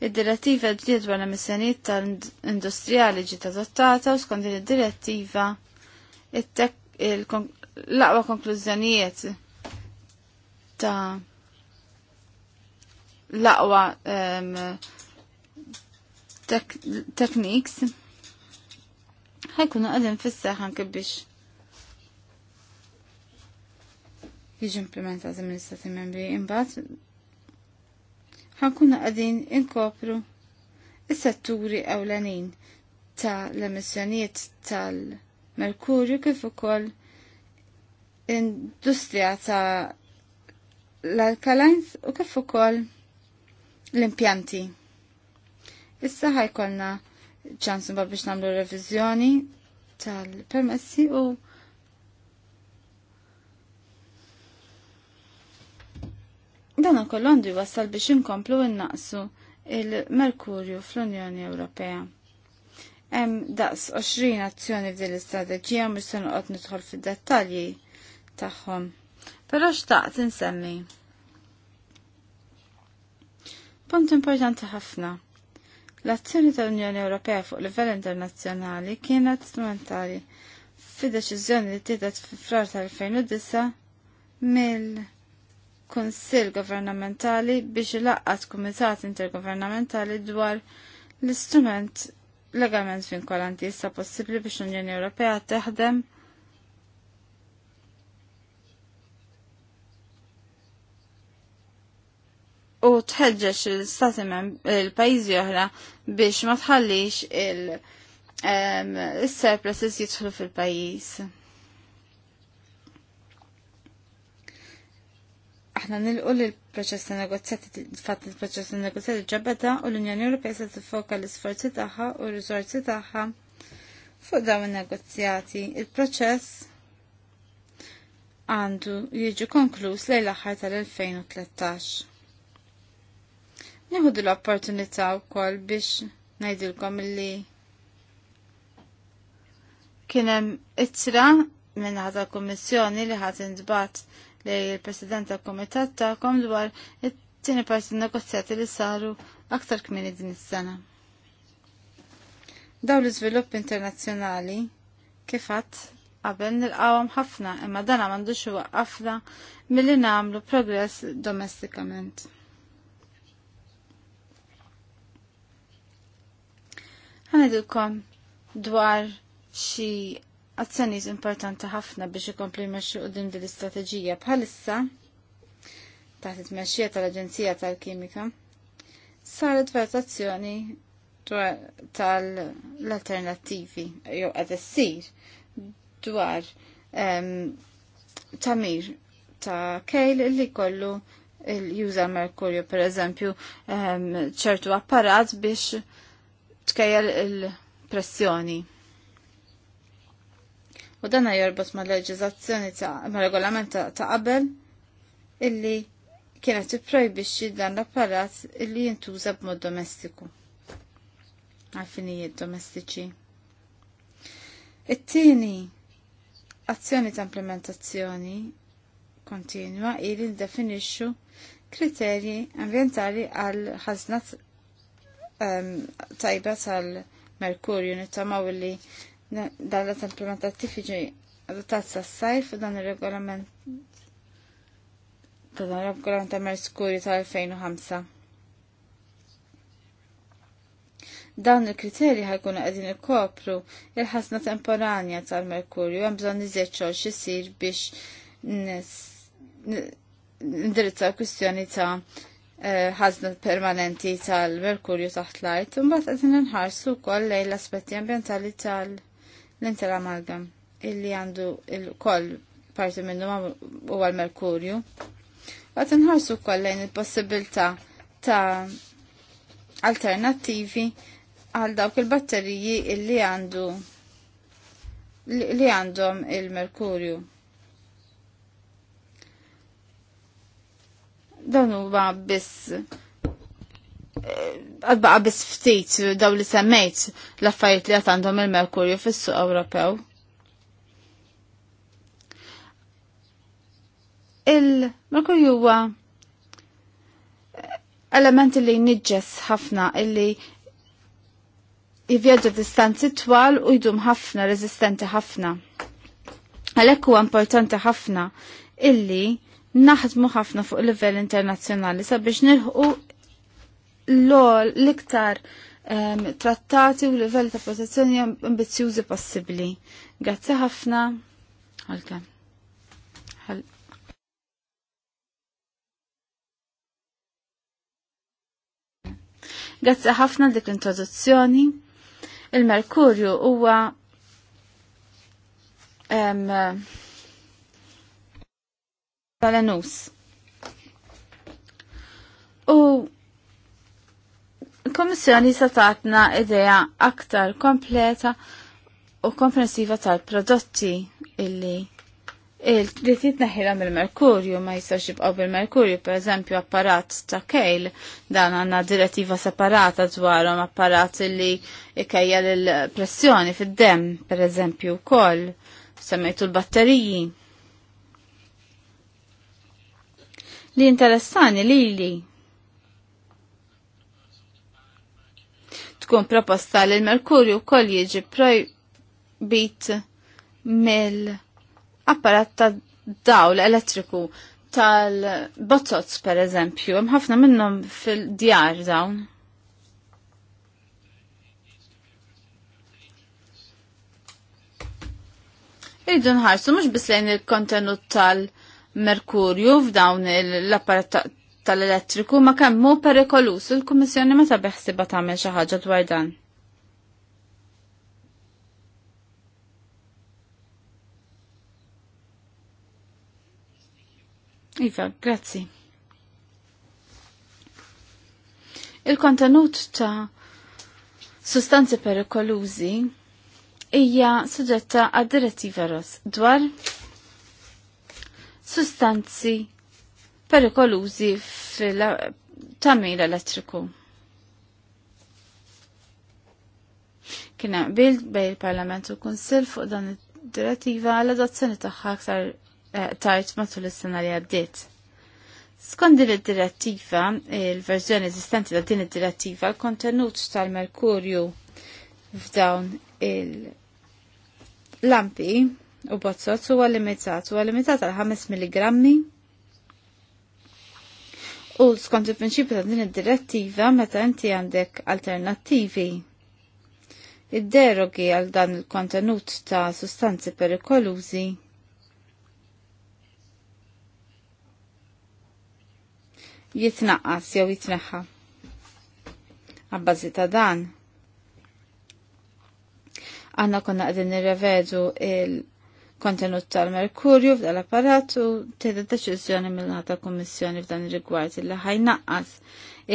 Id-direttiva ġiet dwar l-emissjonijiet tal-industrijali ġiet adottata u skont din id-direttiva l-aqwa konklużjonijiet ta' l-aqwa techniques ħajkunu għadin fissaħ anke biex jiġi implementati mill-istati membri imbagħad ħankuna għadin inkopru is-setturi ewlenin ta' l-emissjonijiet tal-merkurju kif ukoll industrija ta' l-alkalines u kif ukoll l-impjanti. Issa ħajkolna ċansu biex nagħmlu reviżjoni tal-permessi u Dan kollu għandu jwassal biex inkomplu innaqsu il-merkurju fl-Unjoni Ewropea. Hemm daqs 20 azzjoni f'din l-istrateġija mhux se noqgħod nidħol fid-dettalji tagħhom. Però xtaqt insemmi. Punt importanti ħafna. L-azzjoni tal-Unjoni Ewropea fuq livell internazzjonali kienet strumentali fid deċiżjoni li tiedet fi frar tal-2009 mill- kunsill Governamentali biex ilaqqat Kumitat Intergovernamentali dwar l-istrument legament vinkolanti issa possibbli biex l-Unjoni Ewropea teħdem u tħeġġeġ il-stati il-pajjiżi oħra biex ma tħallix il-surpluses jidħlu fil-pajjiż. aħna nilqu li l-proċess ta' negozjati fatt il-proċess ta' negozjati ġabeta u l-Unjoni Ewropea se tiffoka l-isforzi tagħha u r-riżorsi tagħha fuq dawn in-negozjati. Il-proċess għandu jiġi konkluż lejn l-aħħar tal-2013. Nieħudu l-opportunità wkoll biex ngħidilkom li kien hemm ittra minn ħata kummissjoni li ħadd intbagħat lej il-President tal-Komitat tagħkom dwar it-tieni parti negozjati li saru aktar kmini din is-sena. Daw l-iżvilupp internazzjonali kif għadd qabel nilqawhom ħafna imma dan m'għandux iwaqqafna milli nagħmlu progress domestikament. Ħanedilkom dwar xi azzjonijiet importanti ħafna biex ikompli jmexxu u din l-istrateġija bħalissa taħt it-tmexxija tal-Aġenzija tal-Kimika saret valutazzjoni tal-alternattivi jew għad issir dwar ehm, tamir ta' kejl li kollu il-juża merkurju per eżempju ehm, ċertu apparat biex tkejjel il-pressjoni u dana jorbot ma' leġizazzjoni ta' ma' regolament ta' qabel illi kienet tipprojbixxi dan l-apparat illi jintuża b'mod domestiku għalfinijiet domestiċi. It-tieni azzjoni ta' implementazzjoni kontinwa ili ndefinixxu kriterji ambientali għal ħaznat ehm, tajba tal-merkurju nittamaw li dan l implementattiv jiġi adottat sa' sajf u dan il-regolament ta' dan il-regolament ta' merskuri ta' 2005. Dan il-kriterji ħajkunu għedin ikopru il-ħasna temporanja tal-merkurju għam bżon iżjed xogħol xisir biex indirizza kwistjoni ta' e, ħazna permanenti tal-merkurju taħt l-art, mbagħad qegħdin inħarsu wkoll lejn l-aspetti ambjentali tal- l-interamalgam illi għandu il-koll parti minnu u għal-merkurju. Għat nħarsu kollajn il-possibilta ta' alternativi għal dawk il-batteriji illi għandu li għandhom il-merkurju. Dan huwa biss għadbaqa bis ftit daw li semmejt l-affarijiet li għandhom il-Merkurju fis-suq Ewropew. Il-Merkurju huwa element li nidġes ħafna illi jivjaġġa distanzi twal u jdum ħafna, rezistenti ħafna. Għalhekk huwa importanti ħafna illi naħdmu ħafna fuq livell internazzjonali sabiex nilħu l għol l-iktar um, trattati u livell ta' protezzjoni ambizjużi possibbli. Grazzi ħafna. Għalke. Grazzi ħafna dik l-introduzzjoni. Il-Merkurju huwa um, tal il kommissjoni se tatna idea aktar kompleta u komprensiva tal-prodotti illi li titneħila mill-merkurju ma jistax jibqaw bil-merkurju, per eżempju apparat ta' kejl, dan għanna direttiva separata dwarhom apparat li ikejja l-pressjoni fid-dem, per eżempju wkoll semmejtu l-batteriji. Li interessani li li tkun proposta li l-merkurju wkoll jiġi projbit mill-apparat ta' dawl elettriku tal-botzots per eżempju, ħafna minnhom fil-djar dawn. Iridu nħarsu mhux bislejn il-kontenut tal-merkurju f'dawn l-apparat tal-elettriku ma kemm hu perikolus u l-Kummissjoni meta beħsiba tagħmel xi ħaġa dwar dan. Iva, grazzi. Il-kontenut ta' sustanzi perikolużi hija suġġetta għad direttiva ros dwar sustanzi perikolużi fil tamil elettriku. Kien hemm bil bej il-Parlament u Kunsill fuq dan id-direttiva għal adozzjoni tagħha aktar eh, tard matul is-sena li għaddiet. Skont din id-direttiva, il-verżjoni eżistenti ta' din id-direttiva, l-kontenut tal-merkurju f'dawn il-lampi u bozzot huwa limitat, huwa limitat għal 5 mg U skont il-prinċipju ta' din id-direttiva meta inti għandek alternattivi. Id-derogi għal dan il-kontenut ta' sustanzi perikolużi jitnaqqas jew jitneħħa. Għabbażi ta' dan. Għanna konna għedin nirrevedu il- kontenut tal-merkurju f'dal apparat u teda deċiżjoni mill-ħata kommissjoni f'dan ir-rigward li ħajnaqqas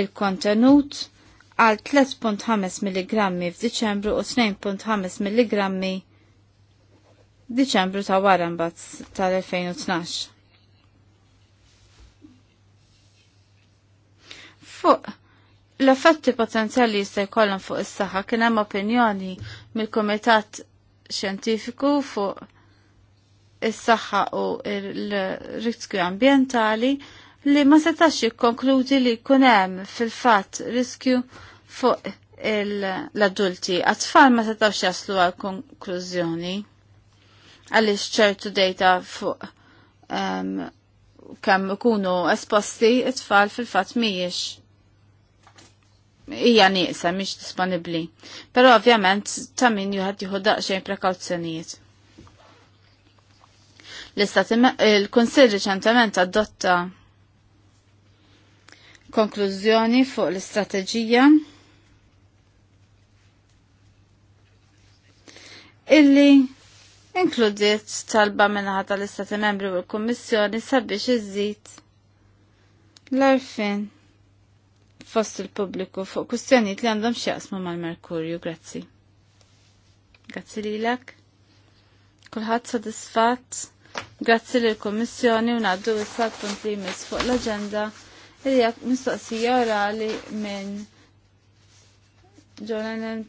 il-kontenut għal 3.5 mg f'Diċembru u 2.5 mg Diċembru ta' wara mbagħad tal-2012. Fuq l-effetti potenzjali jista' jkollhom fuq is-saħħa kien hemm opinjoni mill-Kumitat Xjentifiku fuq is saxħa u l-riskju ambientali li ma setax jikkonkludi li jkun hemm fil-fatt riskju fuq l-adulti. Għatfall ma setax jaslu għal konklużjoni għaliex ċertu data fuq um, kemm ikunu esposti it-tfal fil-fatt mhijiex hija nieqsa mhix disponibbli. Però ovvjament ta' min juħad jieħu daqsxejn prekawzjonijiet. Il-Kunsill reċentament adotta konklużjoni fuq l-istrateġija illi inkludiet talba minnaħat tal-Istati Membri u l-Kummissjoni sabiex iżżid l-arfin fost il-pubbliku fuq kustjoniet li għandhom xjaqsmu mal-Merkurju, grazzi. Grazzi lilek. Kulħadd sodisfatt Grazzi l kommissjoni u naddu issa punt li jmiss fuq l-agenda li jak mistoqsija orali minn Jonathan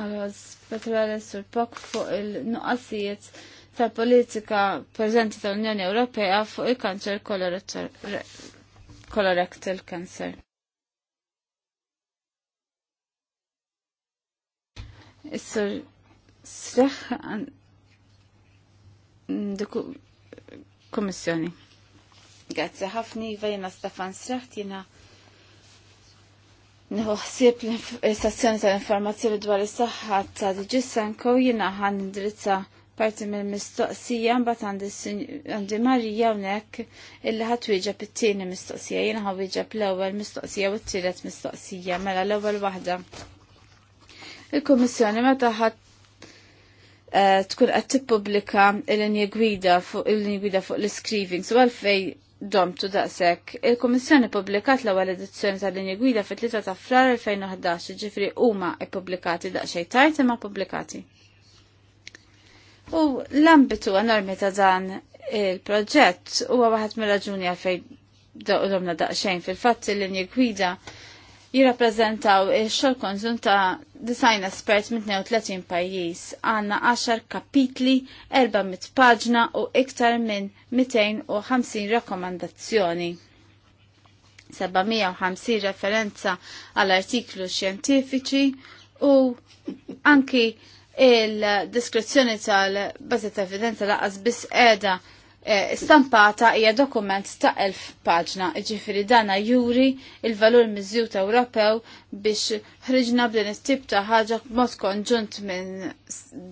Alas għaz Petrales sur Pok fuq il-nuqqasijiet tal-politika preżenti tal-Unjoni Ewropea fuq il-kanċer colorectal cancer. Is-sur Sreħ Mm, kommissjoni. Grazzi ħafna Iva vajna Stefan Sraħt jena nħuħsib l-istazzjoni tal-informazzjoni dwar is-saħħa ta' Diġissanko jina ħan indirizza parti mill-mistoqsija mbagħad għandi Marija hawnhekk illi ħadd wieġeb it-tieni mistoqsija jiena ħa wieġeb l-ewwel mistoqsija u t-tielet mistoqsija mela l-ewwel waħda. Il-Kummissjoni meta ħadd Eh, tkun qed tippubblika l-linji gwida fuq il-linji gwida fuq l-iskriving, so għalfej domtu daqshekk. Il-Kummissjoni publikat l-ewwel edizzjoni tal-linji gwida fit-3 ta' frar 2011, ġifri huma ippubblikati daqsxejn tajt imma pubblikati. U l-ambitu enormi ta' dan il-proġett huwa waħed mir-raġuni għalfejn domna daqsxejn fil-fatt il-linji gwida jirrappreżentaw ix-xogħol konżun ta' design espert minn 30 pajjiż għandna 10 kapitli, 400 paġna u iktar minn 250 rakkomandazzjoni. 750 referenza għal artiklu xjentifiċi u anki il-diskrezzjoni tal bazet evidenza laqas biss qiegħda Eh, stampata hija dokument ta' elf paġna, ġifiri dana juri il-valur miżjut Ewropew biex ħriġna b'din it-tip ta' ħaġa b'mod konġunt minn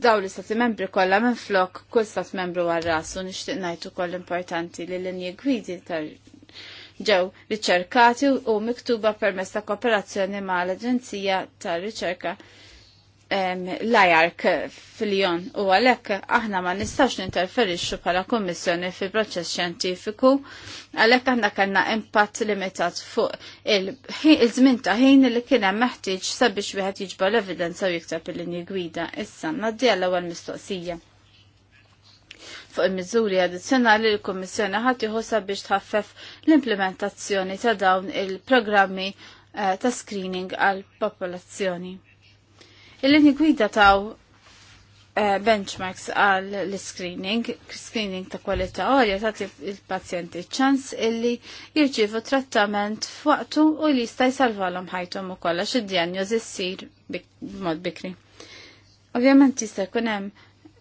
dawn l-istati membri kollha minn flok kull stat membru għal rasu nixtieq ngħid ukoll importanti li l-linji gwidi tar ġew riċerkati u miktuba permezz ta' kooperazzjoni ma' l-Aġenzija tar-Riċerka l-ajark fil-jon u għalek aħna ma nistax ninterferixxu bħala kommissjoni fi proċess xjentifiku għalek aħna kanna impatt limitat fuq il-żmien ta' ħin li kien hemm meħtieġ sabiex wieħed jiġbor l-evidenza u jikteb il-linji gwida. Issa ngħaddi għal ewwel mistoqsija. Fuq il-miżuri addizzjonali l-Kummissjoni ħadd jieħu sabiex tħaffef l-implementazzjoni ta' dawn il-programmi eh, ta' screening għal popolazzjoni. Il-linji gwida taw eh, benchmarks għal l-screening, screening ta' kwalità għorja ta' il-pazjenti ċans illi jirġivu trattament f'waqtu u li jista' jsalvalhom ħajthom ukoll għax id-dijanjosi ssir b'mod bikri. Ovvjament jista' jkun hemm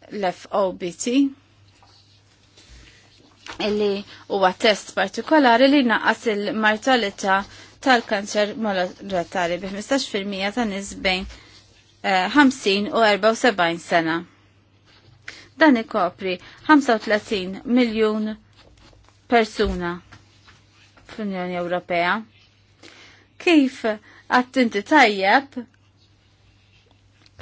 l-FOBT illi huwa test partikolari li naqas il-mortalità tal-kanċer molekolari bi 15% ta' niż 50 u 74 sena. Dan ikopri 35 miljun persuna fl-Unjoni Ewropea. Kif għattinti tajjeb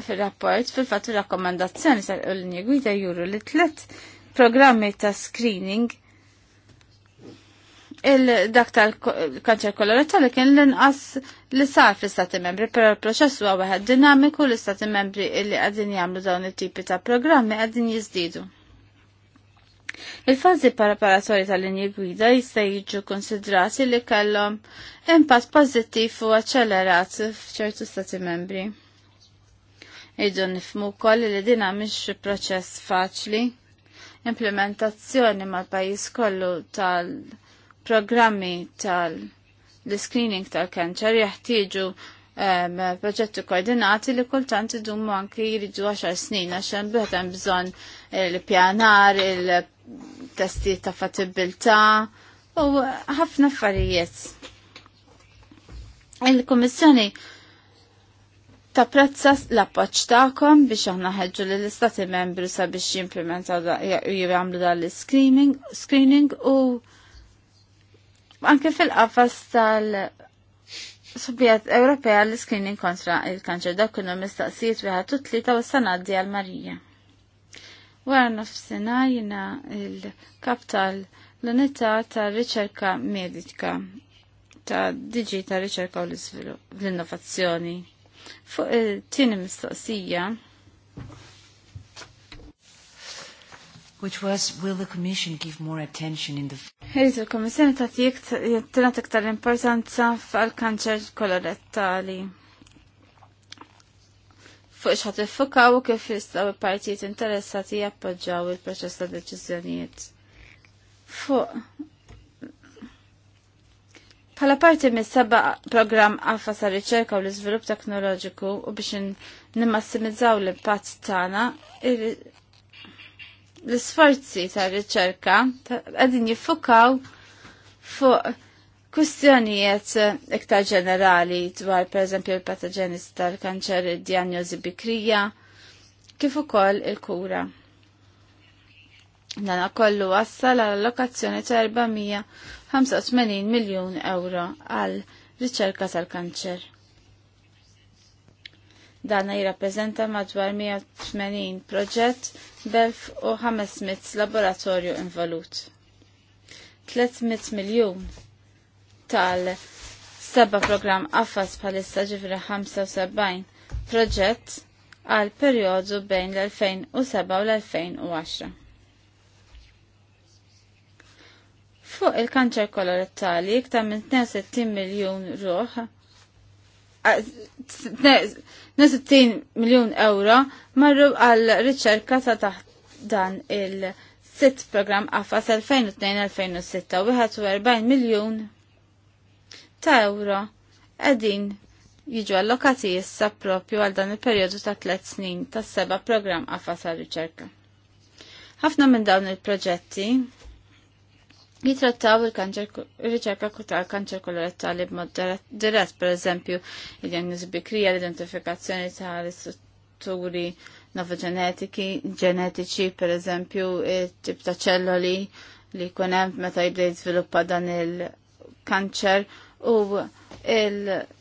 fil-rapport fil-fattu rakkomandazzjoni sal-Unjoni Gwida juru li tlet programmi ta' screening il-dak tal-kanċer koloratali kien l-inqas li sar fl-Istati Membri, però l-proċess huwa wieħed dinamiku l-Istati Membri li qegħdin jagħmlu dawn it-tipi ta' programmi għadin jizdidu. Il-fazzi preparatorji tal-linji gwida jista' jiġu konsidrati li kellhom impatt pożittiv u aċċelerat f'ċertu stati membri. Idu nifmu wkoll li din mhix proċess faċli. Implementazzjoni mal-pajjiż kollu tal-programmi tal-, -programmi tal l-screening tal-kanċer jeħtieġu um, proġetti koordinati li kultant idumu anki jiridu 10 snin għaxan biħet hemm bżonn il-pjanar, il-testi ta' fattibilità u ħafna affarijiet. Il-Kummissjoni tapprezza l-appoġġ tagħkom biex aħna ħeġġu lill istati membru sabiex jimplementaw jgħamlu dan l screening u anke fil-qafas tal Subjet Ewropea l-screening kontra il-kanċer dak kienu mistaqsijiet wieħed tutli tlieta u sanaddi għal Marija. Wara nofsinhar jina il-kap tal-Unità tar-Riċerka Medika ta' Diġi ta' Riċerka u l-Innovazzjoni. Fuq il-tieni mistoqsija, which was will the commission give more attention in the Ħejt il-Kommissjoni tagħtik tingħat iktar importanza f'għall-kanċer kolorettali. Fuq x'ħad iffukaw kif jistgħu il-partijiet interessati jappoġġaw il-proċess ta' deċiżjonijiet. Fuq Pala parti mis seba program għafa sa' riċerka u l-izvilup teknoloġiku u biex nimmassimizzaw l-impatt tagħna, l-sforzi ta' riċerka għadin jiffukaw fuq kustjonijiet iktar ġenerali dwar per eżempju il-patogenis tal-kanċer, il-diagnosi bikrija, kif ukoll il-kura. Dan kollu wassal għal allokazzjoni ta' 485 miljun euro għal riċerka tal-kanċer. Dana jirrappreżenta madwar 180 proġett 500 laboratorju involut. 300 miljun tal seba program qafas palissa ġifri 75 proġett għal periodu bejn l-2007 u l-2010. Fuq il-kanċer kolorettali iktar minn 62 miljon ruħ 60 miljon euro marru għal riċerka ta' taħt dan il-sitt program għafas 2002-2006 u 41 miljon ta' euro għedin jiġu allokati jissa propju għal dan il-periodu ta' 3 snin ta' seba program għafas għal riċerka. Ħafna minn dawn il-proġetti jitrattaw il-riċerka kanċer tal kanċer kolorettali b'mod dirett, per eżempju, il-diagnosi bikrija, l-identifikazzjoni l istrutturi novogenetiki, ġenetiċi, per eżempju, il-tip ta' ċelloli li kunem meta jibdej jizviluppa dan il-kanċer u il-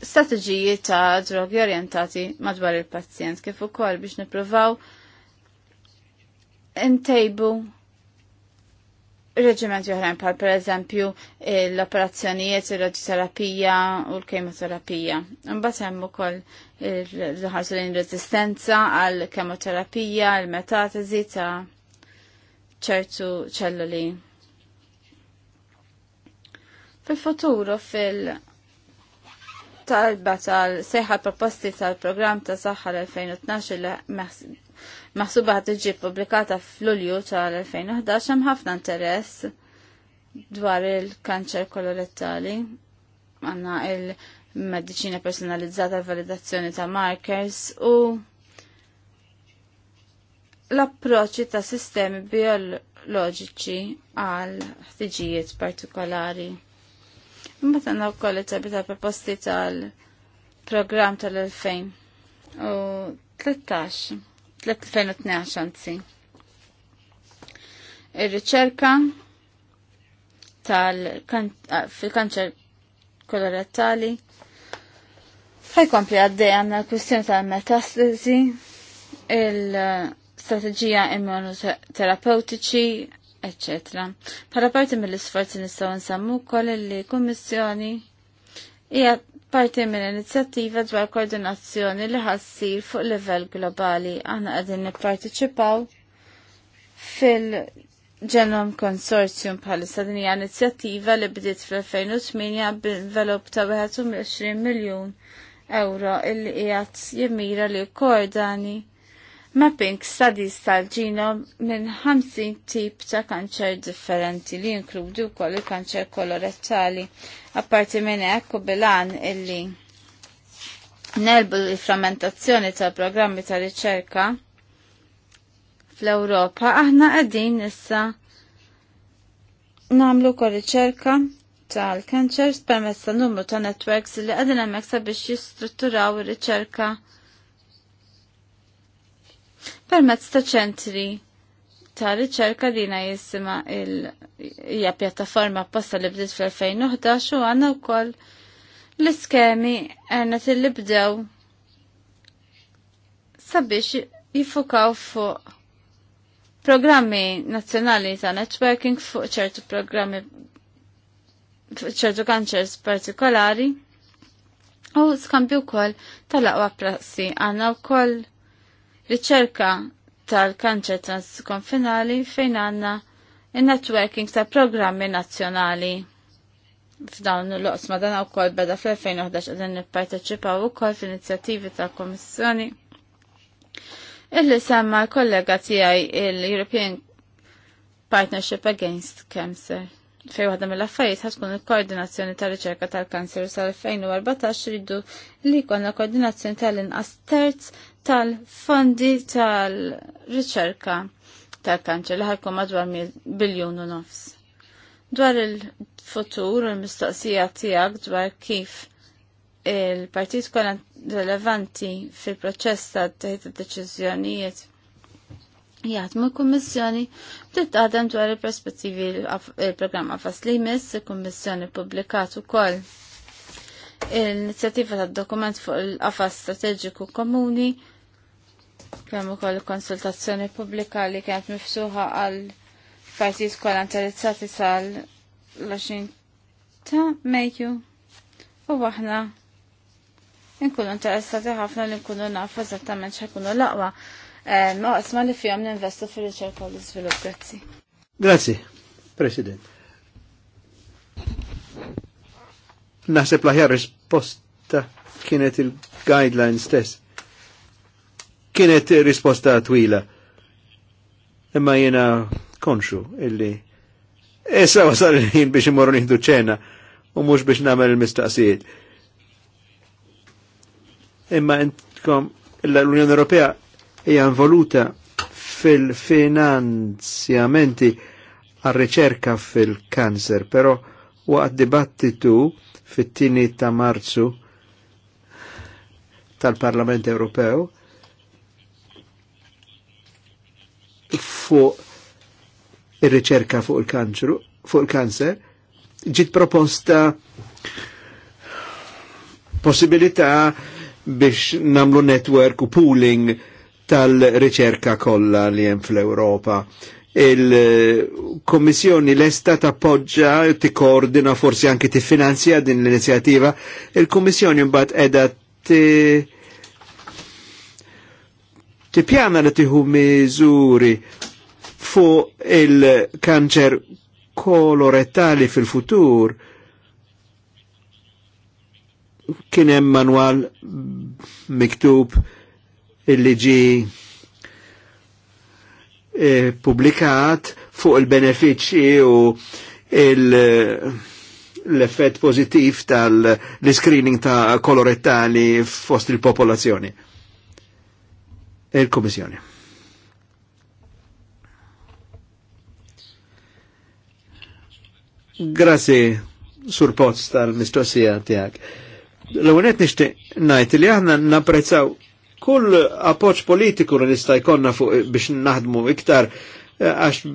strategiji ta' drogi orientati madwar il-pazzjent kif ukoll biex nippruvaw ntejbu reġiment joħrajn pal per eżempju l-operazzjonijiet, il-radioterapija u l-kemoterapija. Mbagħad hemm ukoll l-ħarsu resistenza reżistenza għal kemoterapija, l-metatesi ta' ċertu ċelluli. Fil-futuro fil talba tal-seħħa proposti tal-programm ta' saħħa l-2012 maħsuba ħat iġi publikata fl-Ulju tal-2011 hemm ħafna interess dwar il-kanċer kolorettali. Għanna il-medicina personalizzata validazzjoni ta' markers u l-approċċi ta' sistemi biologiċi għal ħtiġijiet partikolari. Imbagħad għandna wkoll it-tabi ta' proposti tal-programm tal-2013 2012 anzi. Ir-riċerka tal-fil-kanċer ah, kolorettali ħajkompli għaddej għanna l-kwistjoni tal-metastasi, il-strategija immunoterapeutiċi, eccetera. Parra parti mill-isforzi nistaw nsammu koll li kummissjoni hija parti minn inizjattiva dwar koordinazzjoni li ħassir fuq livell globali. Aħna qegħdin nipparteċipaw fil-Genome Consortium bħal din inizjattiva li bdiet fl-2008 b'envelop ta' 21 miljun euro illi qiegħed jimmira li koordani mapping studies tal-ġinom minn 50 tip ta' kanċer differenti li inkludu wkoll il-kanċer kolorettali. Apparti minn ekku bilan illi nelbu l-frammentazzjoni tal programmi ta' riċerka fl-Ewropa, aħna qegħdin issa nagħmlu kol riċerka tal-kanċers permezz numru ta' networks li qegħdin hemmhekk sabiex jistrutturaw ir-riċerka permezz ta' ċentri ta' riċerka li na jisima il-ja pjattaforma apposta li bdiet fl-2011 u għanna u koll l-iskemi għanna li bdew sabiex jifukaw fuq programmi nazzjonali ta' networking fuq ċertu programmi fuq ċertu kanċers partikolari u skambju kol tal-aqwa prassi għanna u koll riċerka tal-kanċer transkonfinali fejn għanna il-networking ta' programmi nazzjonali. F'dawn l-oqsma dan u kol beda fl-2011 għadin nipparteċipaw u kol f'inizjattivi ta' komissjoni. Illi semma kollega tijaj il-European Partnership Against Cancer. Fej waħda mill-affarijiet ħaskun il-koordinazzjoni tal-riċerka tal-kanser u sal-2014 rridu li konna koordinazzjoni tal-inqas terz tal-fondi tal-riċerka tal-kanċer li madwar biljun u nofs. Dwar il-futur u l-mistoqsija tiegħek dwar kif il-partit kolla relevanti fil-proċess ta' teħid deċiżjonijiet jgħatmu kummissjoni bdiet għadem dwar il-perspettivi il-programma fas li jmiss il-kummissjoni publikat ukoll. koll l-inizjattiva tad dokument fuq il-qafas strateġiku komuni kemm ukoll konsultazzjoni pubblika li kienet mifsuħa għal partijiet kollha interessati sal l-20 ta' Mejju u aħna nkunu interessati ħafna li nkunu nafu eżattament x'ħekunu l-aqwa noqsma eh, li fihom ninvestu fir-riċerka u l-iżvilupp. Grazzi. Grazzi, President. Naħseb laħjar risposta kienet il-guideline stess. Kienet risposta twila. Imma jena konxu illi Issa wasal il-ħin biex imorru nieħdu ċena u mhux biex nagħmel il-mistaqsijiet. Imma intkom l-Unjoni Ewropea hija involuta fil-finanzjamenti għal-riċerka fil-kanser, però waqt dibattitu fit-tini ta' marzu tal-Parlament Ewropew fuq ir-riċerka fuq il-kanċru, fuq il-kanċer, ġit proposta possibilità biex namlu network u pooling tal-riċerka kollha li hemm fl-Ewropa il-Kommissjoni l-esta tappoġġa, ti koordina forsi anki ti finanzja din l-inizjativa. Il-Kommissjoni mbagħad edha ti pjana li tiħu miżuri fu il-kanċer kolorettali fil-futur kien manual miktub il-liġi E, publikat fuq il-benefiċċji u l-effett il pozittiv tal-screening ta' kolorettali fost il-popolazzjoni. E Il-Komissjoni. Grazie, Sur Pozz tal-mistoqsija tijak. L-għunet nishti najt li aħna napprezzaw kull appoċ politiku li nista' jkollna fuq biex naħdmu iktar għax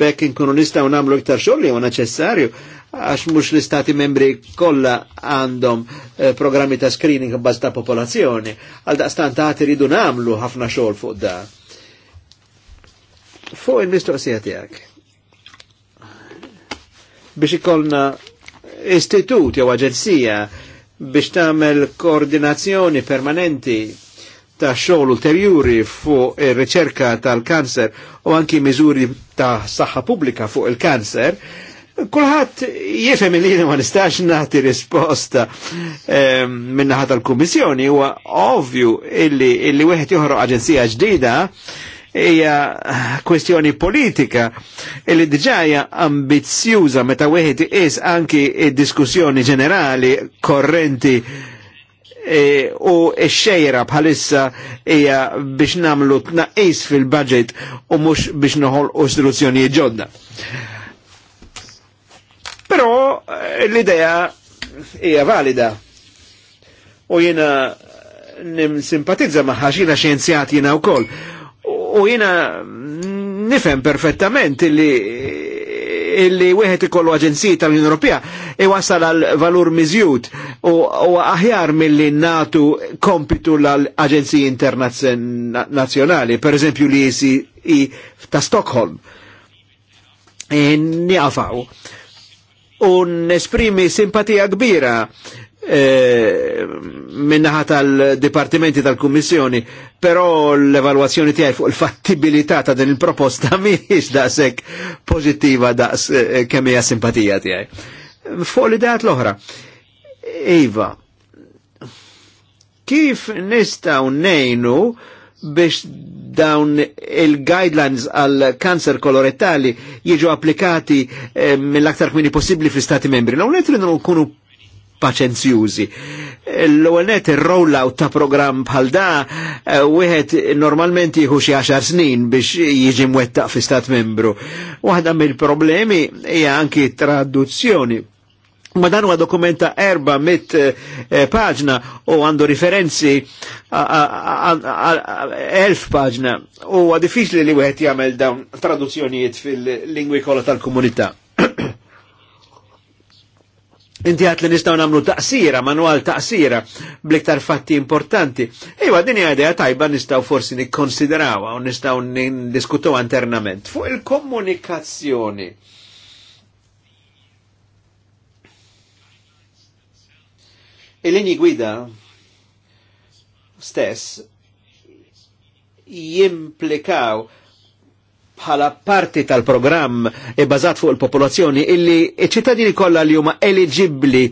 bekk inkunu nistgħu nagħmlu iktar xogħol li huwa neċessarju għax mhux l-istati membri kollha għandhom eh, programmi ta' screening bbaż ta' popolazzjoni għal daqstant għati ridu nagħmlu ħafna xogħol fuq da. Fuq il-mistoqsija tiegħek. Biex ikollna istitut jew aġenzija biex tagħmel koordinazzjoni permanenti ta' xogħol ulterjuri fuq ir-riċerka tal-kanser u anki miżuri ta' saħħa pubblika fuq il-kanser, kulħadd jifhem li ma nistax nagħti risposta eh, minnaħa tal-Kummissjoni huwa ovvju illi illi wieħed joħroq aġenzija ġdida hija kwestjoni politika illi diġà hija ambizzjuża meta wieħed is anki id-diskussjoni ġenerali korrenti E, u xejra bħalissa hija biex namlu tnaqis fil-budget u mux biex noħol u istruzzjoni ġodda. Però eh, l-idea hija valida u jena simpatizza maħħa xina xienzjat jena u koll u jena nifem perfettament li illi wieħed ikollu aġenziji tal-Unjoni Ewropea iwassal e għal valur miżjud u aħjar milli natu kompitu l-aġenziji internazzjonali, per eżempju li jisi e ta' Stockholm. E, niqafaw. Un esprimi simpatija kbira Eh, minnaħa tal-dipartimenti tal-Kummissjoni, però l evaluazzjoni tiegħi fuq il-fattibilità ta' din il-proposta mhix daqshekk pożittiva daqs eh, kemm hija simpatija tiegħi. Fuq l-ideat l-oħra. Iva, kif nistaw nejnu biex dawn il-guidelines għal kanser kolorettali jiġu applikati eh, mill-aktar kmini possibli fl istati membri. Law netri nkunu paċenzjużi. L-għonet il-rollout ta' program bħal da, eh, wieħed normalment jieħu xi 10 snin biex jiġi mwettaq fi stat membru. Waħda mill-problemi hija anki traduzzjoni Ma dan huwa dokumenta erba mit eh, paġna u għandu referenzi elf paġna u għad diffiċli li wieħed jagħmel dawn traduzzjonijiet fil-lingwi kollha tal-komunità. Inti għat li nistaw namlu taqsira, manual taqsira, bliktar fatti importanti. Iwa, din għadija tajba nistaw forsi nikkonsiderawa u nistaw diskutaw internament. Fuq il-komunikazzjoni. Il-linji guida stess jimplikaw bħala parti tal-programm ibbażat e fuq il-popolazzjoni illi iċ-ċittadini kollha li huma eligibbli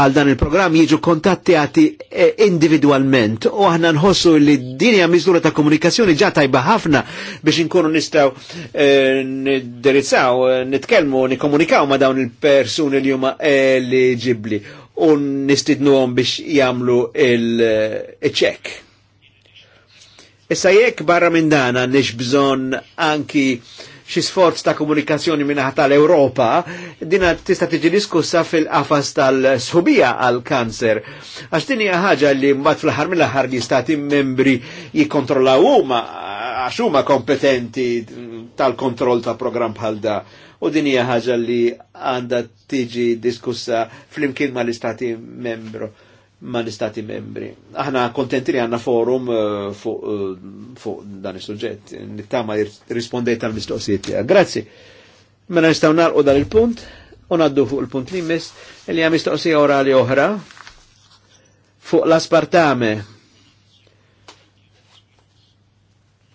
għal dan il-programm jiġu kontattjati eh, individualment u aħna nħossu li dinja miżura ta' komunikazzjoni ġa tajba ħafna biex inkunu nistaw eh, niddirizzaw, eh, nitkellmu, nikkomunikaw ma' dawn il-persuni li huma eligibbli u nistidnuhom biex jagħmlu il-ċekk. Eh, Issa jekk barra minn dana nix bżon anki xi sforz ta' komunikazzjoni minnaħat tal-Ewropa, dina tista' tiġi diskussa fil-qafas tal-sħubija għal kanser Għax din hija ħaġa li mbagħad fl-aħħar mill-aħħar li stati membri jikkontrollaw huma għax huma kompetenti tal-kontroll ta' programm bħal da. U din hija ħaġa li għandha tiġi diskussa fl-imkien mal-istati membru ma' l-istati membri. Aħna kontenti li għanna forum eh, eh, fuq dan il-sujġet, nittama rispondejt għal mistoqsijiet tiegħek. Grazzi. Mela nistgħu narqu dan il-punt, u naddu fuq il-punt li mis, li għam mistoqsija orali oħra fuq l-aspartame.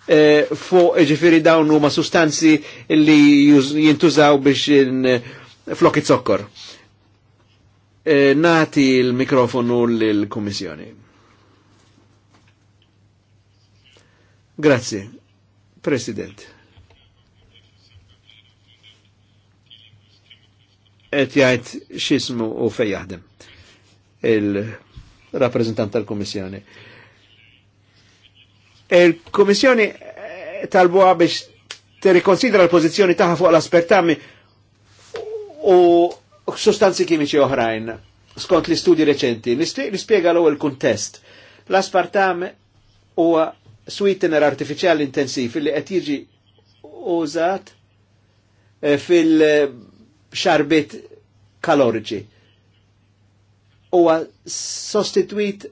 E, fuq ġifiri dawn huma sustanzi li jintużaw biex flokit sokkor. Eh, nati il-mikrofonu l-Komissjoni. Grazie, President. Et jajt xismu u fejjaħdem il-rappresentant tal-Komissjoni. Il-Komissjoni eh, tal-buħa biex tirrikonsidra l pozizjoni tagħha fuq l-aspertami u sostanzi kimiċi oħrajn, skont li studi reċenti. Nispiega l-ewwel kuntest. L-aspartam huwa sweetener artificiali intensiv li qed jiġi użat eh, fil-xarbit kaloriċi. Huwa sostituit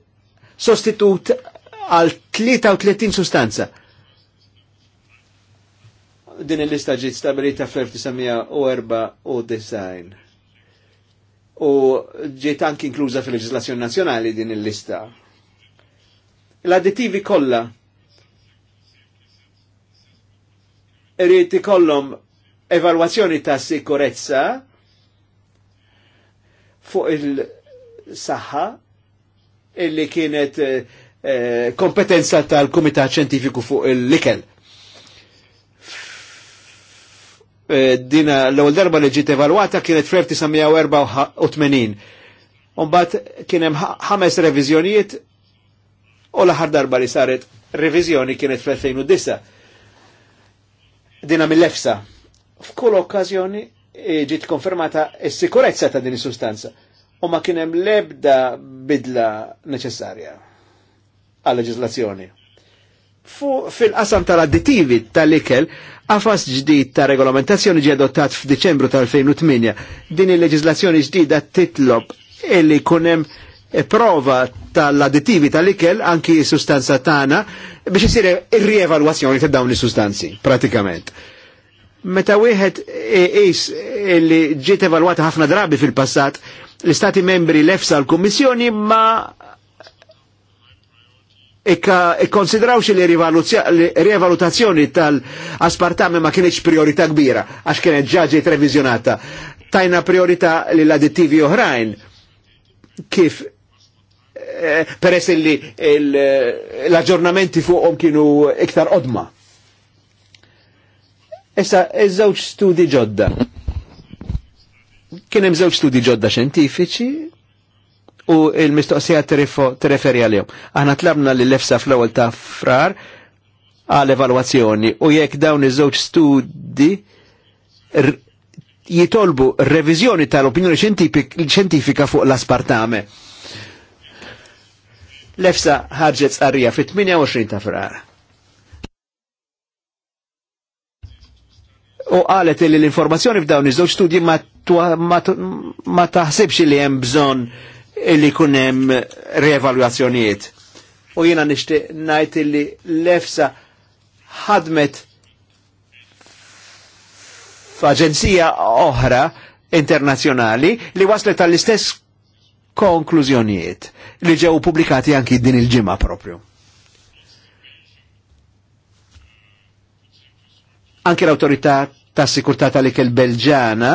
sostitut għal 33 sustanza. Din il-lista ġiet stabilita fl design u ġiet anki inkluża fil-leġislazzjoni nazzjonali din il-lista. L-additivi kollha irid ikollhom evalwazzjoni ta' sikurezza fuq il-saħħa illi kienet eh, eh kompetenza tal-Kumitat Ċentifiku fuq il-Likel. Eh, dina l-ewwel darba li ġiet evalwata kienet fl-1984. Umbat kien hemm ħames reviżjonijiet u l-aħħar darba li saret reviżjoni kienet fl-2009. Dina mill-EFSA. F'kull okkażjoni eh, ġiet konfermata s-sikurezza ta' din is-sustanza u ma kien hemm l-ebda bidla neċessarja għal leġislazzjoni fil-qasam tal-additivi tal-ikel għafas ġdid ta' regolamentazzjoni ġi adottat f'Diċembru tal-2008. Din il-leġislazzjoni ġdida titlob illi kunem prova tal-additivi tal-ikel anki sustanza tana biex isir ir-rievalwazzjoni ta' dawn is-sustanzi, pratikament. Meta wieħed is illi ġiet evalwata ħafna drabi fil-passat, l-Istati membri lefsa l-Kummissjoni ma ikkonsidrawx e e li rivalutazzjoni tal-aspartame ma kienieċ priorità kbira, għax kienet ġaġi revizjonata. Tajna priorità li l-additivi oħrajn kif eh, peress li eh, l-aġġornamenti fuqhom kienu iktar odma. Issa, iż e studi ġodda. Kien hemm żewġ studi ġodda xjentifiċi u il-mistoqsija t-referi għal-jom. Aħna tlabna li l-efsa fl-ewwel ta' frar għal evalwazzjoni u jekk dawn iż-żewġ studi jitolbu reviżjoni tal-opinjoni xjentifika fuq l-aspartame. L-efsa ħarġet sqarrija fit-28 ta' frar. u qalet li l-informazzjoni f'dawn iż-żewġ studji ma, taħsibx li hemm bżonn li kunem reevaluazzjonijiet. U jina nishti najt illi l-EFSA ħadmet f'aġenzija oħra internazjonali li waslet tal-istess konklużjonijiet li ġew pubblikati anki din il-ġimgħa propju. Anki l-autorità tas sikurtà tal-ikel Belġana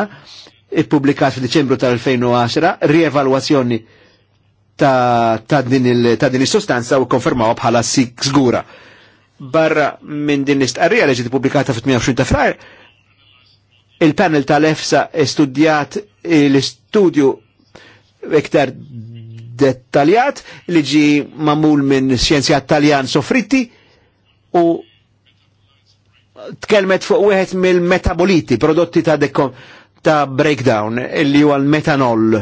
ippubblikat f'Diċembru tal-2010 rievalwazzjoni ta', din is-sostanza u konfermaw bħala sik żgura. Barra minn din l-istqarrija li ġiet pubblikata fit-28 ta' frar, il-panel tal-EFSA studjat l-istudju iktar dettaljat li ġi mamul minn xjenzjat taljan sofritti u tkelmet fuq wieħed mill-metaboliti, prodotti ta' dekom ta' breakdown illi huwa l-metanol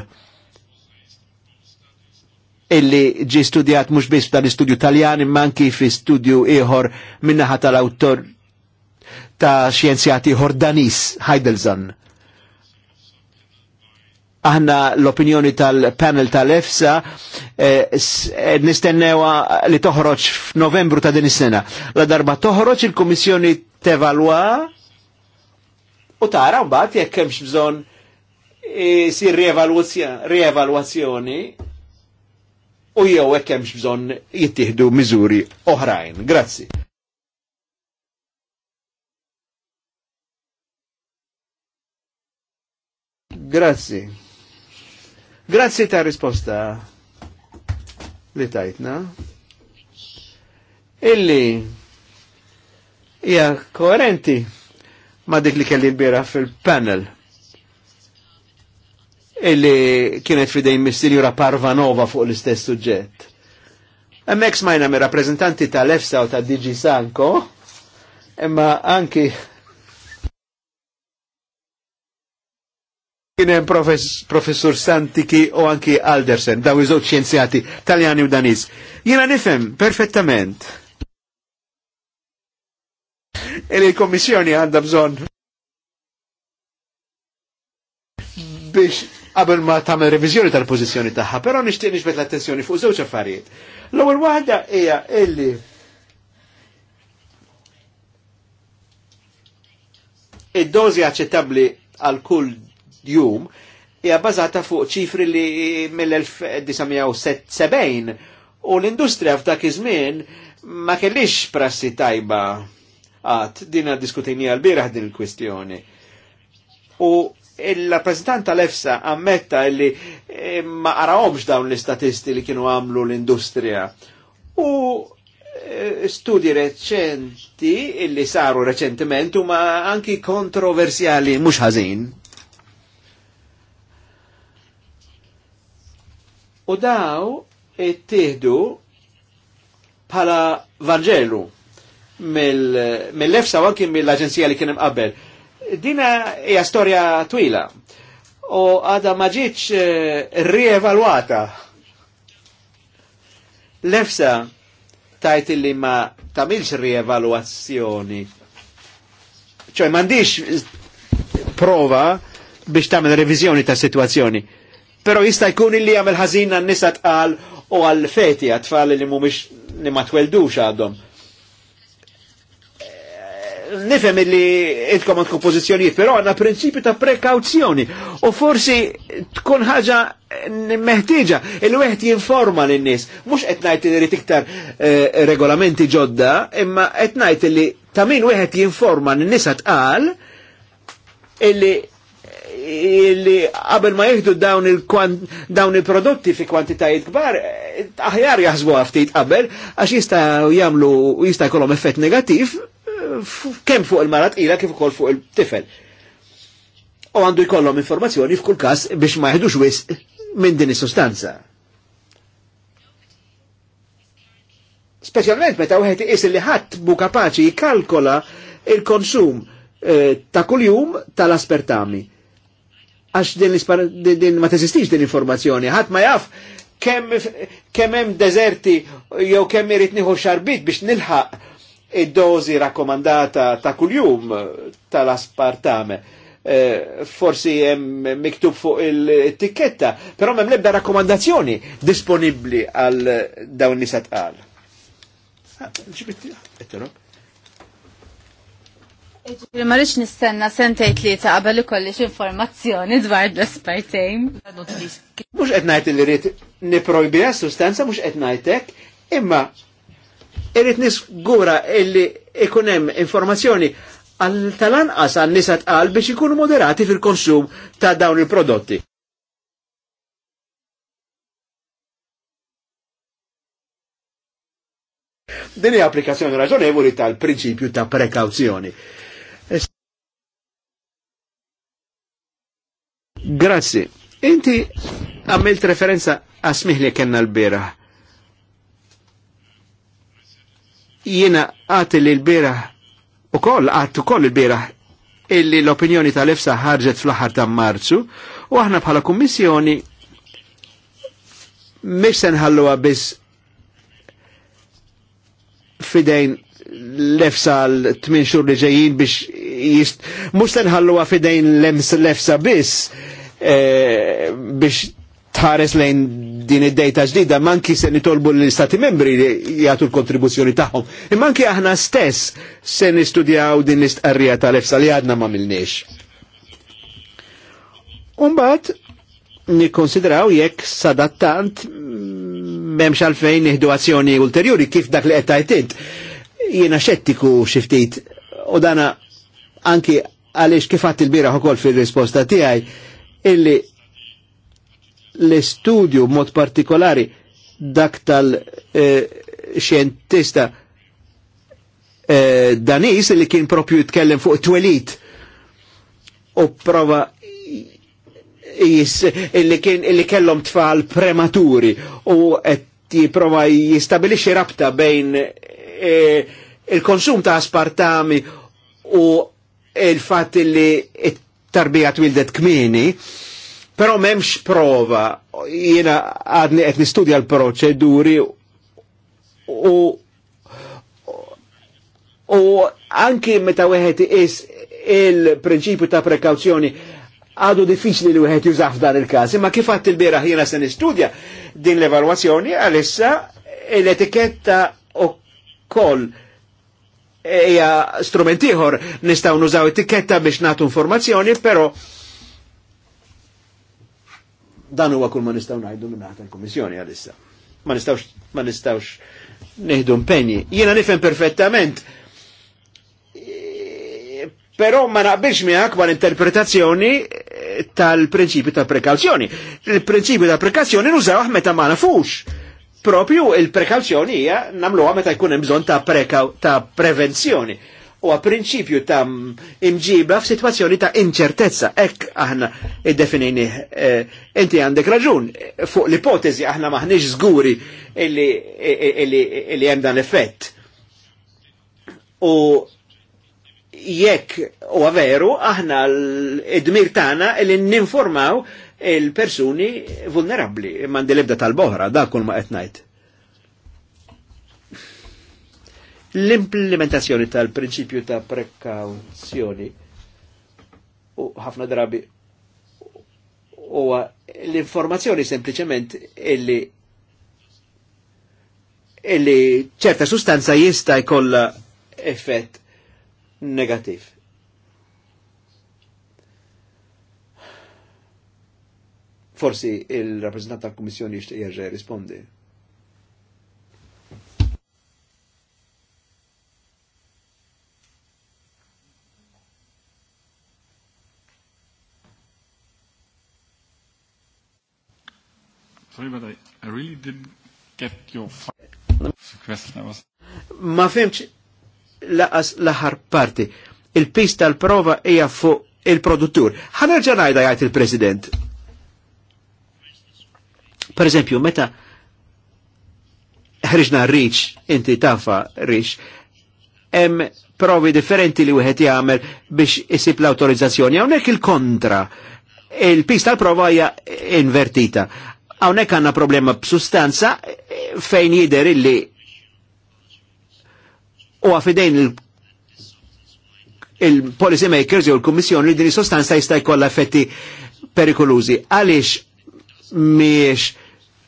illi ġi studjat mhux biss tal-istudju Taljan imma kif fi studju ieħor minnaħa tal-awtor ta' xjenzjati Hordanis Heidelson. Aħna l-opinjoni tal-panel tal-EFSA eh, eh, nistennewa li toħroġ f'Novembru ta' din is-sena. La darba toħroġ il-Kummissjoni tevalwa u tara mbagħad jekk hemmx bżonn e, sir rievalwazzjoni u jew hekk hemmx bżonn jittieħdu miżuri oħrajn. Grazzi. Grazzi. Grazzi ta' risposta li tajtna. Illi hija koerenti ma dik li kelli l-bira fil-panel illi kienet fidej mis Parvanova fuq l-istess suġġett. Emmek smajna mi rappresentanti tal-EFSA u tal-DG Sanko, imma anki kienem professor professur Santiki u anki Aldersen, daw iżoċ xienzjati taljani u danis. Jina nifem perfettament E li kommissjoni għandha bżonn biex qabel ma tagħmel reviżjoni tal-pożizzjoni tagħha, però nixtieq nixbet l-attenzjoni fuq żewġ affarijiet. L-ewwel waħda hija illi id-dożi aċċettabbli għal kull jum hija bażata fuq ċifri li mill-1970 u l-industrija f'dak iż-żmien ma kellix prassi tajba għat dina diskutini għal din il-kwistjoni. U il rappresentanta l efsa ammetta li eh, ma qarawhomx dawn l-istatisti li kienu għamlu l-industrija. U eh, studi reċenti illi saru reċentiment huma anki kontroversjali mhux ħażin. U daw ittieħdu bħala Vangelu mill-EFSA u mill-Aġenzija li kien qabel. Dina hija storja twila u għada maġiċ eh, rievaluata. Lefsa tajt li ma tamilx rievaluazzjoni. ċoj mandiċ prova biex tamil revizjoni ta' situazzjoni. Pero jista' jkun illi għamil ħażin għan nisat għal u għal-feti għatfall li mumiex li ma tweldux għadhom nifem illi idkom għandkom pozizjonijiet, però għanna prinċipju ta' prekawzjoni. U forsi tkun ħaġa meħtieġa il wieħed jinforma lin nies mhux qed ngħid li iktar eh, regolamenti ġodda, imma qed ngħid li ta' min wieħed jinforma l nies tqal illi illi qabel ma jihdu dawn il-prodotti fi kwantitajiet kbar, aħjar jaħsbu ftit qabel għax jista' jagħmlu jista' jkollhom effett negativ kemm fuq il-marat ila kif ukoll fuq il-tifel. U għandu jkollhom informazzjoni f'kull każ biex ma jħidux wis minn din is-sustanza. Speċjalment meta wieħed iqis li ħadd bu kapaċi jikkalkola il-konsum eh, ta' kuljum tal-aspertami. Għax din ma teżistix din informazzjoni, ħadd ma jaf kemm hemm deserti jew kemm irid nieħu xarbit biex nilħaq id-dozi rakkomandata ta' kuljum tal-aspartame. Eh, forsi hemm miktub fuq il-tikketta, però hemm lebda rakkomandazzjoni disponibbli għal dawn nisa tqal. Ah, ma rridx nistenna sentej tlieta qabel ikollix informazzjoni dwar l aspartame Mhux qed ngħid li rrid niprojbiha sustanza mhux qed ngħidlek, imma irrit nisgura illi ikunem informazzjoni għal talan asa nisat għal biex ikunu moderati fil-konsum ta' dawn il-prodotti. Din hi applikazzjoni raġonevoli tal-prinċipju ta' prekawzjoni. Grazzi. Inti għamilt referenza għasmiħli kena l-biraħ Jiena għati li l-biraħ u koll għattu koll l-biraħ illi l-opinjoni tal-EFSA ħarġet fl-ħar ta' marzu u aħna bħala kummissjoni mhix senħallu nħalluha biss fidejn l-EFSA l-8 xur li ġejjin biex jist mhux senħallu fidejn l-EFSA biss eh, biex tħares lejn din id-dejta ġdida, manki se nitolbu l-istati membri li jgħatu l-kontribuzzjoni tagħhom. Imma anki aħna stess se nistudjaw din l-istqarrija tal-efsa li għadna ma milniex. Umbat, nikkonsidraw jekk sadattant memx għalfejn nieħdu azzjoni ulterjuri kif dak li qed Jena Jiena xettiku xiftit u dana anki għaliex kif għat il bira ukoll fil-risposta tiegħi illi l-istudju mod partikolari dak tal-xjentista eh, danis li kien propju jitkellem fuq twelit u prova li kien, li kellom tfal prematuri u qed jiprova jistabilixi rabta bejn eh, il-konsum ta' aspartami u il-fat li it-tarbija twildet kmini Però memx prova, jiena għadni qed nistudja l-proċeduri u u anki meta wieħed is il-prinċipju ta' prekawzjoni għadu diffiċli li wieħed jużaf f'dan il-każ, imma kif għadt il-bieraħ jiena se nistudja din l-evalwazzjoni għalissa l-etiketta ukoll hija strument ieħor nistgħu nużaw etiketta biex nagħtu informazzjoni, però dan huwa kull ma nistgħu ngħidu minn naħta l-Kummissjoni għalissa. Ma nistgħux ma nistgħux neħdu impenji. Jiena nifhem perfettament Però ma naqbilx miegħek ma l-interpretazzjoni eh, tal-prinċipju ta' prekawzjoni. Il-prinċipju ta' prekawzjoni nużaw meta ma nafux. Propju il-prekawzjoni hija nagħmluha meta jkun hemm bżonn ta', ta prevenzjoni u prinċipju ta' imġiba f'sitwazzjoni ta' inċertezza. Ek aħna id-definini, eh, inti għandek raġun, fuq l-ipotezi aħna maħniġ zguri illi hemm dan effett. U jekk u veru aħna l-idmir tagħna li ninformaw il-persuni vulnerabli mandi l-ibda tal bohra da kull ma qed ngħid. l-implementazzjoni tal-prinċipju ta' prekawzjoni u ħafna drabi u l-informazzjoni sempliciment illi illi ċerta sustanza jista jkolla effett negativ. Forsi il-rappresentant tal kommissjoni jixtieq rispondi. get your question Ma fimx laqas laħar parti. il pis tal-prova hija fuq il-produttur. Ħanerġa' ngħidha jgħid il-President. Per eżempju, meta ħriġna rriċ, inti tafa rriċ, hemm provi differenti li wieħed jagħmel biex isib l-autorizzazzjoni. Hawnhekk il-kontra. Il-pista tal-prova hija invertita. Hawnhekk għandna problema b'sustanza e, fejn jidher illi u għafidejn il-policy makers jew l-kommissjoni li din sostanza jista' jkollha effetti perikolużi. Għalix miex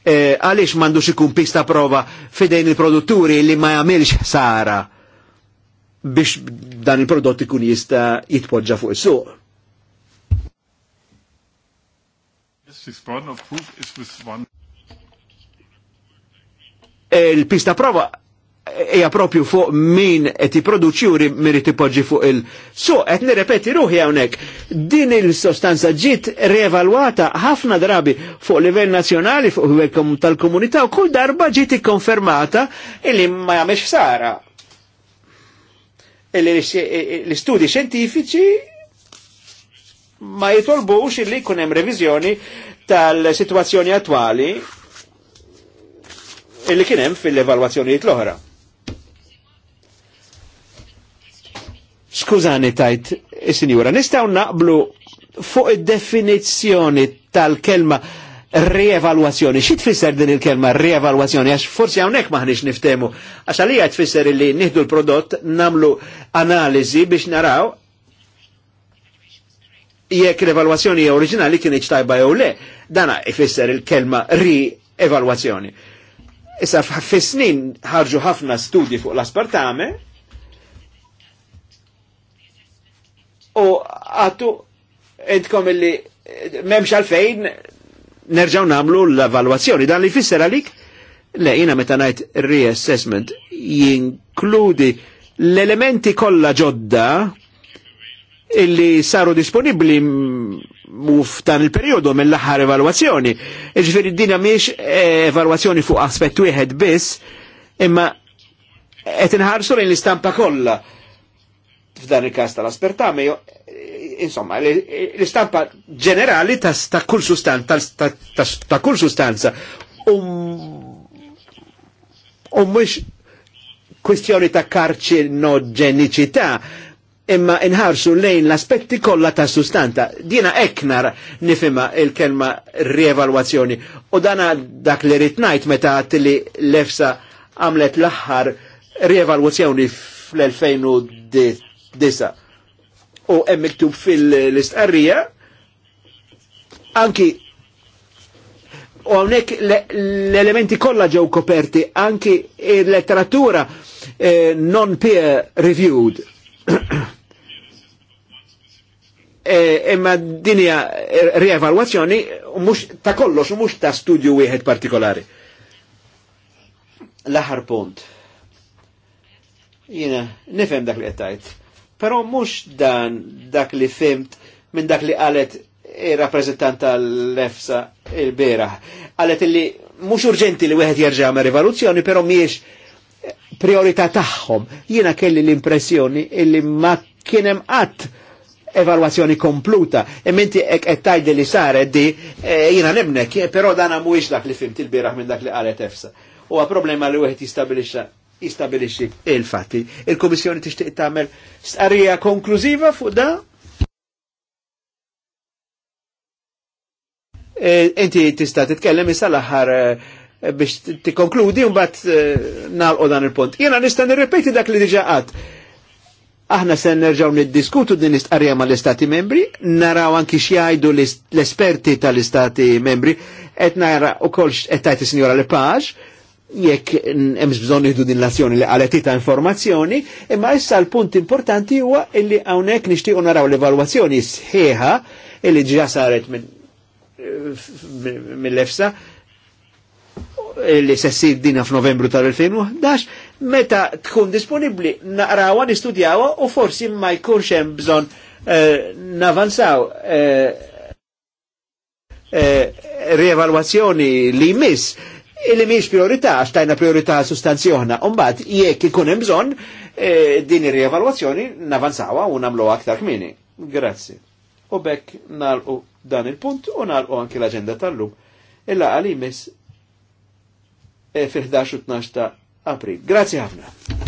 e, għalix m'għandux ikun pista prova fidejn il-produtturi li ma jamilx sara biex dan il-prodott ikun jista' jitpoġġa fuq is-suq. This burden of proof is with one. Il-pista e prova hija propju fuq min qed jipproduċi u mirid tipoġġi fuq il So qed nirrepeti ruħi hawnhekk. Din il-sostanza ġiet reevalwata ħafna drabi fuq livell nazzjonali fuq livell tal-komunità u kull darba ġiet ikkonfermata illi ma jagħmelx sara. L-istudji xjentifiċi ma jitolbux illi jkun hemm revizjoni tal-sitwazzjoni attwali illi kien hemm fil-evalwazzjonijiet l-oħra. Skużani tajt, signora, nistaw nistgħu naqblu fuq id-definizzjoni tal-kelma rievalwazzjoni. Xi tfisser din il-kelma rievalwazzjoni? Għax forsi hawnhekk maħniex niftemu. Għax għalija tfisser li nieħdu l-prodott, namlu analiżi biex naraw jekk l-evalwazzjoni oriġinali kien tajba jew le, dana ifisser il-kelma ri-evalwazzjoni. Issa f'snin ħarġu ħafna studji fuq l-aspartame u għattu entkom illi memx għalfejn nerġaw namlu l-evalwazzjoni. Dan li fisser għalik le jina meta najt reassessment jinkludi l-elementi kollha ġodda illi saru disponibli muf f'dan il-periodu mill-aħħar evaluazzjoni. Iġifieri dina miex eh, evaluazzjoni fuq aspett wieħed biss, imma qed inħarsu lejn l-istampa kolla f'dan il-każ tal-aspertame, eh, insomma, l-istampa ġenerali ta' kull sustanza, ta' kull sustanza, u um, um, mhux kwistjoni ta' karċinoġeniċità, imma inħarsu lejn l-aspetti kollha ta' sustanta. Dina eknar nifima il-kelma rievalwazzjoni. U dana dak li rrit ngħid meta tilli lefsa għamlet l-aħħar rievalwazzjoni fl-2009. U hemm miktub fil-istqarrija anki u għonek l-elementi kollha ġew koperti anki il-letteratura eh, non peer reviewed E, imma dinja rievalwazzjoni mhux ta' kollox u mhux ta' studju wieħed partikolari. l aħħar punt. Jiena nifhem dak li qed tgħid, però mhux dan dak li fimt minn dak li qalet il-rappresentant tal-EFSA il-bera. Għalet illi mux urġenti li wieħed jerġa' ma' rivoluzzjoni, però miex priorità tagħhom. Jiena kelli l-impressjoni illi ma kienem qatt evalwazzjoni kompluta. e menti ek ettajdi li sare di e, jina nemnek, e, pero dana mhuwiex dak li fimt il-biraħ minn dak li qalet efsa. għa problema li wieħed jistabilixxa jistabilixi il-fatti. Il-Kummissjoni tixtieq tagħmel starija konklużiva fuq da? E, inti tista' titkellem issa l-aħħar biex tikkonkludi u mbagħad nagħlqu dan il-punt. Jiena nista' nirrepeti dak li diġa qatt Aħna se nerġaw niddiskutu din istqarrija ma l-Istati membri, naraw anki xjajdu l-esperti tal-Istati membri, et nara u kolx ettajti signora Lepage, jekk hemm bżonn iħdu din l-azzjoni li qalet ta' informazzjoni, imma issa l-punt importanti huwa illi hawnhekk nixtiequ naraw l-evalwazzjoni sħiħa illi ġa saret mill-EFSA illi se dina f'Novembru tal-2011 meta tkun disponibbli naqrawa, nistudjawa u forsi ma jkunx hemm bżonn eh, navanzaw eh, eh, rievalwazzjoni li miss illi miex priorità, xtajna priorità sustanzjoħna, umbat jekk ikun hemm bżonn eh, din ir-rievalwazzjoni navanzawa u nagħmlu aktar kmini. Grazzi. U bekk nalqu dan il-punt u nalqu anki l-aġenda tal-lum. Illa għalimis e fil-11 u 12 ta' Apri. Grazie ħafna.